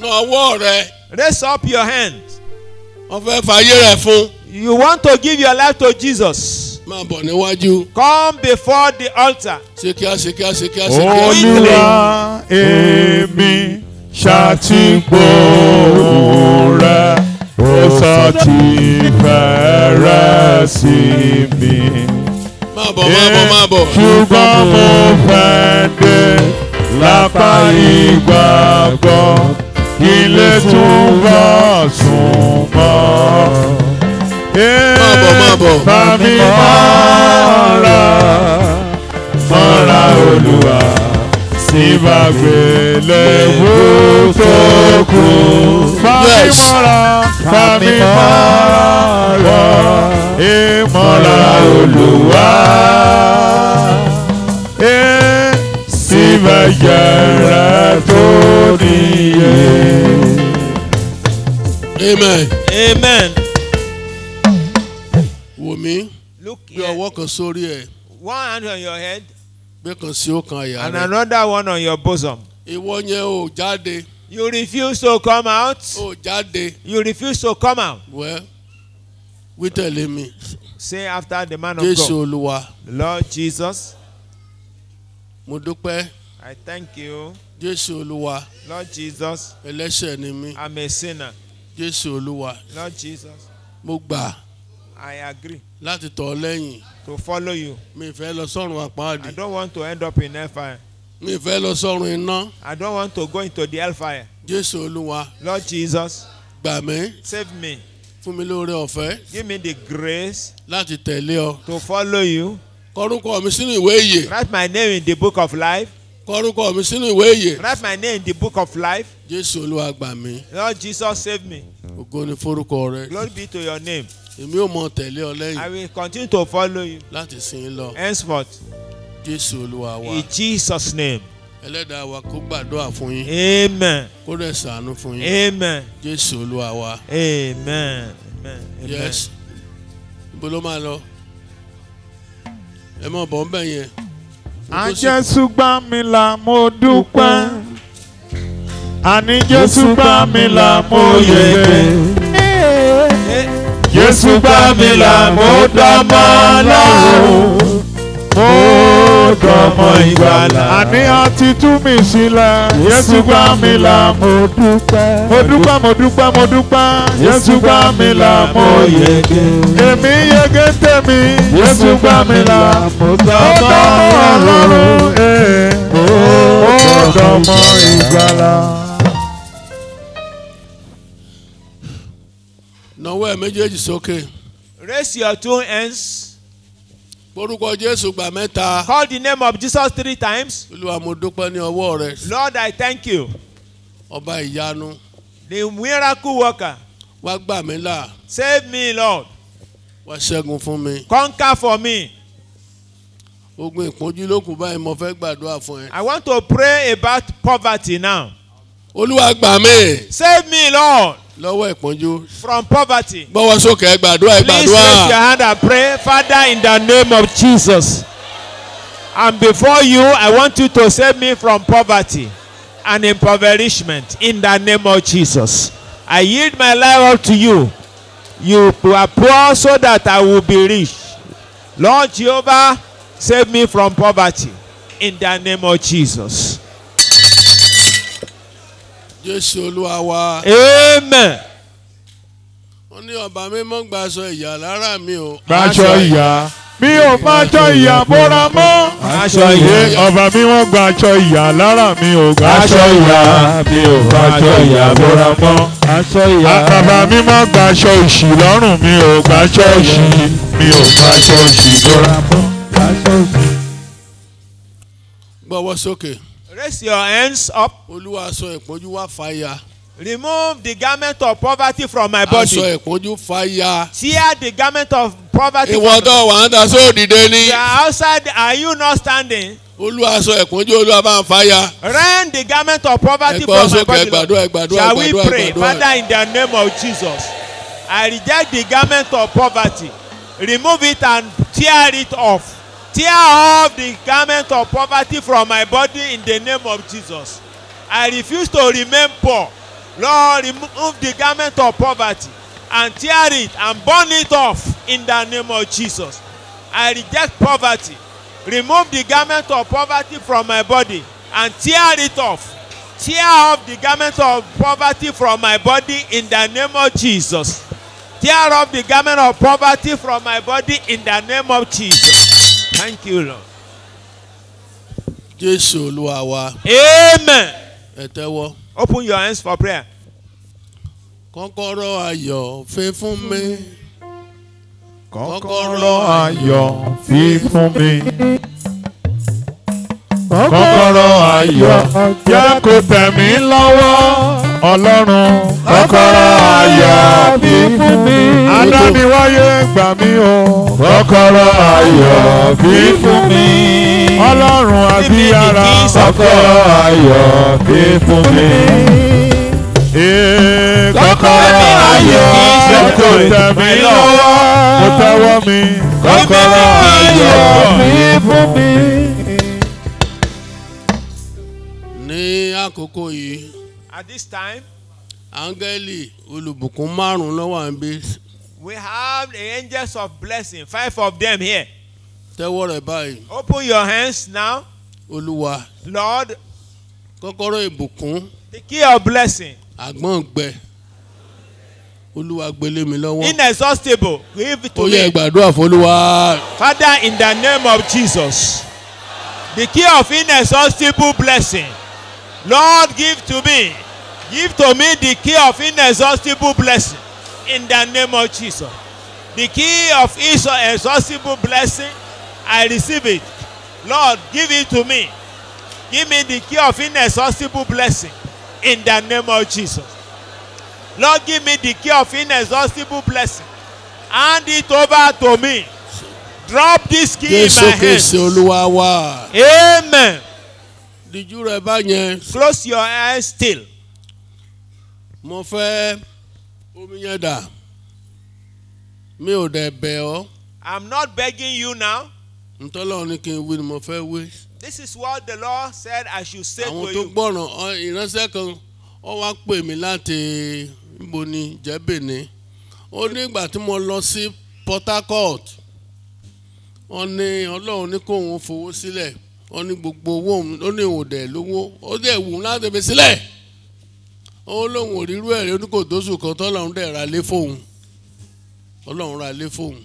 lọ́wọ́ rẹ. raise up your hands. ọ̀fẹ́ fàyè rẹ fún. you want to give your life to Jesus. máa bọ̀ níwájú. come before the altar. ṣe kíá ṣe kíá ṣe kíá olúwa èmi ṣàtìgbò rẹ ó sọ ti fẹ́rẹ̀ sí mi. ṣùgbọ́n mo fẹ́ dé lápá ìgbàgbọ́ kí lè tún bọ̀ sùn mọ́. máa bọ̀ máa mi mọ́ra mọ́ra olúwa ìbàgbélébú tó kù. Fámímọ́ra fámímọ́ra ìmọ̀ra Olúwa. Síbẹ̀ yẹrẹ tó níye. Amen. Amen. Wò mí, bí ọwọ́ kan sórí One hand on your head gbé sí ọkàn àyà rẹ. and another one on your bosom. ìwọ yẹn ò jáde. you refuse to come out. ò jáde. you refuse to come out. well wí tẹ̀lé mi. say after the man of God. Jésù Olúwa. Lord Jesus. mo dúpẹ́. I thank you. Jésù Olúwa. Lord Jesus. Ẹlẹ́ṣẹ̀ ni mí. I'm a sinner. Jésù Olúwa. Lord Jesus. Mo gbà. I agree láti tọ̀ ọ́ lẹ́yìn. to follow you. mi fẹ́ lọ sọ́run àpáàdì. I don't want to end up in hellfire. mi fẹ́ lọ sọ́run iná. I don't want to go into the hellfire. Jésù Olúwa. Lord Jesus. gbà mí. save me. fún mi lóore ọ̀fẹ́. give me the grace. láti tẹ̀lé ọ. to follow you. kọrúkọ mi sínú ìwé ìyè. write my name in the book of life. kọrúkọ mi sínú ìwé ìyè. write my name in the book of life. Jésù Olúwa gbà mí. Lord Jesus save me. ògo ni forúkọ rẹ. glory be to your name èmi ò mọ tẹ̀lé ọ lẹ́yìn. I will continue to follow you. láti sin lọ. henceforth. Jésù Olúwa wa. In Jesus name. Ẹlẹ́dàá wa kó gbàdúrà fún yín. Amen. Kó dẹ̀ ṣàánú fún yín. Amen. Jésù Olúwa wa. Amen. Yes. Ibo ló máa lọ? Ẹ mọ̀ bọ̀ ń bẹ̀ yẹn. À Jésù gbà là mo dúpẹ́. Àní Jésù gbà mí là mo yẹ̀gẹ̀. Yesu gbà mi la mo dọ́mọ lọ́rùn mo dọ́mọ ìgbàlà. àníyàn ti tú mi sílẹ̀. Yesu gbà mi la mo dúpẹ́. mo dúpẹ́ mo dúpẹ́ mo dúpẹ́. Jésù gbà mí là mo yege. èmi yege tèmi. Yesu gbà mi la mo dọ́mọ lọ́rùn mo dọ́mọ eh. ìgbàlà. Nàwọ́ ẹ̀ méjèèjì sókè. Raise your two hands. Orúkọ Jésù gbà mẹ́ta. Call the name of Jesus three times. Olúwa mo dúpẹ́ ní ọwọ́ rẹ. Lord I thank you. Ọba ìyanu. The miracle worker. Wá gbà mí là. Save me Lord. Wá ṣẹ́gun fún mi. Conquer for me. Ogun ìpọ́njú ló kù báyìí mo fẹ́ gbàdúrà fún ẹ. I want to pray about poverty now. Olúwa gbà mí. Save me Lord lọ́wọ́ ìpọ́njú. from poverty. gbọ́wọ́ sókè gbàdúrà gbàdúrà. please raise your hand and pray father in the name of jesus and before you i want you to save me from poverty and impoverishment in the name of jesus i yield my life up to you you are poor so that i will be rich lord jehovah save me from poverty in the name of jesus jésù olúwa wa. amen. wọ́n ní ọba mi mọ́ gbaṣọ ìyà lára mi o. gbaṣọ ìyà mi ò má jọ ìyà bóra mọ́. aṣọ ìyà ọba mi wọ́n gba aṣọ ìyà lára mi ò gba aṣọ ìyà mi ò gba aṣọ ìyà bóra mọ́. aṣọ ìyà bàbá mi wọ́n gba aṣọ òṣì lọ́rùn mi ò gba aṣọ òṣì mi ò gba aṣọ òṣì bóra mọ́. gbọ́wọ́ sókè. Okay. Raise your hands up. Olúwa aṣọ ìpọ́njú wá fàya. Remove the garment of poverty from my body. Aṣọ ìpọ́njú fàya. Tear the garment of poverty. Ìwọ tó wà ń daṣọ òdìdé ni. You are outside are you not standing? Olúwa aṣọ ìpọ́njú Olúwa bá ń fàya. Rend the garment of poverty from my body. Ẹ̀kọ́ sókè ẹgbàdúrà ẹgbàdúrà ẹgbàdúrà. Shall we pray Father in the name of Jesus? I reject the garment of poverty. Remove it and tear it off. Tear off the garment of poverty from my body in the name of Jesus. I refuse to remain poor. Lord, remove the garment of poverty and tear it and burn it off in the name of Jesus. I reject poverty. Remove the garment of poverty from my body and tear it off. Tear off the garment of poverty from my body in the name of Jesus. Tear off the garment of poverty from my body in the name of Jesus. Thank you, Lord. Jésù Olúwa Amen. Ẹ tẹ́wọ́. Open your hands for prayer. Kọ́kọ́rọ́ ayọ̀ fi fún mi. Kọ́kọ́rọ́ ayọ̀ fi fún mi. Kọ́kọ́rọ́ ayọ̀ jẹ́ kó tẹ̀ mí lọ́wọ́ ọlọ́run kọ́kọ́rọ́ ayọ̀ bí fún mi. adániwáyé gbà mí o. kọ́kọ́rọ́ ayọ̀ bí fún mi. ọlọ́run abíyára kọ́kọ́rọ́ ayọ̀ bí fún mi. kọ́kọ́rọ́ ayọ̀ kò tẹ̀ mí lọ́wọ́ kò tẹ́wọ́ mi. kọ́kọ́rọ́ ayọ̀ bí fún mi. ní àkókò yìí. At this time, áńgẹ́lì olùbùkún márùn-ún wà níbí. We have the angels of blessing, five of them here. Tẹ́wọ́ rẹ̀ báyìí. Open your hands now. Olúwa. Lord. Kọ́kọ́rọ́ ìbùkún. The key of blessing. Àgbọ̀n gbẹ. Olúwa gbélé mi lọ́wọ́. Inexhaustible. Give to me. Ó gbàdúrà f'Olúwa. Father, in the name of Jesus, the key of inexhaustible blessing, Lord, give to me. Give to me the key of inexhaustible blessing in the name of Jesus. The key of inexhaustible blessing, I receive it. Lord, give it to me. Give me the key of inexhaustible blessing in the name of Jesus. Lord, give me the key of inexhaustible blessing. Hand it over to me. Drop this key Jesus in my hands. Amen. Did you Close your eyes still. mo fẹ́ omi yẹn dà mi ò dẹ̀ bẹ̀ ọ́. I'm not begging you now. ni kí n wí ni mo This is what the law said I should say to you. Àwọn tó gbọ́ràn ìránṣẹ́ kan ọ wá pè mí láti níbo ni Ó ní tí mo lọ sí Port Harcourt. ọ ní Ọlọ́run ní kó fowó sílẹ̀. ọ ní gbogbo owó òun ní òun dẹ̀ lówó. Ó dẹ̀ wù láti sílẹ̀. ó lóun ò rírú ẹ̀rí oníkòdóṣù kan tọ́lọ́run dẹ̀ ra lé fóun ọlọ́run ra lé fóun.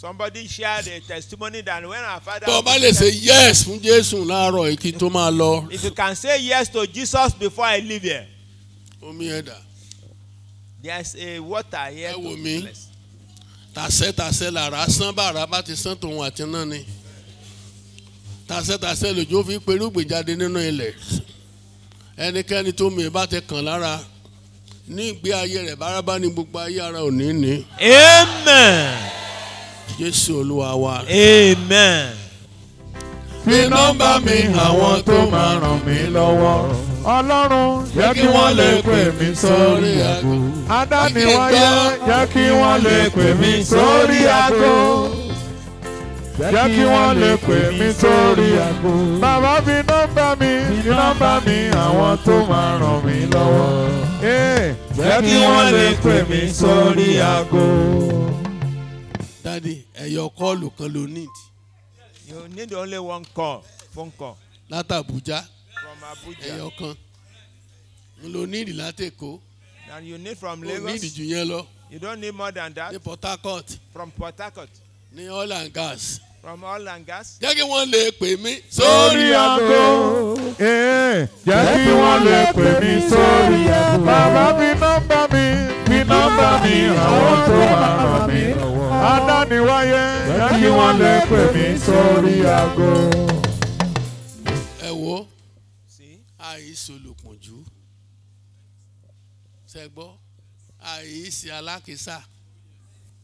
somebody share the testimony that when our father. tó o bá lè ṣe yes fún jésù láàárọ̀ èkì tó máa lọ. if you can say yes to Jesus before I leave here. omi ẹ̀dà. there a water here to be blessed. tàṣẹ tàṣẹ làrá sán bàrà bá ti sán tòun àti náà ni tàṣẹ tàṣẹ lòjó fi perúgbè jáde nínú ilẹ̀ ẹnikẹ́ni tó mi bá ti kàn lára ní ìgbé ayé rẹ̀ bárabá ní gbogbo ayé ara ò ní amen. jésù olúwa wa. amen. fi nọ́mbà mi àwọn tó máa ràn mí lọ́wọ́. ọlọ́run jẹ́ kí wọ́n lè pè mí sórí àgbo. adániwáyé jẹ́ kí wọ́n lè pè mí sórí àgbo jẹ́ kí wọ́n lè pè mí sórí àgbo. bàbá mi bá mi iná bá mi àwọn tó máa ràn mí lọ́wọ́. jẹ́ kí wọ́n lè pè mí sórí aago. dadi ẹyọ kọ́ọ̀lù kan ló need. you need only one call phone call. láti Abuja From ẹyọ kan ló need láti Èkó. and you need from Lagos. o need jù yẹn lọ. you don't need more than that. ní Port Harcourt. from Port Harcourt. ní oil and gas from oil and gas. jẹ́ kí wọ́n lè pè mí sórí ago. Eh, jẹ́ kí wọ́n lè pè mí sórí ago. bàbá mi nọ́mbà mi mi nọ́mbà mi àwọn tó máa ràn mí lọ́wọ́. adániwáyé jẹ́ kí wọ́n lè pè mí sórí ago. ẹ wo àìsòlùpọ̀jù ṣẹ́gbọ́ àìsí alákìsà.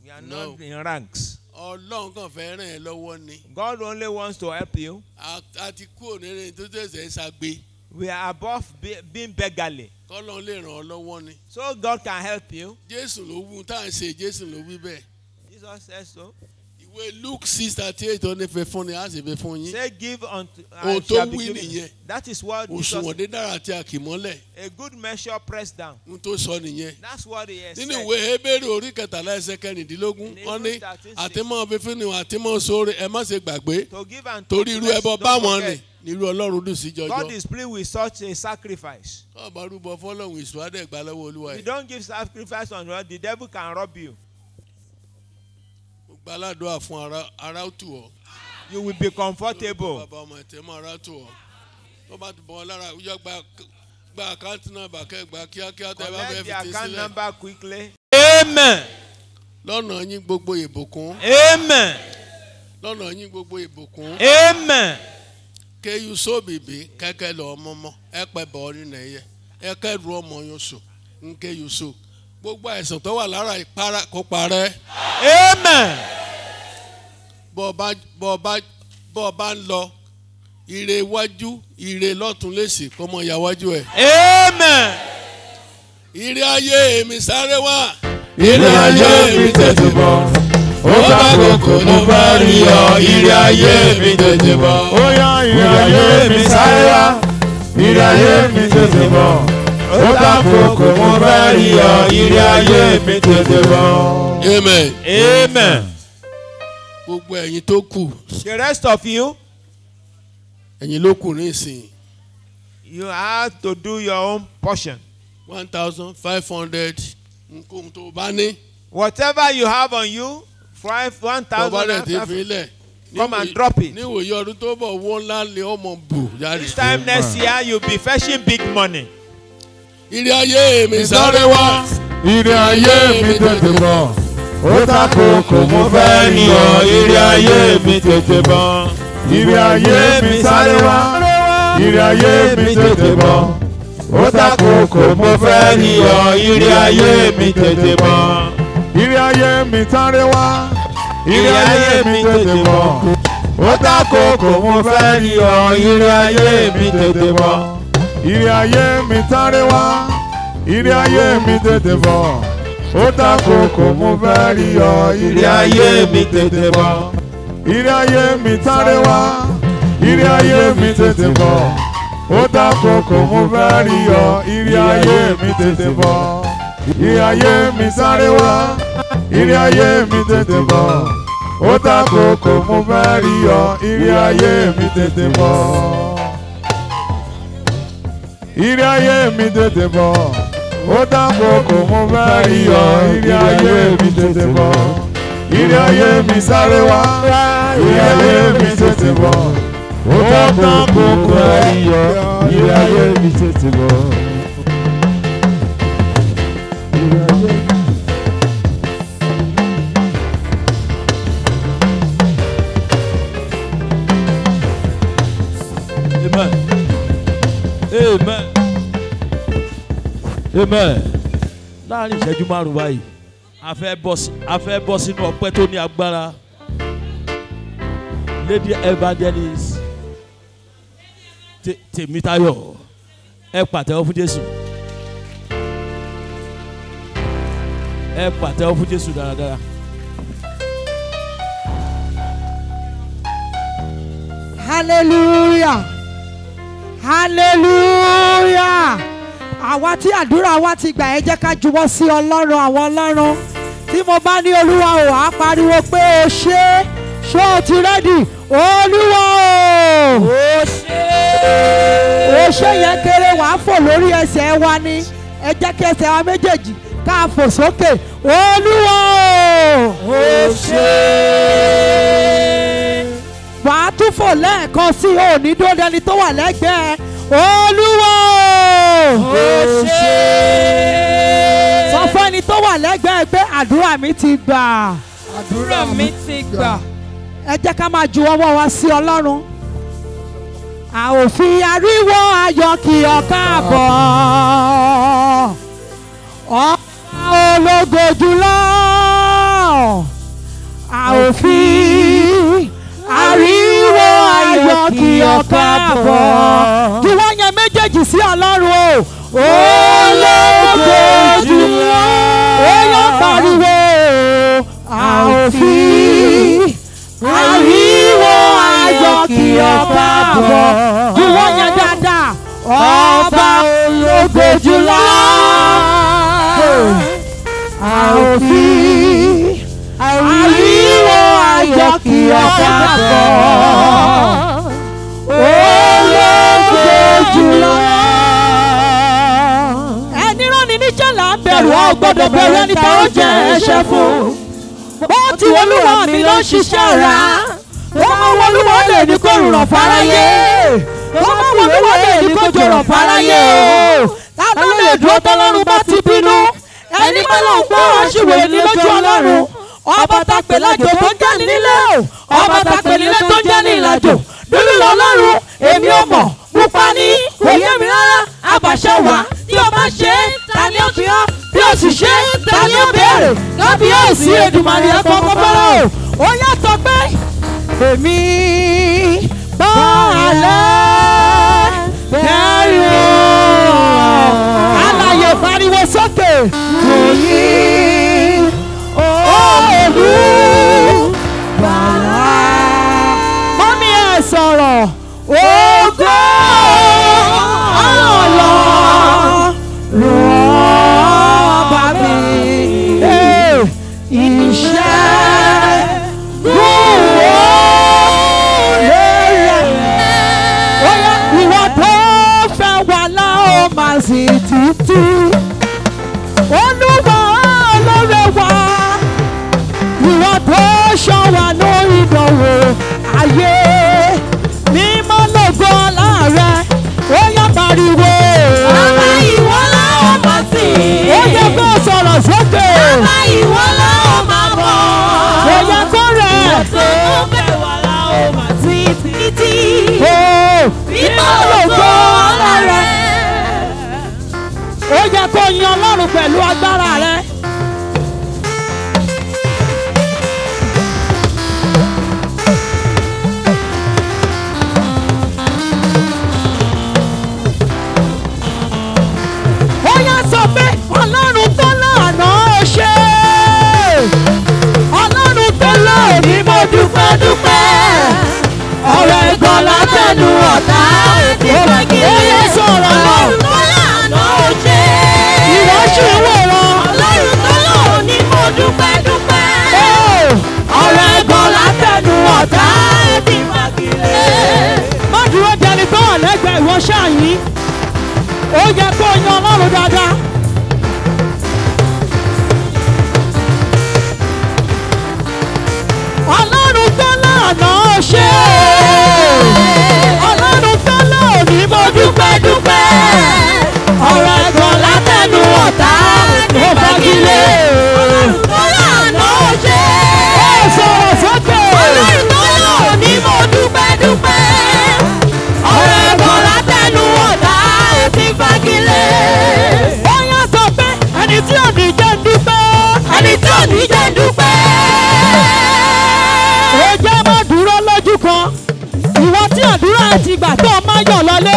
we are no. not in ranks ọlọ́run kàn fẹ́ ràn ẹ́ lọ́wọ́ ni. God only wants to help you. a ti kú òní tó tẹ̀sẹ̀ ṣàgbé. We are above being beggarly. kọ́lọ́n lè ràn ọ́ lọ́wọ́ ni. So God can help you. Jésù ló wù tá à ń ṣe Jésù ló wí bẹ́ẹ̀. Jesus says so ìwé luke six thirty eight ọ̀nà ìfẹ́ fún ni a sì fẹ́ fún yín. say give unto and oh, shall that is what Jesus. òṣùwọ̀n dídára àti àkìmọ́lẹ̀. a good measure pressed down. n tó sọ nìyẹn. that's what he said. nínú ìwé hebrew orí kẹtàlá ẹsẹ kẹrìndínlógún wọ́n ní àtìmọ́ fífún ni àtìmọ́ sóore ẹ má ṣe gbàgbé. to give unto to torí irú ẹbọ báwọn ni nílùú ọlọ́run dùn sí jọjọ. God is pleased with such a sacrifice. ọ̀bàrúbọ̀ fọlọ́run ìṣúwádẹ́ ìgbàlọ́wọ́ olúwa yìí. you don't give sacrifice on the devil can rob you. gbàládùá fún ara ara tù ọ́. you will be comfortable. bàbá ọmọ ara tù tó bá bọ̀ ọ́ lára ìjọ gba gba àkáǹtì nọ́mbà kẹ́ kíákíá bá amen. lọ́nà yín gbogbo ìbùkún. amen. lọ́nà yín gbogbo ìbùkún. kẹ́kẹ́ ọmọ ẹ pẹ́ bọ̀ ọmọ yín gbogbo àìsàn tó wà lára ìpara kó parẹ́. amen. bọ́ ọ bá ń lọ ire iwájú ire lọ́tún lẹ́sì kó mọ ìyá iwájú ẹ̀. amen. ire ayé mi sáré wá. ire ayé mi tètè bọ̀ ó bá kòkò ló bá rí ọ ire ayé mi tètè bọ̀ ó yá ire ayé mi sáré wá ire ayé mi tètè bọ̀ ó dàkókò mo fẹ́ rí ilé ayé mi tètè bọ̀. amen. amen. gbogbo ẹ̀yin tó kù. the rest of you. ẹ̀yin ló kù ní ìsìn. you have to do your own portion. one thousand five hundred nkóhun tó bá ní. whatever you have on you five one thousand. tọ́ba rẹ̀ come and drop it. ní ọdún tó bọ̀ wọ́n ńlá lé ọmọ bù. this time next year you be fetching big money ire ayé mi sáré wá. ire ayé mi tètè bọ̀ ó takòkò mo fẹ́ yàn ire ayé mi tètè bọ̀ ire ayé mi sáré wá ire ayé mi tètè bọ̀ ó takòkò mo fẹ́ yàn ire ayé mi tètè bọ̀ ire ayé mi sáré wá ire ayé mi tètè bọ̀ ó takòkò mo fẹ́ yàn ire ayé mi tètè bọ̀ ire ayé mi táré wá ire ayé mi tètè bọ̀ ó ta kòkò mo fẹ́ rí ọ ire ayé mi tètè bọ̀ ire ayé mi táré wá ire ayé mi tètè bọ̀ ó ta kòkò mo fẹ́ rí ọ ire ayé mi tètè bọ̀ ire ayé mi sáré wá ire ayé mi tètè bọ̀ ó ta kòkò mo fẹ́ rí ọ ire ayé mi tètè bọ̀ ire ayé mi tètè bọ̀ ó dàkókò mo fẹ́ rí ọ ayé mi tètè bọ̀ ire ayé mi sáré wá ire ayé mi tètè bọ̀ ó dàkókò mo fẹ́ rí ọ ire ayé mi tètè bọ̀. amen láàrin ìṣẹ́jú márùn-ún báyìí a fẹ́ bọ́ sínú ọpẹ́ tó ní agbára lady evangelist Tèmítáyọ̀ ẹ pàtẹ́wọ́ fún Jésù ẹ pàtẹ́wọ́ fún Jésù dáradára. hallelujah hallelujah àwa tí àdúrà wa ti gbà ẹ jẹ́ ká juwọ́ sí ọlọ́run àwọn ọlọ́run tí mo bá ní olúwa ò á pariwo pé o ṣe é ṣé o ti rẹ́dì olúwa o. o ṣe é. o ṣe yẹn kéré wàá fò lórí ẹsẹ̀ wa ni ẹ jẹ́ kí ẹsẹ̀ wa méjèèjì ká fò sókè olúwa o. o ṣe é. wàá tún fò lẹ́ẹ̀kan sí i ò ní tó wà lẹ́gbẹ̀ẹ́ olúwa ó ṣe. sọ fún ẹni tó wà lẹ́gbẹ̀ẹ́ pé àdúrà mi ti gbà. àdúrà mi ti gbà. ẹ jẹ́ ká máa ju ọwọ́ wa sí ọlọ́run. a ò fi ariwo ayọ̀ kí ọ káàbọ̀ ọba ológo jùlọ a ò fi ariwo ayọ̀ kí ọkọ̀ àbọ̀ juwọ́ yẹn méjèèjì sí ọlọ́run o. olóògbé ó yọ pariwo àòfin àríwó ayọ̀ kí ọkọ̀ àbọ̀ juwọ́ yẹn dáadáa ọba olóògbé jùlọ àòfin àríwá ayọ̀ kí ọ̀tá kọ́ olóògbé jùlọ. ẹni rán ni níjà là ń bẹ̀rù ọ gbọ́dọ̀ bẹ̀rù ẹni tá ó jẹ ẹ̀ṣẹ̀ fún. bó ti olúwa mi ló ń ṣiṣẹ́ ra wọ́n máa wọ olúwa lè ní kó rọ̀ fáráyé wọ́n máa wọ olúwa lè ní kó jọ̀rọ̀ fáráyé o. ta ló lè dúró tọ́lọ́run bá ti bínú ẹni bá lọ́n gbọ́ àṣìwò ẹni lójú ọlọ́run ọba tàgbé lájò tó ń jẹ́ nílé o ọba tàgbé nílé tó ń jẹ́ ìlàjò dúdú lọ èmi ò mọ̀ pupa ní òye mi rárá àbàṣà wà tí o bá ṣe é ta ni ó fi ọ́ bí o sì ṣe é ta ni ó béèrè kábíyèsí Èdùmàrè ẹ̀kọ́ kọ́kọ́rọ́ o ó yàtọ̀ pé èmi bá àlẹ́ kẹrì alàyè pariwo sókè kò yí. Jésù gbàlà. mọ́mí ẹ̀ sọ̀rọ̀ ògo ọlọ́run ọba mi iṣẹ́. Títí. mímọ́ tó ṣọ́ wa lórí ìdánwò ayé mímọ́ lògo ọlá rẹ ó yá pariwo. bàbá ìwọ làwọn mọ̀ sí. ó yẹ kó sọ̀rọ̀ sókè. bàbá ìwọ làwọn máa bọ̀. ó yẹ kó rẹ̀. ìwọ̀sán ló bẹ̀ wà láwọn mọ̀ sí títí. mímọ́ lògo ọlá rẹ. ó yẹ kó yin Ọlọ́run pẹ̀lú agbára rẹ. dúpẹ́ dúpẹ́ ọ̀rọ̀ ẹ̀gbọ́n látẹnu ọ̀tá nípa kí ẹ sọ̀rọ̀ ọlọ́run tó lànà ó ṣe. ìrọ́ṣù ìwòran ọlọ́run tó lò ní mo dúpẹ́ dúpẹ́ ọ̀rọ̀ ẹ̀gbọ́n látẹnu ọ̀tá nípa kí ẹ. má dúró jẹni tó wà lẹ́gbẹ̀ẹ́ ìwọ ṣáà yín ó yẹ kó yan ọlọ́run dáadáa. àná ṣe. ọlọ́run tó lóòní mo dúpẹ́ dúpẹ́. ọ̀rọ̀ ẹ̀gàn látẹnu ọ̀tá mo fagilé. ọlọ́run tó lóòní mo ṣe. mo dúpẹ́ dúpẹ́. láti gbà tó máa yọ̀ lọ́lé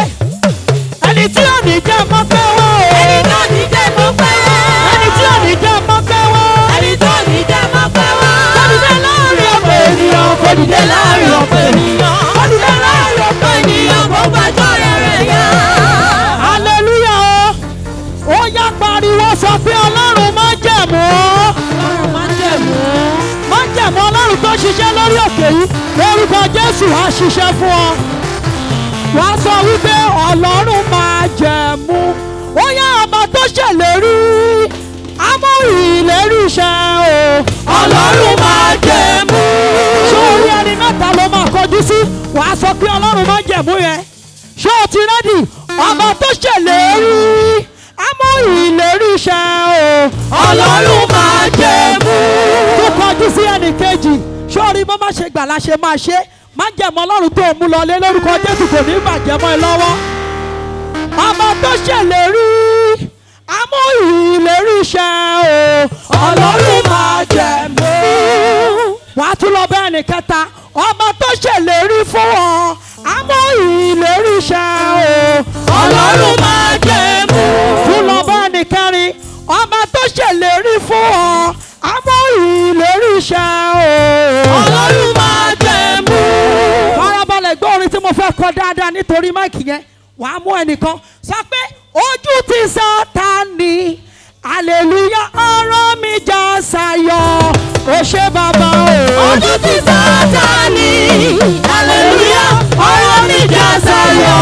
ẹni tí ò ní jẹ́ mọ́ pẹ́ wọ́ ẹni tó ní jẹ́ mọ́ pẹ́ wọ́ ẹni tí ò ní jẹ́ mọ́ pẹ́ wọ́ ẹni tó ní jẹ́ mọ́ pẹ́ wọ́ olùdé láàrin ọ̀pọ̀ ènìyàn olùdé láàrin ọ̀pọ̀ ènìyàn olùdé láàrin ọ̀pọ̀ ènìyàn kò gbàjọ́ rẹ̀ rẹ̀ yá. aleluya o ó yá pariwo sọ pé ọlọ́run máa jẹ̀mú ọlọ́run máa jẹ̀mú máa jẹ̀mú ọlọ́run tó ṣiṣẹ́ lórí òkè yìí lórúkọ jésù á ṣiṣẹ́ fún ọ wọ́n sọ wípé ọlọ́run máa jẹ̀mú ó yá ọba tó ṣèlérí amóhùn ìlérí iṣẹ́ o ọlọ́run máa jẹ̀mú. sórí ẹni mẹ́ta ló máa kọjú sí wàá sọ pé ọlọ́run máa jẹ̀mú yẹn ṣé o ti rẹ́dì ọba tó ṣèlérí amóhùn ìlérí iṣẹ́ o ọlọ́run máa jẹ̀mú. tó kọjú sí ẹnì kejì sórí bó má ṣe gbà la máa ṣe é májẹ̀mọ́ ọlọ́run tó mú lọ lé lórúkọ jésù kò ní bàjẹ́ mọ́ ẹ lọ́wọ́ ọmọ tó ṣèlérí amú ìlérí iṣẹ́ o ọlọ́run májẹ̀mú. wàá tún lọ bẹ́ẹ̀ ní kẹta ọmọ tó ṣèlérí fún ọ amú ìlérí iṣẹ́ o ọlọ́run májẹ̀mú. tún lọ bẹ́ẹ̀ ní kẹrin ọmọ tó ṣèlérí fún ọ amú ìlérí iṣẹ́ o ọlọ́run májẹ̀mú lè orin tí mo fẹ́ kọ dáadáa nítorí máìkì yẹn wà á mú ẹnìkan sọ pé ojú ti Sátánì aleluya ọ̀rọ̀ mi já sayọ̀ ó ṣe bàbá o. ojú ti Sátánì aleluya ọ̀rọ̀ mi já sayọ̀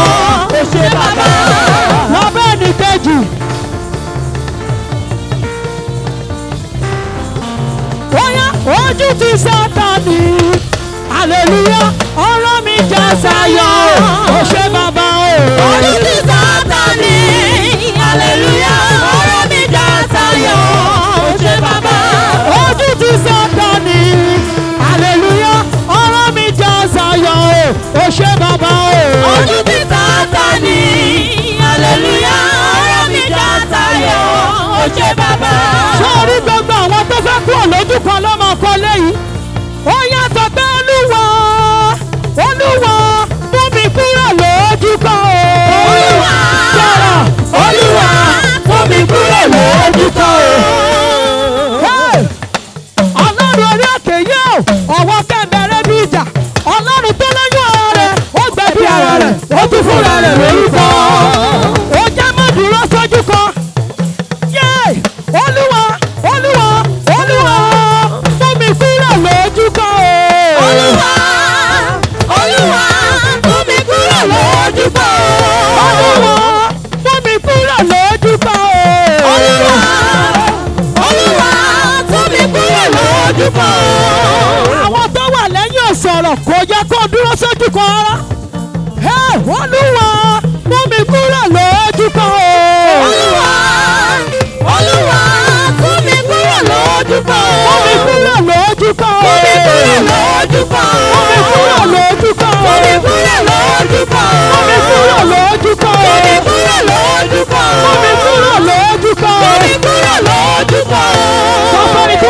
ó ṣe bàbá o. wọ́n bẹ́ẹ̀ ní kejì. oya ojú ti Sátánì aleluya. Zion, ó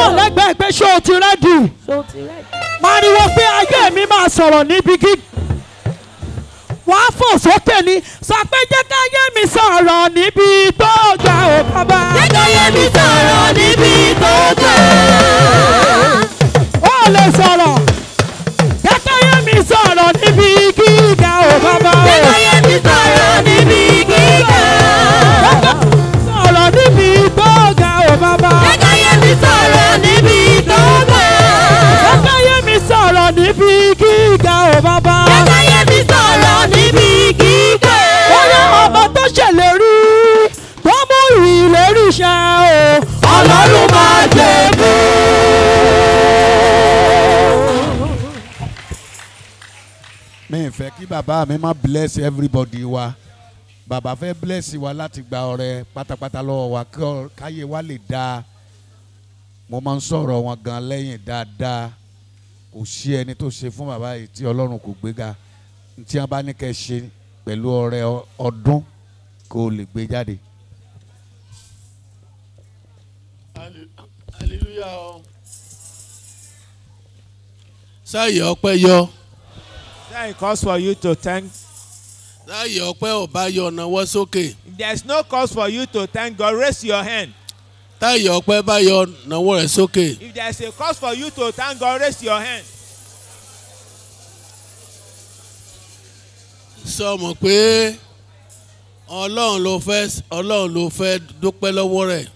wò lẹ́gbẹ̀ẹ́ pé ṣé o ti rẹ́dì pariwo pé ayé mi máa sọ̀rọ̀ níbi gí wàá fò sókè. kí bàbá mi má bless everybody wa bàbá fẹ́ bless wa láti gba ọrẹ pátápátá lọ́wọ́ wa káyé wa lè dáa mo máa ń sọ̀rọ̀ wọn gan lẹ́yìn dáadáa kò sí ẹni tó ṣe fún bàbá yìí tí ọlọ́run kò gbéga tí wọn bá ní kẹ́ ṣe pẹ̀lú ọrẹ ọdún kó lè gbé jáde. hallelujah sáàyè yọ. Then it calls for you to thank. Láyé ọpẹ́ ọba yọ ọ̀nàwọ́ sókè. There is no cause for you to thank God. Raise your hand. Táyé ọpẹ́ bá yọ ọ̀nàwọ́ rẹ̀ sókè. If there is a cause for you to thank God, raise your hand. Sọ mọ̀ pé Ọlọ́run ló fẹ́ Ọlọ́run ló fẹ́ dúpẹ́ lọ́wọ́ rẹ̀.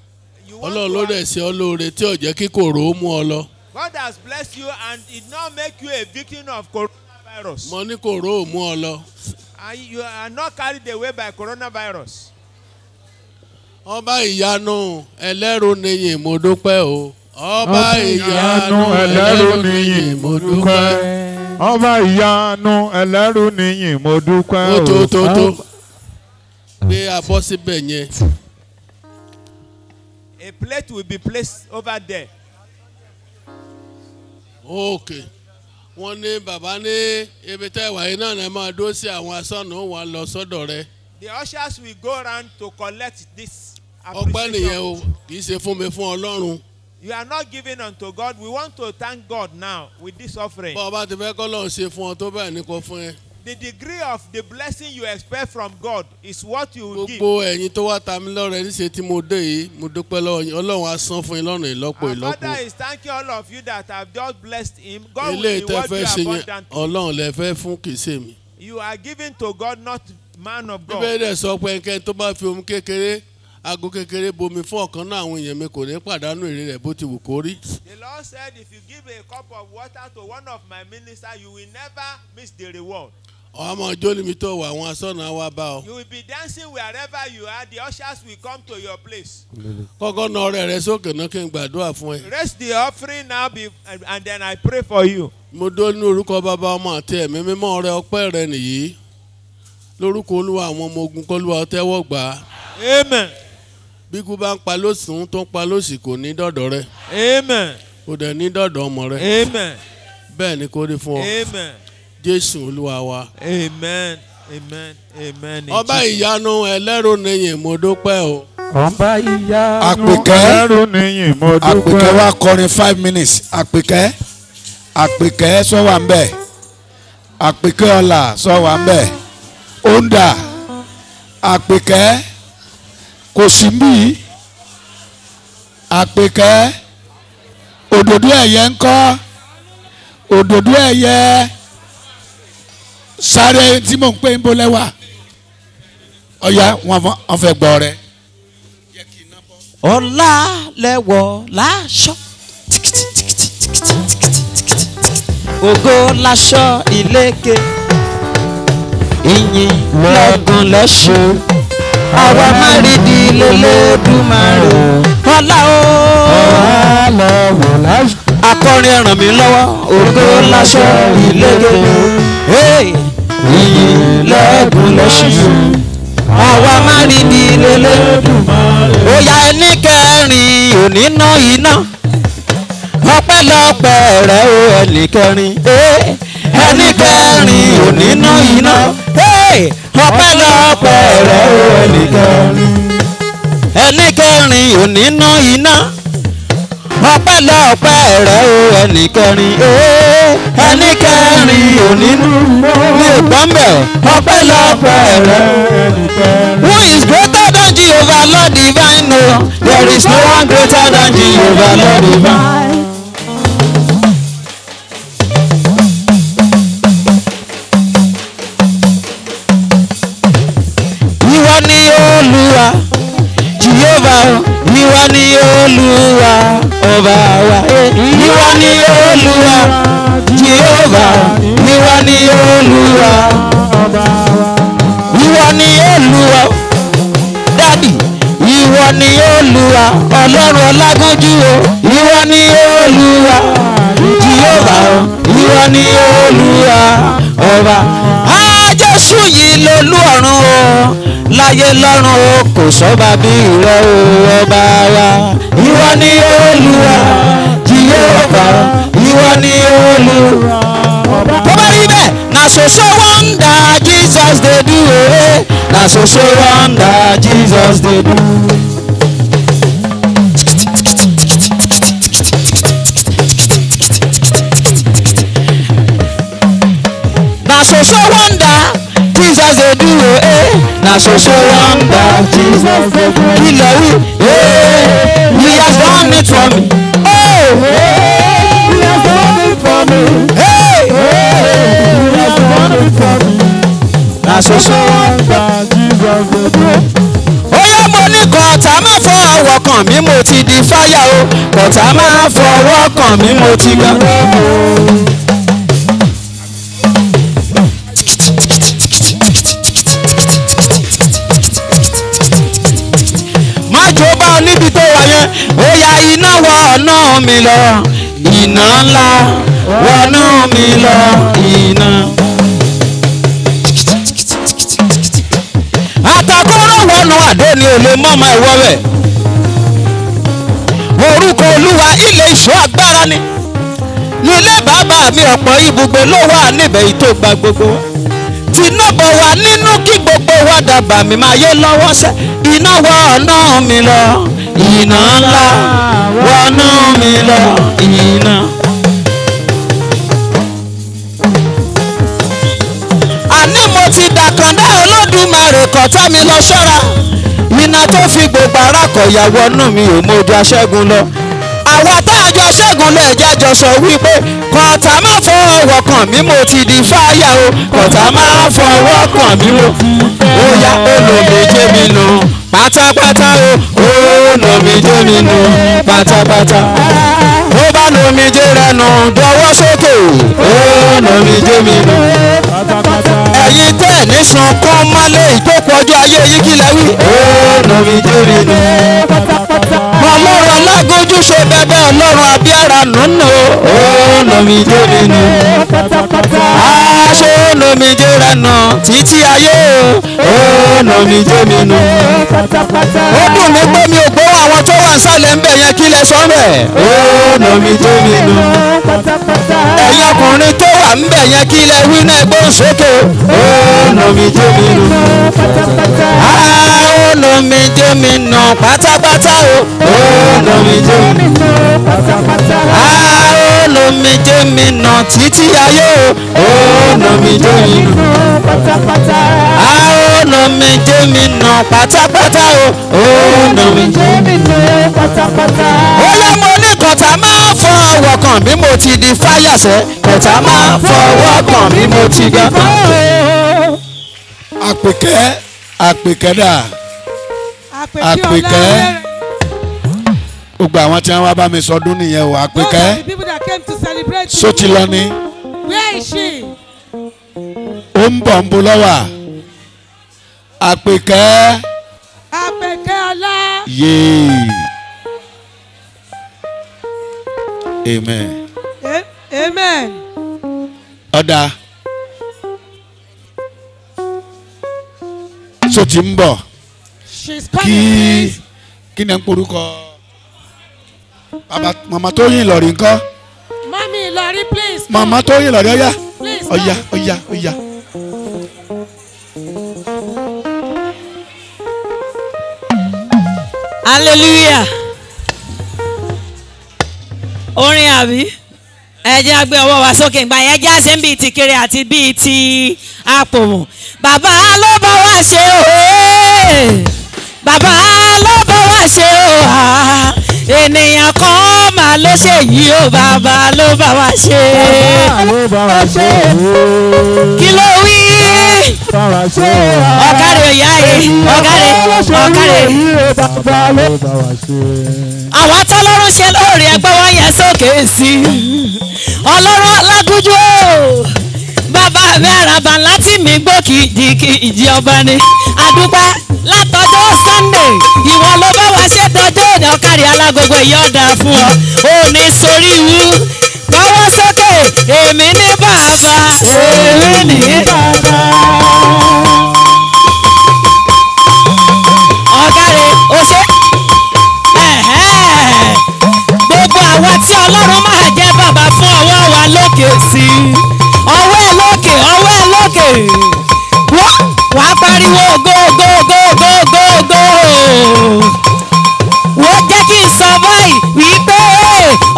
Ọlọ́run ló dẹ̀ ṣe ọ́ lóore tí ò jẹ́ kí kòrò mú ọ lọ. God has blessed you and did not make you a victim of corruption coronavirus. mo ní kòró ò mú ọ lọ. and you are not carried away by coronavirus. ọba ìyanu ẹlẹ́rù nìyí mo dúpẹ́ o. ọba ìyanu ẹlẹ́rù nìyí mo dúpẹ́. ọba ìyanu ẹlẹ́rù nìyí mo dúpẹ́ o. tó tó tó gbé abọ́ síbẹ̀ yẹn. a plate will be placed over there. okay wọ́n ní bàbá ní ibi tẹ́ ìwà náà ẹ máa dó sí àwọn asọ́nù wọn lọ sọ́dọ̀ rẹ. the ushers will go round to collect this appreciation. ọpẹ́ nìyẹn o kì í ṣe fún mi fún ọlọ́run. you are not giving unto God we want to thank God now with this offering. bọ́ọ̀ bá ti fẹ́ kọ́ lọ́run ṣe fún ọ tó bẹ́ẹ̀ ni kò fún ẹ the degree of the blessing you expect from God is what you will give. gbogbo ẹ̀yin tó wá ta mí lọ́rẹ̀ níṣẹ́ tí mo dé yìí mo dúpẹ́ lọ́wọ́ yín ọlọ́run á san fún yín lọ́nà ìlọ́po ìlọ́po. our father is thanking all of you that have just blessed him. God will reward you abundantly. ọlọ́run lè fẹ́ fún kìí mi. you are giving to God not man of God. bíbélì sọ pé ẹnikẹ́ni tó bá fi omi kékeré ago kékeré bomi fún ọ̀kan náà àwọn èèyàn mi kò ní pàdánù èrè rẹ̀ bó ti wù kó rí. the lord said if you give a cup of water to one of my ministers you will never miss the reward ọmọ ọjọ́ níbi tó wà àwọn asọ́nà wa bá ọ. you will be dancing wherever you are the ushers will come to your place. kọ́kọ́ na ọrẹ rẹ sókè náà kí n gbàdúrà fún ẹ. raise the offering now be, and then I pray for you. mo dó ní orúkọ bàbá ọmọ àti ẹ̀mí mímọ́ rẹ ọpẹ́ rẹ nìyí lórúkọ olúwa àwọn ọmọ ogun kọlúwa tẹ́wọ́ gbà. amen. bí kú bá ń pa lóṣùn tó ń pa lóṣì kò ní dọ̀dọ̀ rẹ. amen. kò dẹ̀ ní dọ̀dọ̀ ọmọ rẹ. amen. bẹ́ẹ̀ ni kò rí fún ọ. amen jésù olúwa wa. amen amen amen. ọba ìyanu ẹlẹ́rù nìyí mo dúpẹ́ o. ọba ìyanu ẹlẹ́rù nìyí mo dúpẹ́. àpèkẹ́ wa kọrin five minutes àpèkẹ́ àpèkẹ́ sọ wà ń bẹ̀ àpèkẹ́ ọ̀la sọ wà ń bẹ̀ onda àpèkẹ́ kò sí mbí àpèkẹ́ òdòdó ẹ̀yẹ ńkọ́ òdòdó ẹ̀yẹ sáré tí mò ń pè ń bo lẹ́wà ọ̀yà wọn fẹ́ gbọ́ rẹ. ọ̀la lẹ́wọ̀ láṣọ ògo láṣọ ìlékè ìyìn lọ́gùn lẹ́ṣin àwa máa rí di lélẹ́dùmarè ọ̀la o. ọ̀la lẹ́wọ̀ láṣọ. akọrin ẹ̀ràn mi lọ́wọ́ ògo láṣọ ìlékè yìnyín lẹ́ẹ̀dùn lọ́sùn àwa máa rí di lélẹ̀ bóyá ẹni kẹrin ò ní ná iná ọpẹ́lọpẹ́ rẹ̀ eh, eh, o ẹni kẹrin ẹni kẹrin ò ní ná iná ọpẹ́lọpẹ́ rẹ̀ o ẹni kẹrin ẹni kẹrin ò ní ná iná ọpẹ́lọpẹ́ rẹ̀ o ẹni kẹrin ẹni kẹrin onínú lè bọ́m̀bẹ̀ ọpẹ́ lọ́pẹ́ rẹ̀ ẹni kẹrin. who is greater than Jehovah Lord divine no, there is no one greater than Jehovah Lord divine. ni olúwa ọba wa ìwọ ni olúwa jehova ìwọ ni olúwa ìwọ ni olúwa dadi ìwọ ni olúwa ọlọ́run ọlágúnjú o ìwọ ni olúwa jehova ìwọ ni olúwa ọba jésù yìí lolú ọ̀run o láyé lọ́run o kò sọ́ba bí ìrẹ ọba wa. ìwọ ni olúwa jìyẹ ọba ìwọ ni olúwa. tó bá rí bẹ́ẹ̀ na soso wonder jesus dey do o na soso wonder jesus dey do. na soso wonder. Jesus dey do o eh. na so so wonder Jesus dey do. kí lè wí. Eh, he has done it for me. Oh, eh, he has done for me. Hey, eh, he has done for me. na so so wonder Jesus dey do. Oyè mo ní kọ̀ọ̀tà má fọwọ́ kàn mí mo ti di fáyà o. Kọ̀ọ̀tà má fọwọ́ kàn mí mo ti gbà. ó yá iná wọnú mi lọ iná ńlá wọnú mi lọ iná. àtàkùrọ̀ wọnú àdó ni olè mọ́mọ́ ẹ̀wọ́ rẹ̀ orúkọ olúwa ilé ìṣó agbára ni ní ilé bàbá mi ọ̀pọ̀ ibùgbé ló wà níbẹ̀ yìí tó gba gbogbo wa tìǹà bọ̀ wá nínú kí gbogbo wa dàbà mi máa yé lọ́wọ́ sẹ́ iná wọ ọ̀nà mi lọ iná ńlá wọnú mi lọ iná. àní mo ti dàkàndá olódùmarè kọ̀tá mi lọ ṣọ́ra iná tó fi gbogbo ara kọ̀yà wọnú mi ò mọ ojú aṣẹ́gun lọ àwa tá a jọ ṣẹ́gun lè jájọ sọ wípé kọ̀tà má fọwọ́ kàn mí mo ti di fáyà o kọ̀tà má fọwọ́ kàn mí o ó yá olùdíje mi nù. No pátápátá o ó nomi jé mi nù pátápátá ó bá nomi jé rẹ nù dọwọ́ sókè ó nomi jé mi nù pátápátá ẹ̀yin tẹ́ ẹ̀ nísan kán mọ́lé ìjókòó ọjọ́ ayé yìí kí lẹ́wí ó nomi jé mi nù pátápátá ṣe dáadáa ọlọ́run àbí ara nùnú. olùmíjẹ́ nínú pátápátá. aṣọ olùmíjẹ́ rẹ̀ nù títí ayé o. olùmíjẹ́ nínú pátápátá. ó dùn mí pé mi ò gbọ́ àwọn tó wà nísàlẹ̀ ń bẹ̀ yẹn kí lẹ sọ bẹ̀. olùmíjẹ́ nínú pátápátá. ẹ̀yin ọkùnrin tó wà ń bẹ̀ yẹn kí lẹ wí náà gbóhùn sókè. olùmíjẹ́ nínú pátápátá. olùmíjẹ́ nínú pátápátá o. olùmíjẹ́ nínú mi nà pátápátá. olùmíjẹ mi nà títí ayé o olùmíjẹ mi nà pátápátá. olùmíjẹ mi nà pátápátá o olùmíjẹ mi nà pátápátá. ó yẹ mo ní kọ̀tà máa fọwọ́ kàn bí mo ti di fáyàsẹ́ kọ̀tà máa fọwọ́ kàn bí mo ti di fáyàsẹ́. àpèkẹ́ àpèkẹ́ dà àpèkẹ́ gbogbo àwọn tí wọ́n wá bá mi sọdún nìyẹn o àpèkẹ́ so ti lọ ni ó ń bọ̀ ń bo lọ́wà àpèkẹ́ àpèkẹ́ ọlá yéé amen amen ọ̀dà so ti ń bọ̀ kí kí ni ń porúkọ bàbá màmá tó yín Ìlọrin ńkọ́. mami Ìlọrin please. Mama, tó yín Ìlọrin ọ̀yà ọ̀yà ọ̀yà ọ̀yà. hallelujah orin àbí ẹ jẹ́ àgbẹ̀ ọwọ́ wa sókè ìgbà yẹn jẹ́ àṣẹ bíi ti kiri àti bíi ti àpòmù bàbá ló bá wa ṣe òwe bàbá ló bá ṣe o ha ènìyàn kan máa ló ṣe yìí o bàbá ló bá wa ṣe. kí ló wí. ọ̀kàrẹ̀ òyà e, yìí ọ̀kàrẹ̀ ọ̀kàrẹ̀. àwọn tọ́lọ́run ṣe lóore ẹgbẹ́ wọn yẹn sókè sí i ọlọ́run alágúnjú bàbá mẹ́rànbà láti mi gbó kìjì ìjì ọba ni àdúpẹ́ látọjọ́ Sunday ìwọ ló bá wá ṣe tọjọ́ òdà ọ̀kadì alágogo ìyọ̀dà fún ọ ò ní sórí wú gbọ́wọ́ sókè èmi ní bàbá èmi ní bàbá. ọ̀kadì ó ṣe gbogbo àwa tí Ọlọ́run máa jẹ́ bàbá fún ọwọ́ wa lókè sí i sókè wọ́n wà á pariwo gógógógógógó wọ́n jẹ́ kí n sọ báyìí wípé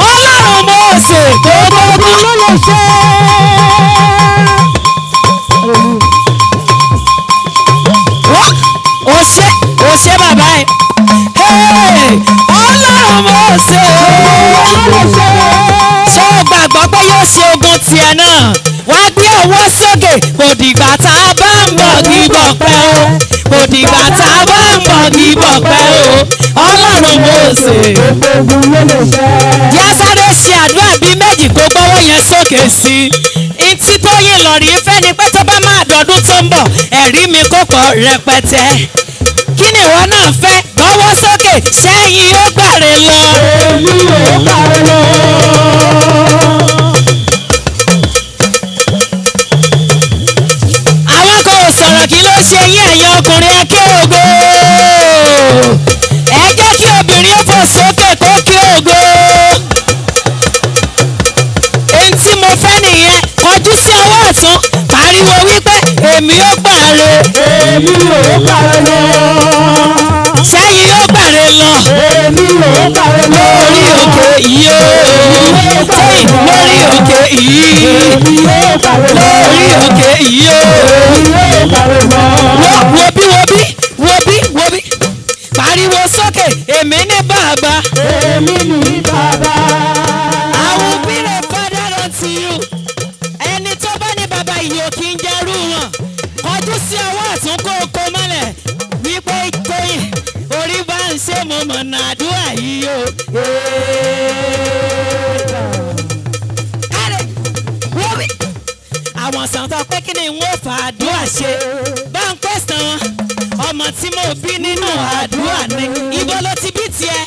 ọlọ́run mo ṣe gógógó ló lè ṣe. wọ́n ò ṣe ò ṣe bàbá ẹ̀ ọlọ́run mo ṣe gógógó ló lè ṣe. gbàgbọ́ pé yóò ṣe ogun tiẹ̀ náà ọwọ́ sókè kò dìgbà tá a bá ń bọ̀ níbọ̀ pẹ́ o kò dìgbà tá a bá ń bọ̀ níbọ̀ pẹ́ o ọlọ́run Mósè. yásáré ṣe àdúrà bíi méjì kó gbọ́wọ́ yẹn sókè sí i ntí tó yé lọ́rìí fẹ́ ni pé tó bá máa dọ̀dún tó ń bọ̀ ẹ̀rí mi kò pọ̀ rẹpẹtẹ kí ni ìwọ náà fẹ́ gbọ́wọ́ sókè sẹ́yìn ó gbàre lọ. èmi ò gbàre lọ. pariwo wípé èmi ó gbàre. èmi ó gbàre lọ. sẹ́yìn ó gbàre lọ. èmi ó gbàre lọ. lórí òkè yìí ó. sẹ́yìn lórí òkè yìí. èmi ó gbàre lọ. lórí òkè yìí ó. èmi ó gbàre lọ. wo wo bí wo bí wo bí pariwo sókè èmi ní bàbá. èmi ní bàbá. yó. àwọn sàǹtà pé kí ni n ó fa àdúrà ṣe bá ń pè sàn ọmọ tí mo bí nínú àdúrà ni ibo ló ti bí tiẹ̀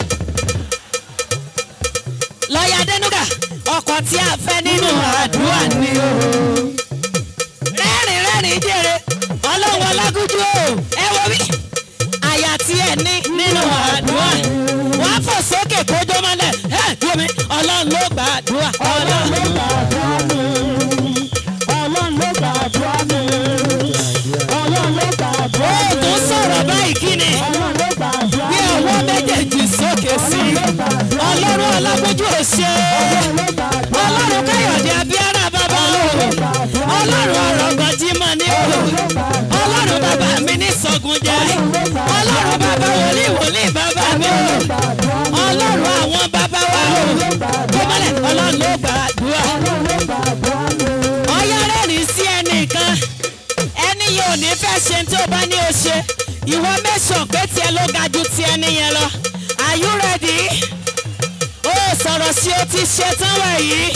lọ́ọ̀yà Adénúgà ọkọ̀ tí a fẹ́ nínú àdúrà ni o. rẹ́rìn rẹ́rìn jèrè ọlọ́run ọlágúnjú o ẹ wo bí àyà tí ẹ ní nínú àdúrà fò sókè kójó mọ́lẹ̀ ẹ̀ wọ́n mi ọlọ́run ló gbàdúrà ọlọ́run ló gbàdúrà mi ọlọ́run ló gbàdúrà mi ọlọ́run ló gbàdúrà mi. ó tún sọ̀rọ̀ báyìí kí ni bí ọwọ́ méjèèjì sókè sí ọlọ́run ọlágbójú òṣè ọlọ́run káyọ̀dé abíárà bàbá ọlọ́run ọ̀rọ̀ gọjí mọ́ ní ọlọ́run bàbá mi ní sọ̀gùn jẹ́ ọlọ́run bàbá wòlíì wòlíì bàbá mi gbọ́dọ̀ ọlọ́run ló gbàdúrà ọyá rẹ́rìn sí ẹnìkan ẹni yẹn ò ní fẹ́ ṣe tí ó bá ní o ṣe ìwọ mẹ́sàn-án pé tiẹ̀ ló ga ju ti ẹni yẹn lọ are you ready ó sọ̀rọ̀ sí o ti ṣe tán wẹ̀yìí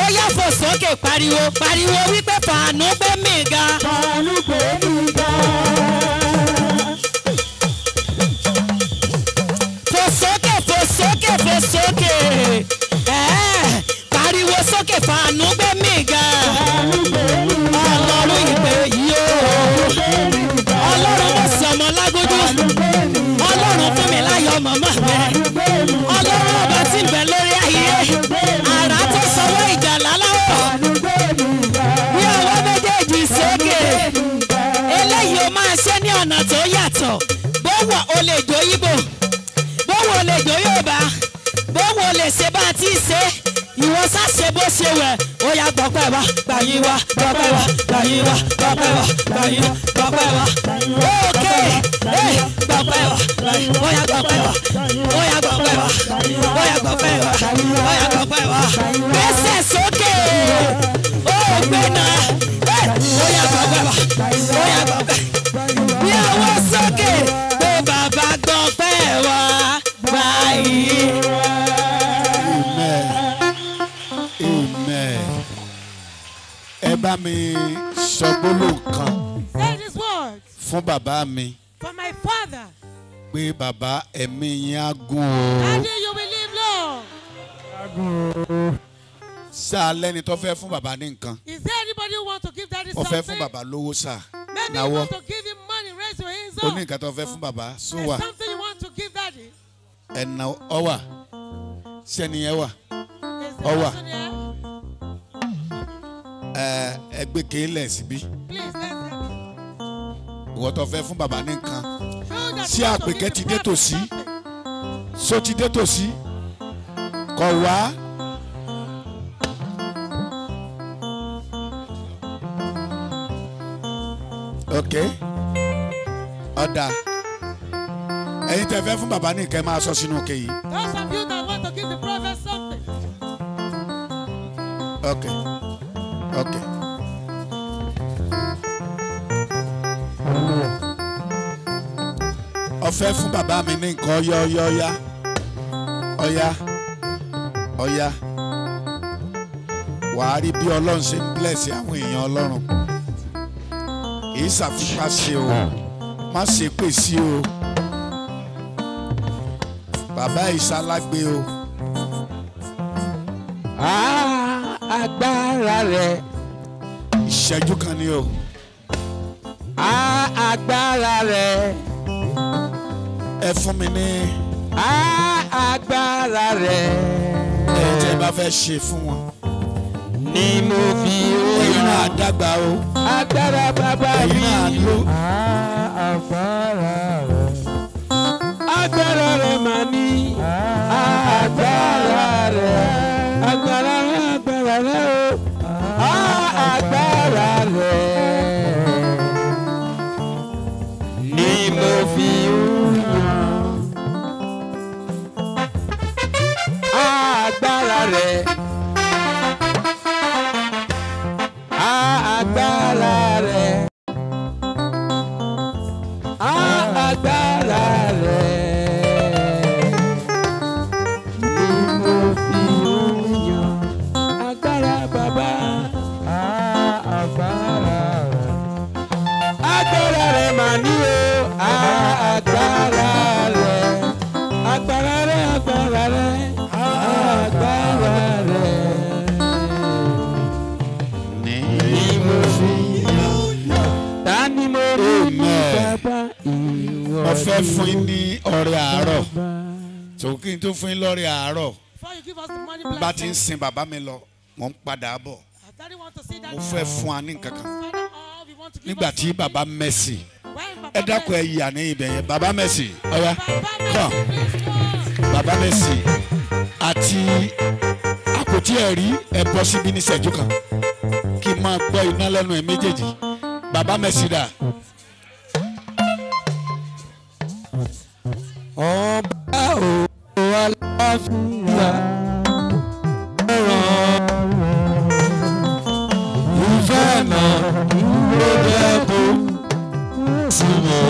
ó yá fò sókè pariwo pariwo wípé fàánú gbé mi ga. fàánú gbé mi ga. sókè fàánú gbé mi ga ọlọ́run ìpè yìí o ọlọ́run mo sì ọmọ lágójú ọlọ́run fún mi láyọ̀ màmá mi ọlọ́run ọba tí ń bẹ lórí ayé àrà tó sọwọ́ ìjà láláwọ̀ bí ọwọ́ méjèèjì sókè eléyìí ó máa ṣe ní ọ̀nà tó yàtọ̀ bówó o lè jó yíbo bówó o lè jó Yorùbá bówó o lè ṣe bá a ti ṣe é sáṣe bó ṣe wẹ̀ ó yá gbọ́pẹ́ wa gbàyìn wa gbọ́pẹ́ wa gbàyìn wa gbọ́pẹ́ wa gbàyìn wa gbọ́pẹ́ wa òkè gbọ́pẹ́ wa ó yá gbọ́pẹ́ wa ó yá gbọ́pẹ́ wa ó yá gbọ́pẹ́ wa ó yá gbọ́pẹ́ wa gbèsè sókè ó gbéná ó yá gbọ́pẹ́ wa ó yá gbọ́pẹ́ wa. mi sọ gbólóhùn kan. Say these words. Fún bàbá mi. For my father. Pé bàbá ẹ̀mí yín á gùn o. Daddy you will live long. Á gùn o. Sá lẹ́ni tó fẹ́ fún bàbá ní nǹkan. Is there anybody who want to give daddy something? Ó fẹ́ fún bàbá lówó sá. Maybe you want to give him money, raise your hands up. Ó ní nǹkan tó fẹ́ fún bàbá, so wà. There's something you want to give daddy. Ẹ̀nà ọ̀wà. Ṣẹ́ni ẹ̀ wà. Ọ̀wà. Is there a person here? ẹgbẹ́ kéélẹ̀ síbí ìwọ tó fẹ́ fún bàbá ní nǹkan sí àpèkẹ́ ti dé tòsí so ti dé tòsí kọ̀ wá. ok ọ̀dà ẹ̀yin tẹ́ fẹ́ fún bàbá ní nǹkan máa sọ sínú òkè yìí. of you okay. Ok. ọfẹ fún bàbá mi ní nǹkan ọyá ọyá ọyá ọyá ọyá wàá rí bí ọlọ́run ṣe ń bless àwọn èèyàn ọlọ́run kì í ṣàfipá ṣe o hmm. má ṣe pè sí o bàbá ìṣalágbé o. Ah! agbára rẹ. ìṣẹ́jú kan ni o. a agbára rẹ. ẹ fún mi ní. a agbára rẹ. ẹ jẹ́ bá fẹ́ ṣe fún wọn. ni mo fi ó. ẹ̀yin náà dàgbà o. agbára bàbá mi. ẹ̀yin náà lò. a agbára rẹ. fẹ́ fún yín ní ọrẹ àárọ̀ tòun kí n tó fún yín lọ́rẹ àárọ̀ bá ti ń sin bàbá mi lọ mò ń padà bọ̀ mo fẹ́ fún wa ní nǹkan kan nígbà tí bàbá Mercy ẹ dákun ẹ yà ní ibẹ̀ yẹn bàbá Mercy ọ̀ya kàn bàbá Mercy àti àpótí ẹ̀rí ẹ bọ́ síbi ní ìṣẹ́jú kan kí n máa gbọ́ iná lẹ́nu ẹ̀ méjèèjì bàbá Mercy dà. ọba òkú aláfíà ọ̀ràn ìfẹ́ náà ló dẹ́kun sí mọ́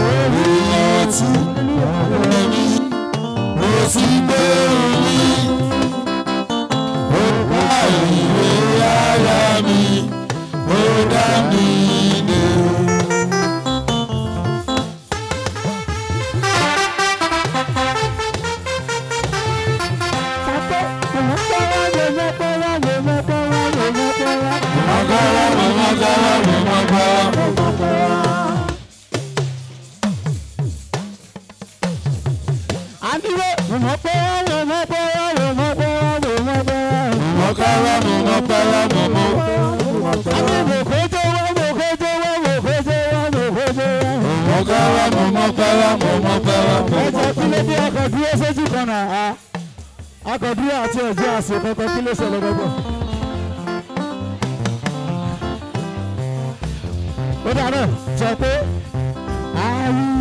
orí ọtí lórí mo ti gbé orí ó bá ìwé ara mi ó dá mi. akọ̀dúró sójú kan náà akọ̀dúró àti ẹ̀jẹ̀ àṣẹ kankan kí ló ṣẹlẹ̀ gbọ́gbọ́. ó dáná sọ pé àárín.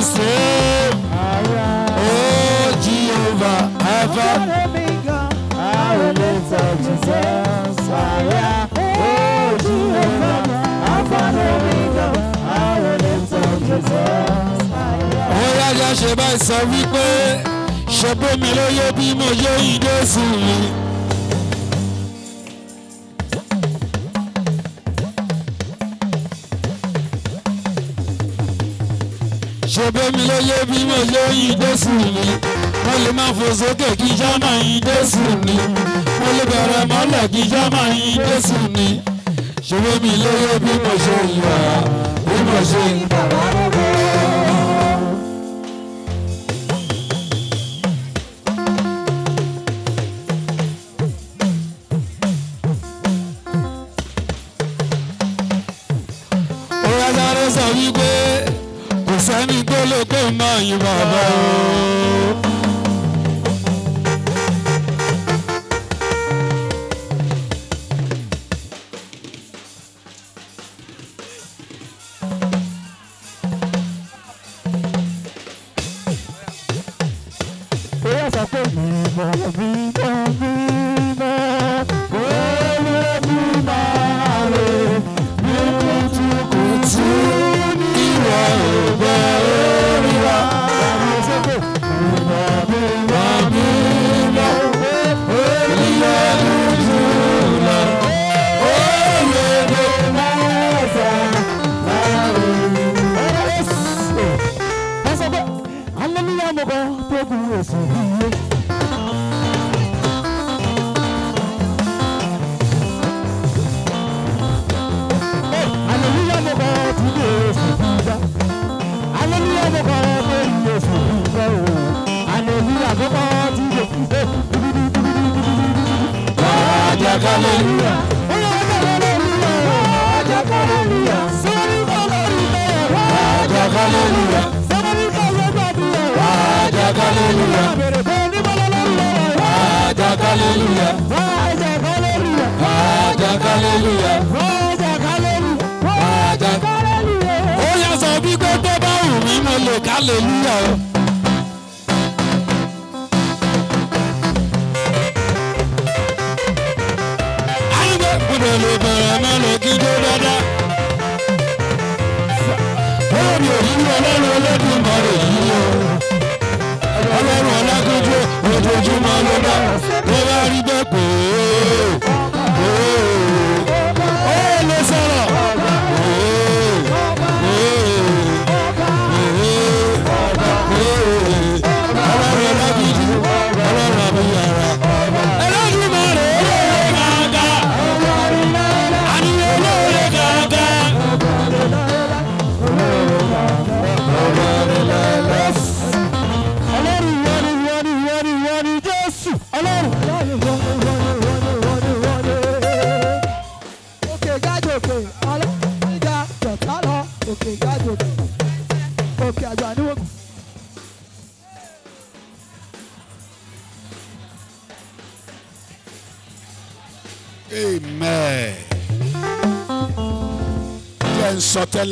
the same. Oh Jehovah, ever. I will lift up Jesus. Oh Jehovah, Alpha and Omega. I will lift up Jesus. Ó yára ṣe báyìí sọ wípé ṣe bómi lóye bí mo yóò yí dé sí ṣèbémi ló yé bí mo lóyún Jésù mi mo lè máa fò sókè kí jámà yín Jésù ni mo lè bẹ̀rẹ̀ mọ́lẹ̀ kí jámà yín Jésù ni ṣèbémi ló yé bí mo ṣe ń wà bí mo ṣe ń bàbá.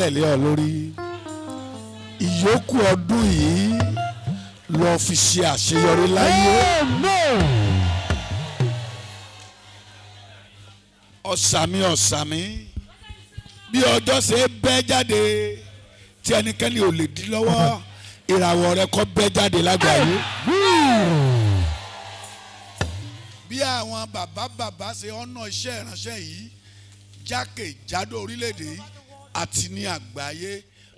tẹ̀lé ọ lórí ìyókù ọdún yìí lọ fi ṣe àṣeyọrí láyé. ọ̀sàmì ọ̀sàmì bí ọjọ́ ṣe bẹ́ jáde tí ẹnikẹ́ni ò lè dí lọ́wọ́ ìràwọ̀ rẹ kó bẹ́ jáde lágbàáyé. bí àwọn bàbá bàbá ṣe ọ̀nà iṣẹ́ ìránṣẹ́ yìí jákèjádò orílẹ̀-èdè yìí àti ní àgbáyé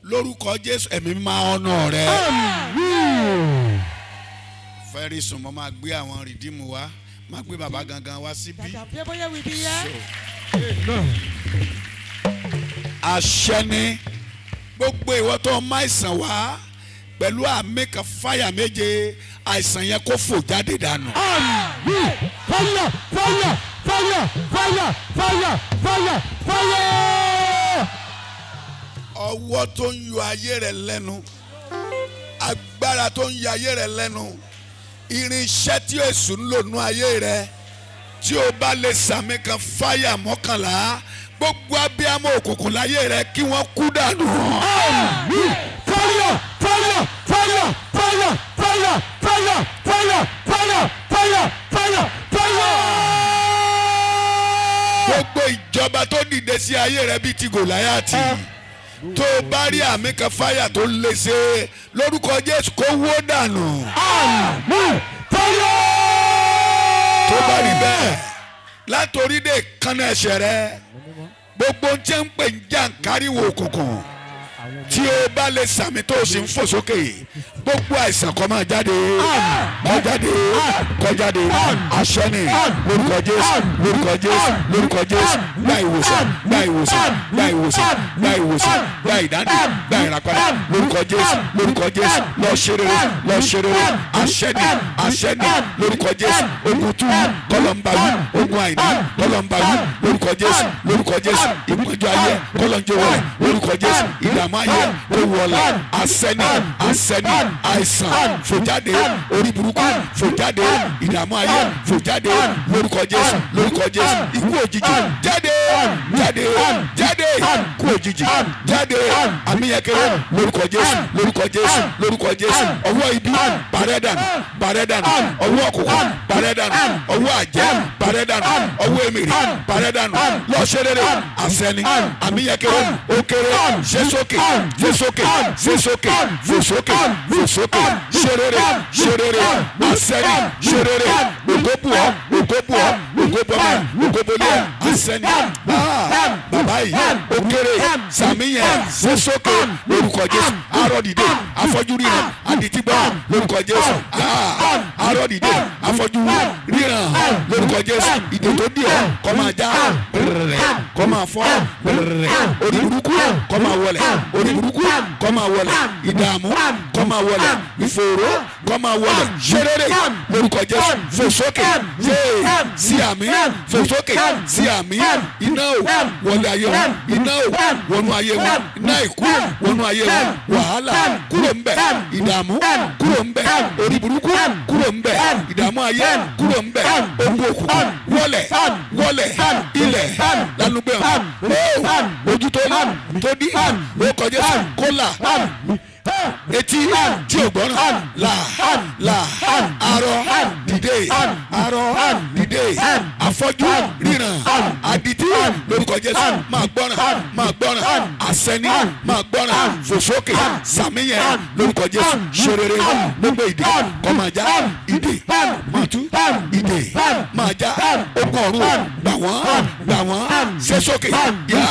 lórúkọ Jésù ẹ̀mí máa ọ̀nà rẹ. very soon mo máa gbé àwọn rìdíìmù wá máa gbé bàbá gangan wá síbí. àṣẹ ni gbogbo ìwọ tó máa ìsàn wá pẹ̀lú àmì kan fáyà méje àìsàn yẹn kó fò jáde dànù. fáyà fáyà fáyà fáyà fáyà fáyà ọwọ́ tó ń yọ ayé rẹ lẹ́nu agbára tó ń yọ ayé rẹ lẹ́nu irinṣẹ́ tí èṣù ń lò nú ayé rẹ tí o bá lè sàmì kan fáyà mọ́kànlá gbogbo abiyamọ òkùnkùn láyé rẹ kí wọ́n kú dànù. fáyà fáyà fáyà fáyà fáyà fáyà fáyà fáyà fáyà fáyà fáyà gbogbo ìjọba tó dìde sí ayé rẹ bíi ti gòláyàtì tó o bá rí àmì kan fáyà tó lè ṣe lórúkọ Jésù kó wó dànù. àmì fáyà. tó bá rí bẹ́ẹ̀ látòrí dé kanna ẹ̀ṣẹ̀ rẹ gbogbo jẹ́ ń pè ń jà ń káríwò òkùnkùn tí o bá lè sàmì tó o sì ń fò sókè gbogbo àìsàn kó máa jáde kó jáde kó jáde àṣẹ ni lórúkọ jésù lórúkọ jésù lórúkọ jésù gba ìwòsàn gba ìwòsàn gba ìwòsàn gba ìwòsàn gba ìdáǹdè gba ìràpadà lórúkọ jésù lórúkọ jésù lọ ṣe lọ ṣe rere ni àṣẹ ni lórúkọ jésù ogun tú kọlọmba wí ogun àìní kọlọmba wí lórúkọ jésù lórúkọ jésù ìpọnjú ayé kọlọmjọ lórúkọ jésù ìdààmú àmàyẹ ewọlẹ asẹni asẹni àìsàn fòjáde orí burúkú fòjáde ìdààmú ayé fòjáde lórúkọ jésù lórúkọ jésù ikú òjijì jáde jáde jáde ikú òjijì jáde àmìyẹkẹrẹ lórúkọ jésù lórúkọ jésù lórúkọ jésù ọwọ́ ibi parẹ́ dànù parẹ́ dànù ọwọ́ òkùnkùn parẹ́ dànù ọwọ́ àjẹ́ parẹ́ dànù ọwọ́ emiri parẹ́ dànù lọ́sẹ̀rẹ̀rẹ̀ àsẹ́ni àmìyẹkẹrẹ ó kéré ṣe sókè fò sókè fò sókè fò sókè fò sókè ṣerere ṣerere asẹni ṣerere ògóbù ọ ògóbù ọ ògóbù ọmọ ògóbù ọmọ asẹni bàbá yìí òkèrè sàmìyàn fò sókè lórúkọ Jésù arọdìde afọ́jú ríran adìtìgbà lórúkọ Jésù orí burúkú kó máa wọlé ìdààmú kó máa wọlé ìfòòró kó máa wọlé ṣerere lórúkọ jésù fòsókè yéé sí àmì fòsókè sí àmì iná o wọlé ayé wọn iná o wọnú ayé wọn iná ìkú wọnú ayé wọn wàhálà kúrò ńbẹ ìdààmú kúrò ńbẹ orí burúkú kúrò ńbẹ ìdààmú ayé kúrò ńbẹ ogun òkùnkùn wọlé wọlé ilẹ̀ lálùgbé wọn ojú tó ní tó ní lórúkọ Jésù kólà etí tí o gbọ́ràn là là arọ dìde arọ dìde afọ́jú ríran adití lórúkọ jésù máa gbọ́ràn máa gbọ́ràn àsẹ́ni máa gbọ́ràn fòsókè sàmìyàn lórúkọ jésù ṣerere gbogbo ìdè kọ́mọ̀já ìdè mọ̀tú ìdè mọ̀já ogun ọ̀run gbà wọ́n gbà wọ́n sẹ́sókè yá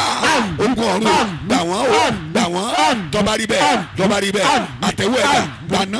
ogun ọ̀run gbà wọ́n gbà wọ́n tọ́ba rí bẹ́ẹ̀ tọ́ba rí rí bẹ́ẹ̀ àtẹ̀wé ẹ̀dá lànà.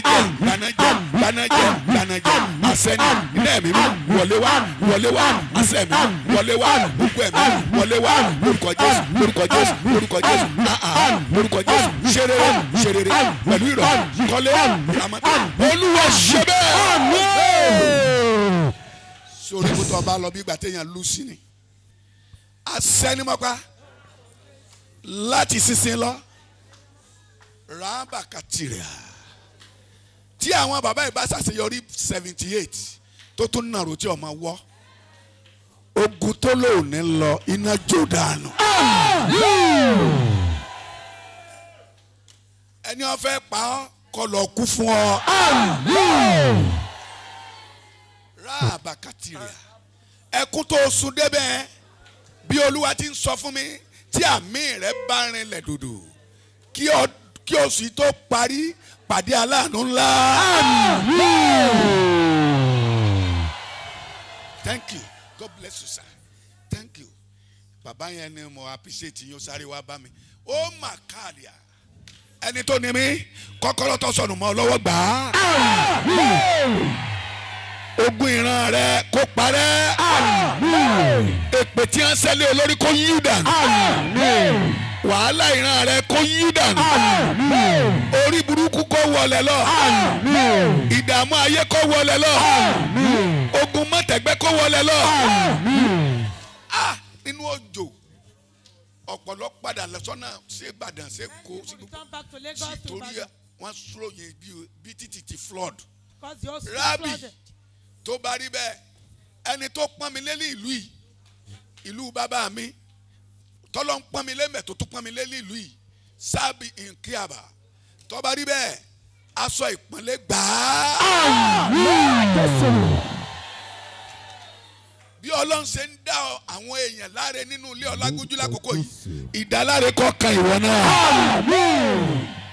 gbanajẹ gbanajẹ gbanajẹ gbanajẹ asẹni ilé ẹ̀mí mi wọlé wá wọlé wá asẹmi wọlé wá gbogbo ẹ̀mí wọlé wá lórúkọ Jésù lórúkọ Jésù lórúkọ Jésù aa ah, ah. lórúkọ Jésù serere serere pẹ̀lú ìrọ̀ kọ́lé ìràmọ́tò olúwa ṣe sori kó tọ́ bá lọ bí gbàtẹ́yàn lùsì ni asẹnimọ́pá láti sísin lọ rábàkàtìrìà tí àwọn bàbá yìí bá ṣàṣeyọrí seventy eight tó tún nàró tí ọmọ wọ́ ogun tó lòun ní lọ iná jó dànù. ẹni ó fẹ́ pa ọ́ kó lọ kú fún ọ. ra àbàkàtìrìà ẹkún tó sun débẹ̀ bí olúwa ti ń sọ fún mi tí àmì rẹ̀ bá rinlẹ̀ dòdò kí o sì tó parí pàdé aláàánú ńlá. thank you god bless you sir thank you bàbá yẹn ni mo appreciate yín ó sáré wá bá mi ó mà káàdì à ẹni tó ní mi kọ́kọ́rọ́ tó sọnù mọ́ ọ lọ́wọ́ gbà á ogun ìran rẹ kó parẹ́. àmín. èpè tí wọ́n ṣẹlẹ̀ olórí kó yí dànù. wàhálà ìran rẹ kó yí dànù. orí burúkú kó wọlé lọ. ìdààmú ayé kó wọlé lọ. ogun mọ̀tẹ̀gbẹ́ kó wọlé lọ. nínú òjò ọ̀pọ̀lọpọ̀ padà lọ́sọ́nà ṣé Ìbàdàn ṣé Èkó ṣé torí wọn sọ̀rọ̀ yẹn bíi títí ti flood. rabi tó bá rí bẹ́ẹ̀ ẹni tó pọ́n mi lé ní ìlú yìí ìlú bàbá mi tọ́lọ́ ń pọ́n mi lẹ́mẹ̀ tó tún pọ́n mi lé ní ìlú yìí sábì nkíyàbá tó bá rí bẹ́ẹ̀ aṣọ ìpọ́nlé gbàá. bí ọlọ́run ṣe ń dá àwọn èèyàn láre nínú ilé ọlágójú lákòókò yìí ìdáláre kọ́ kan ìwọ náà.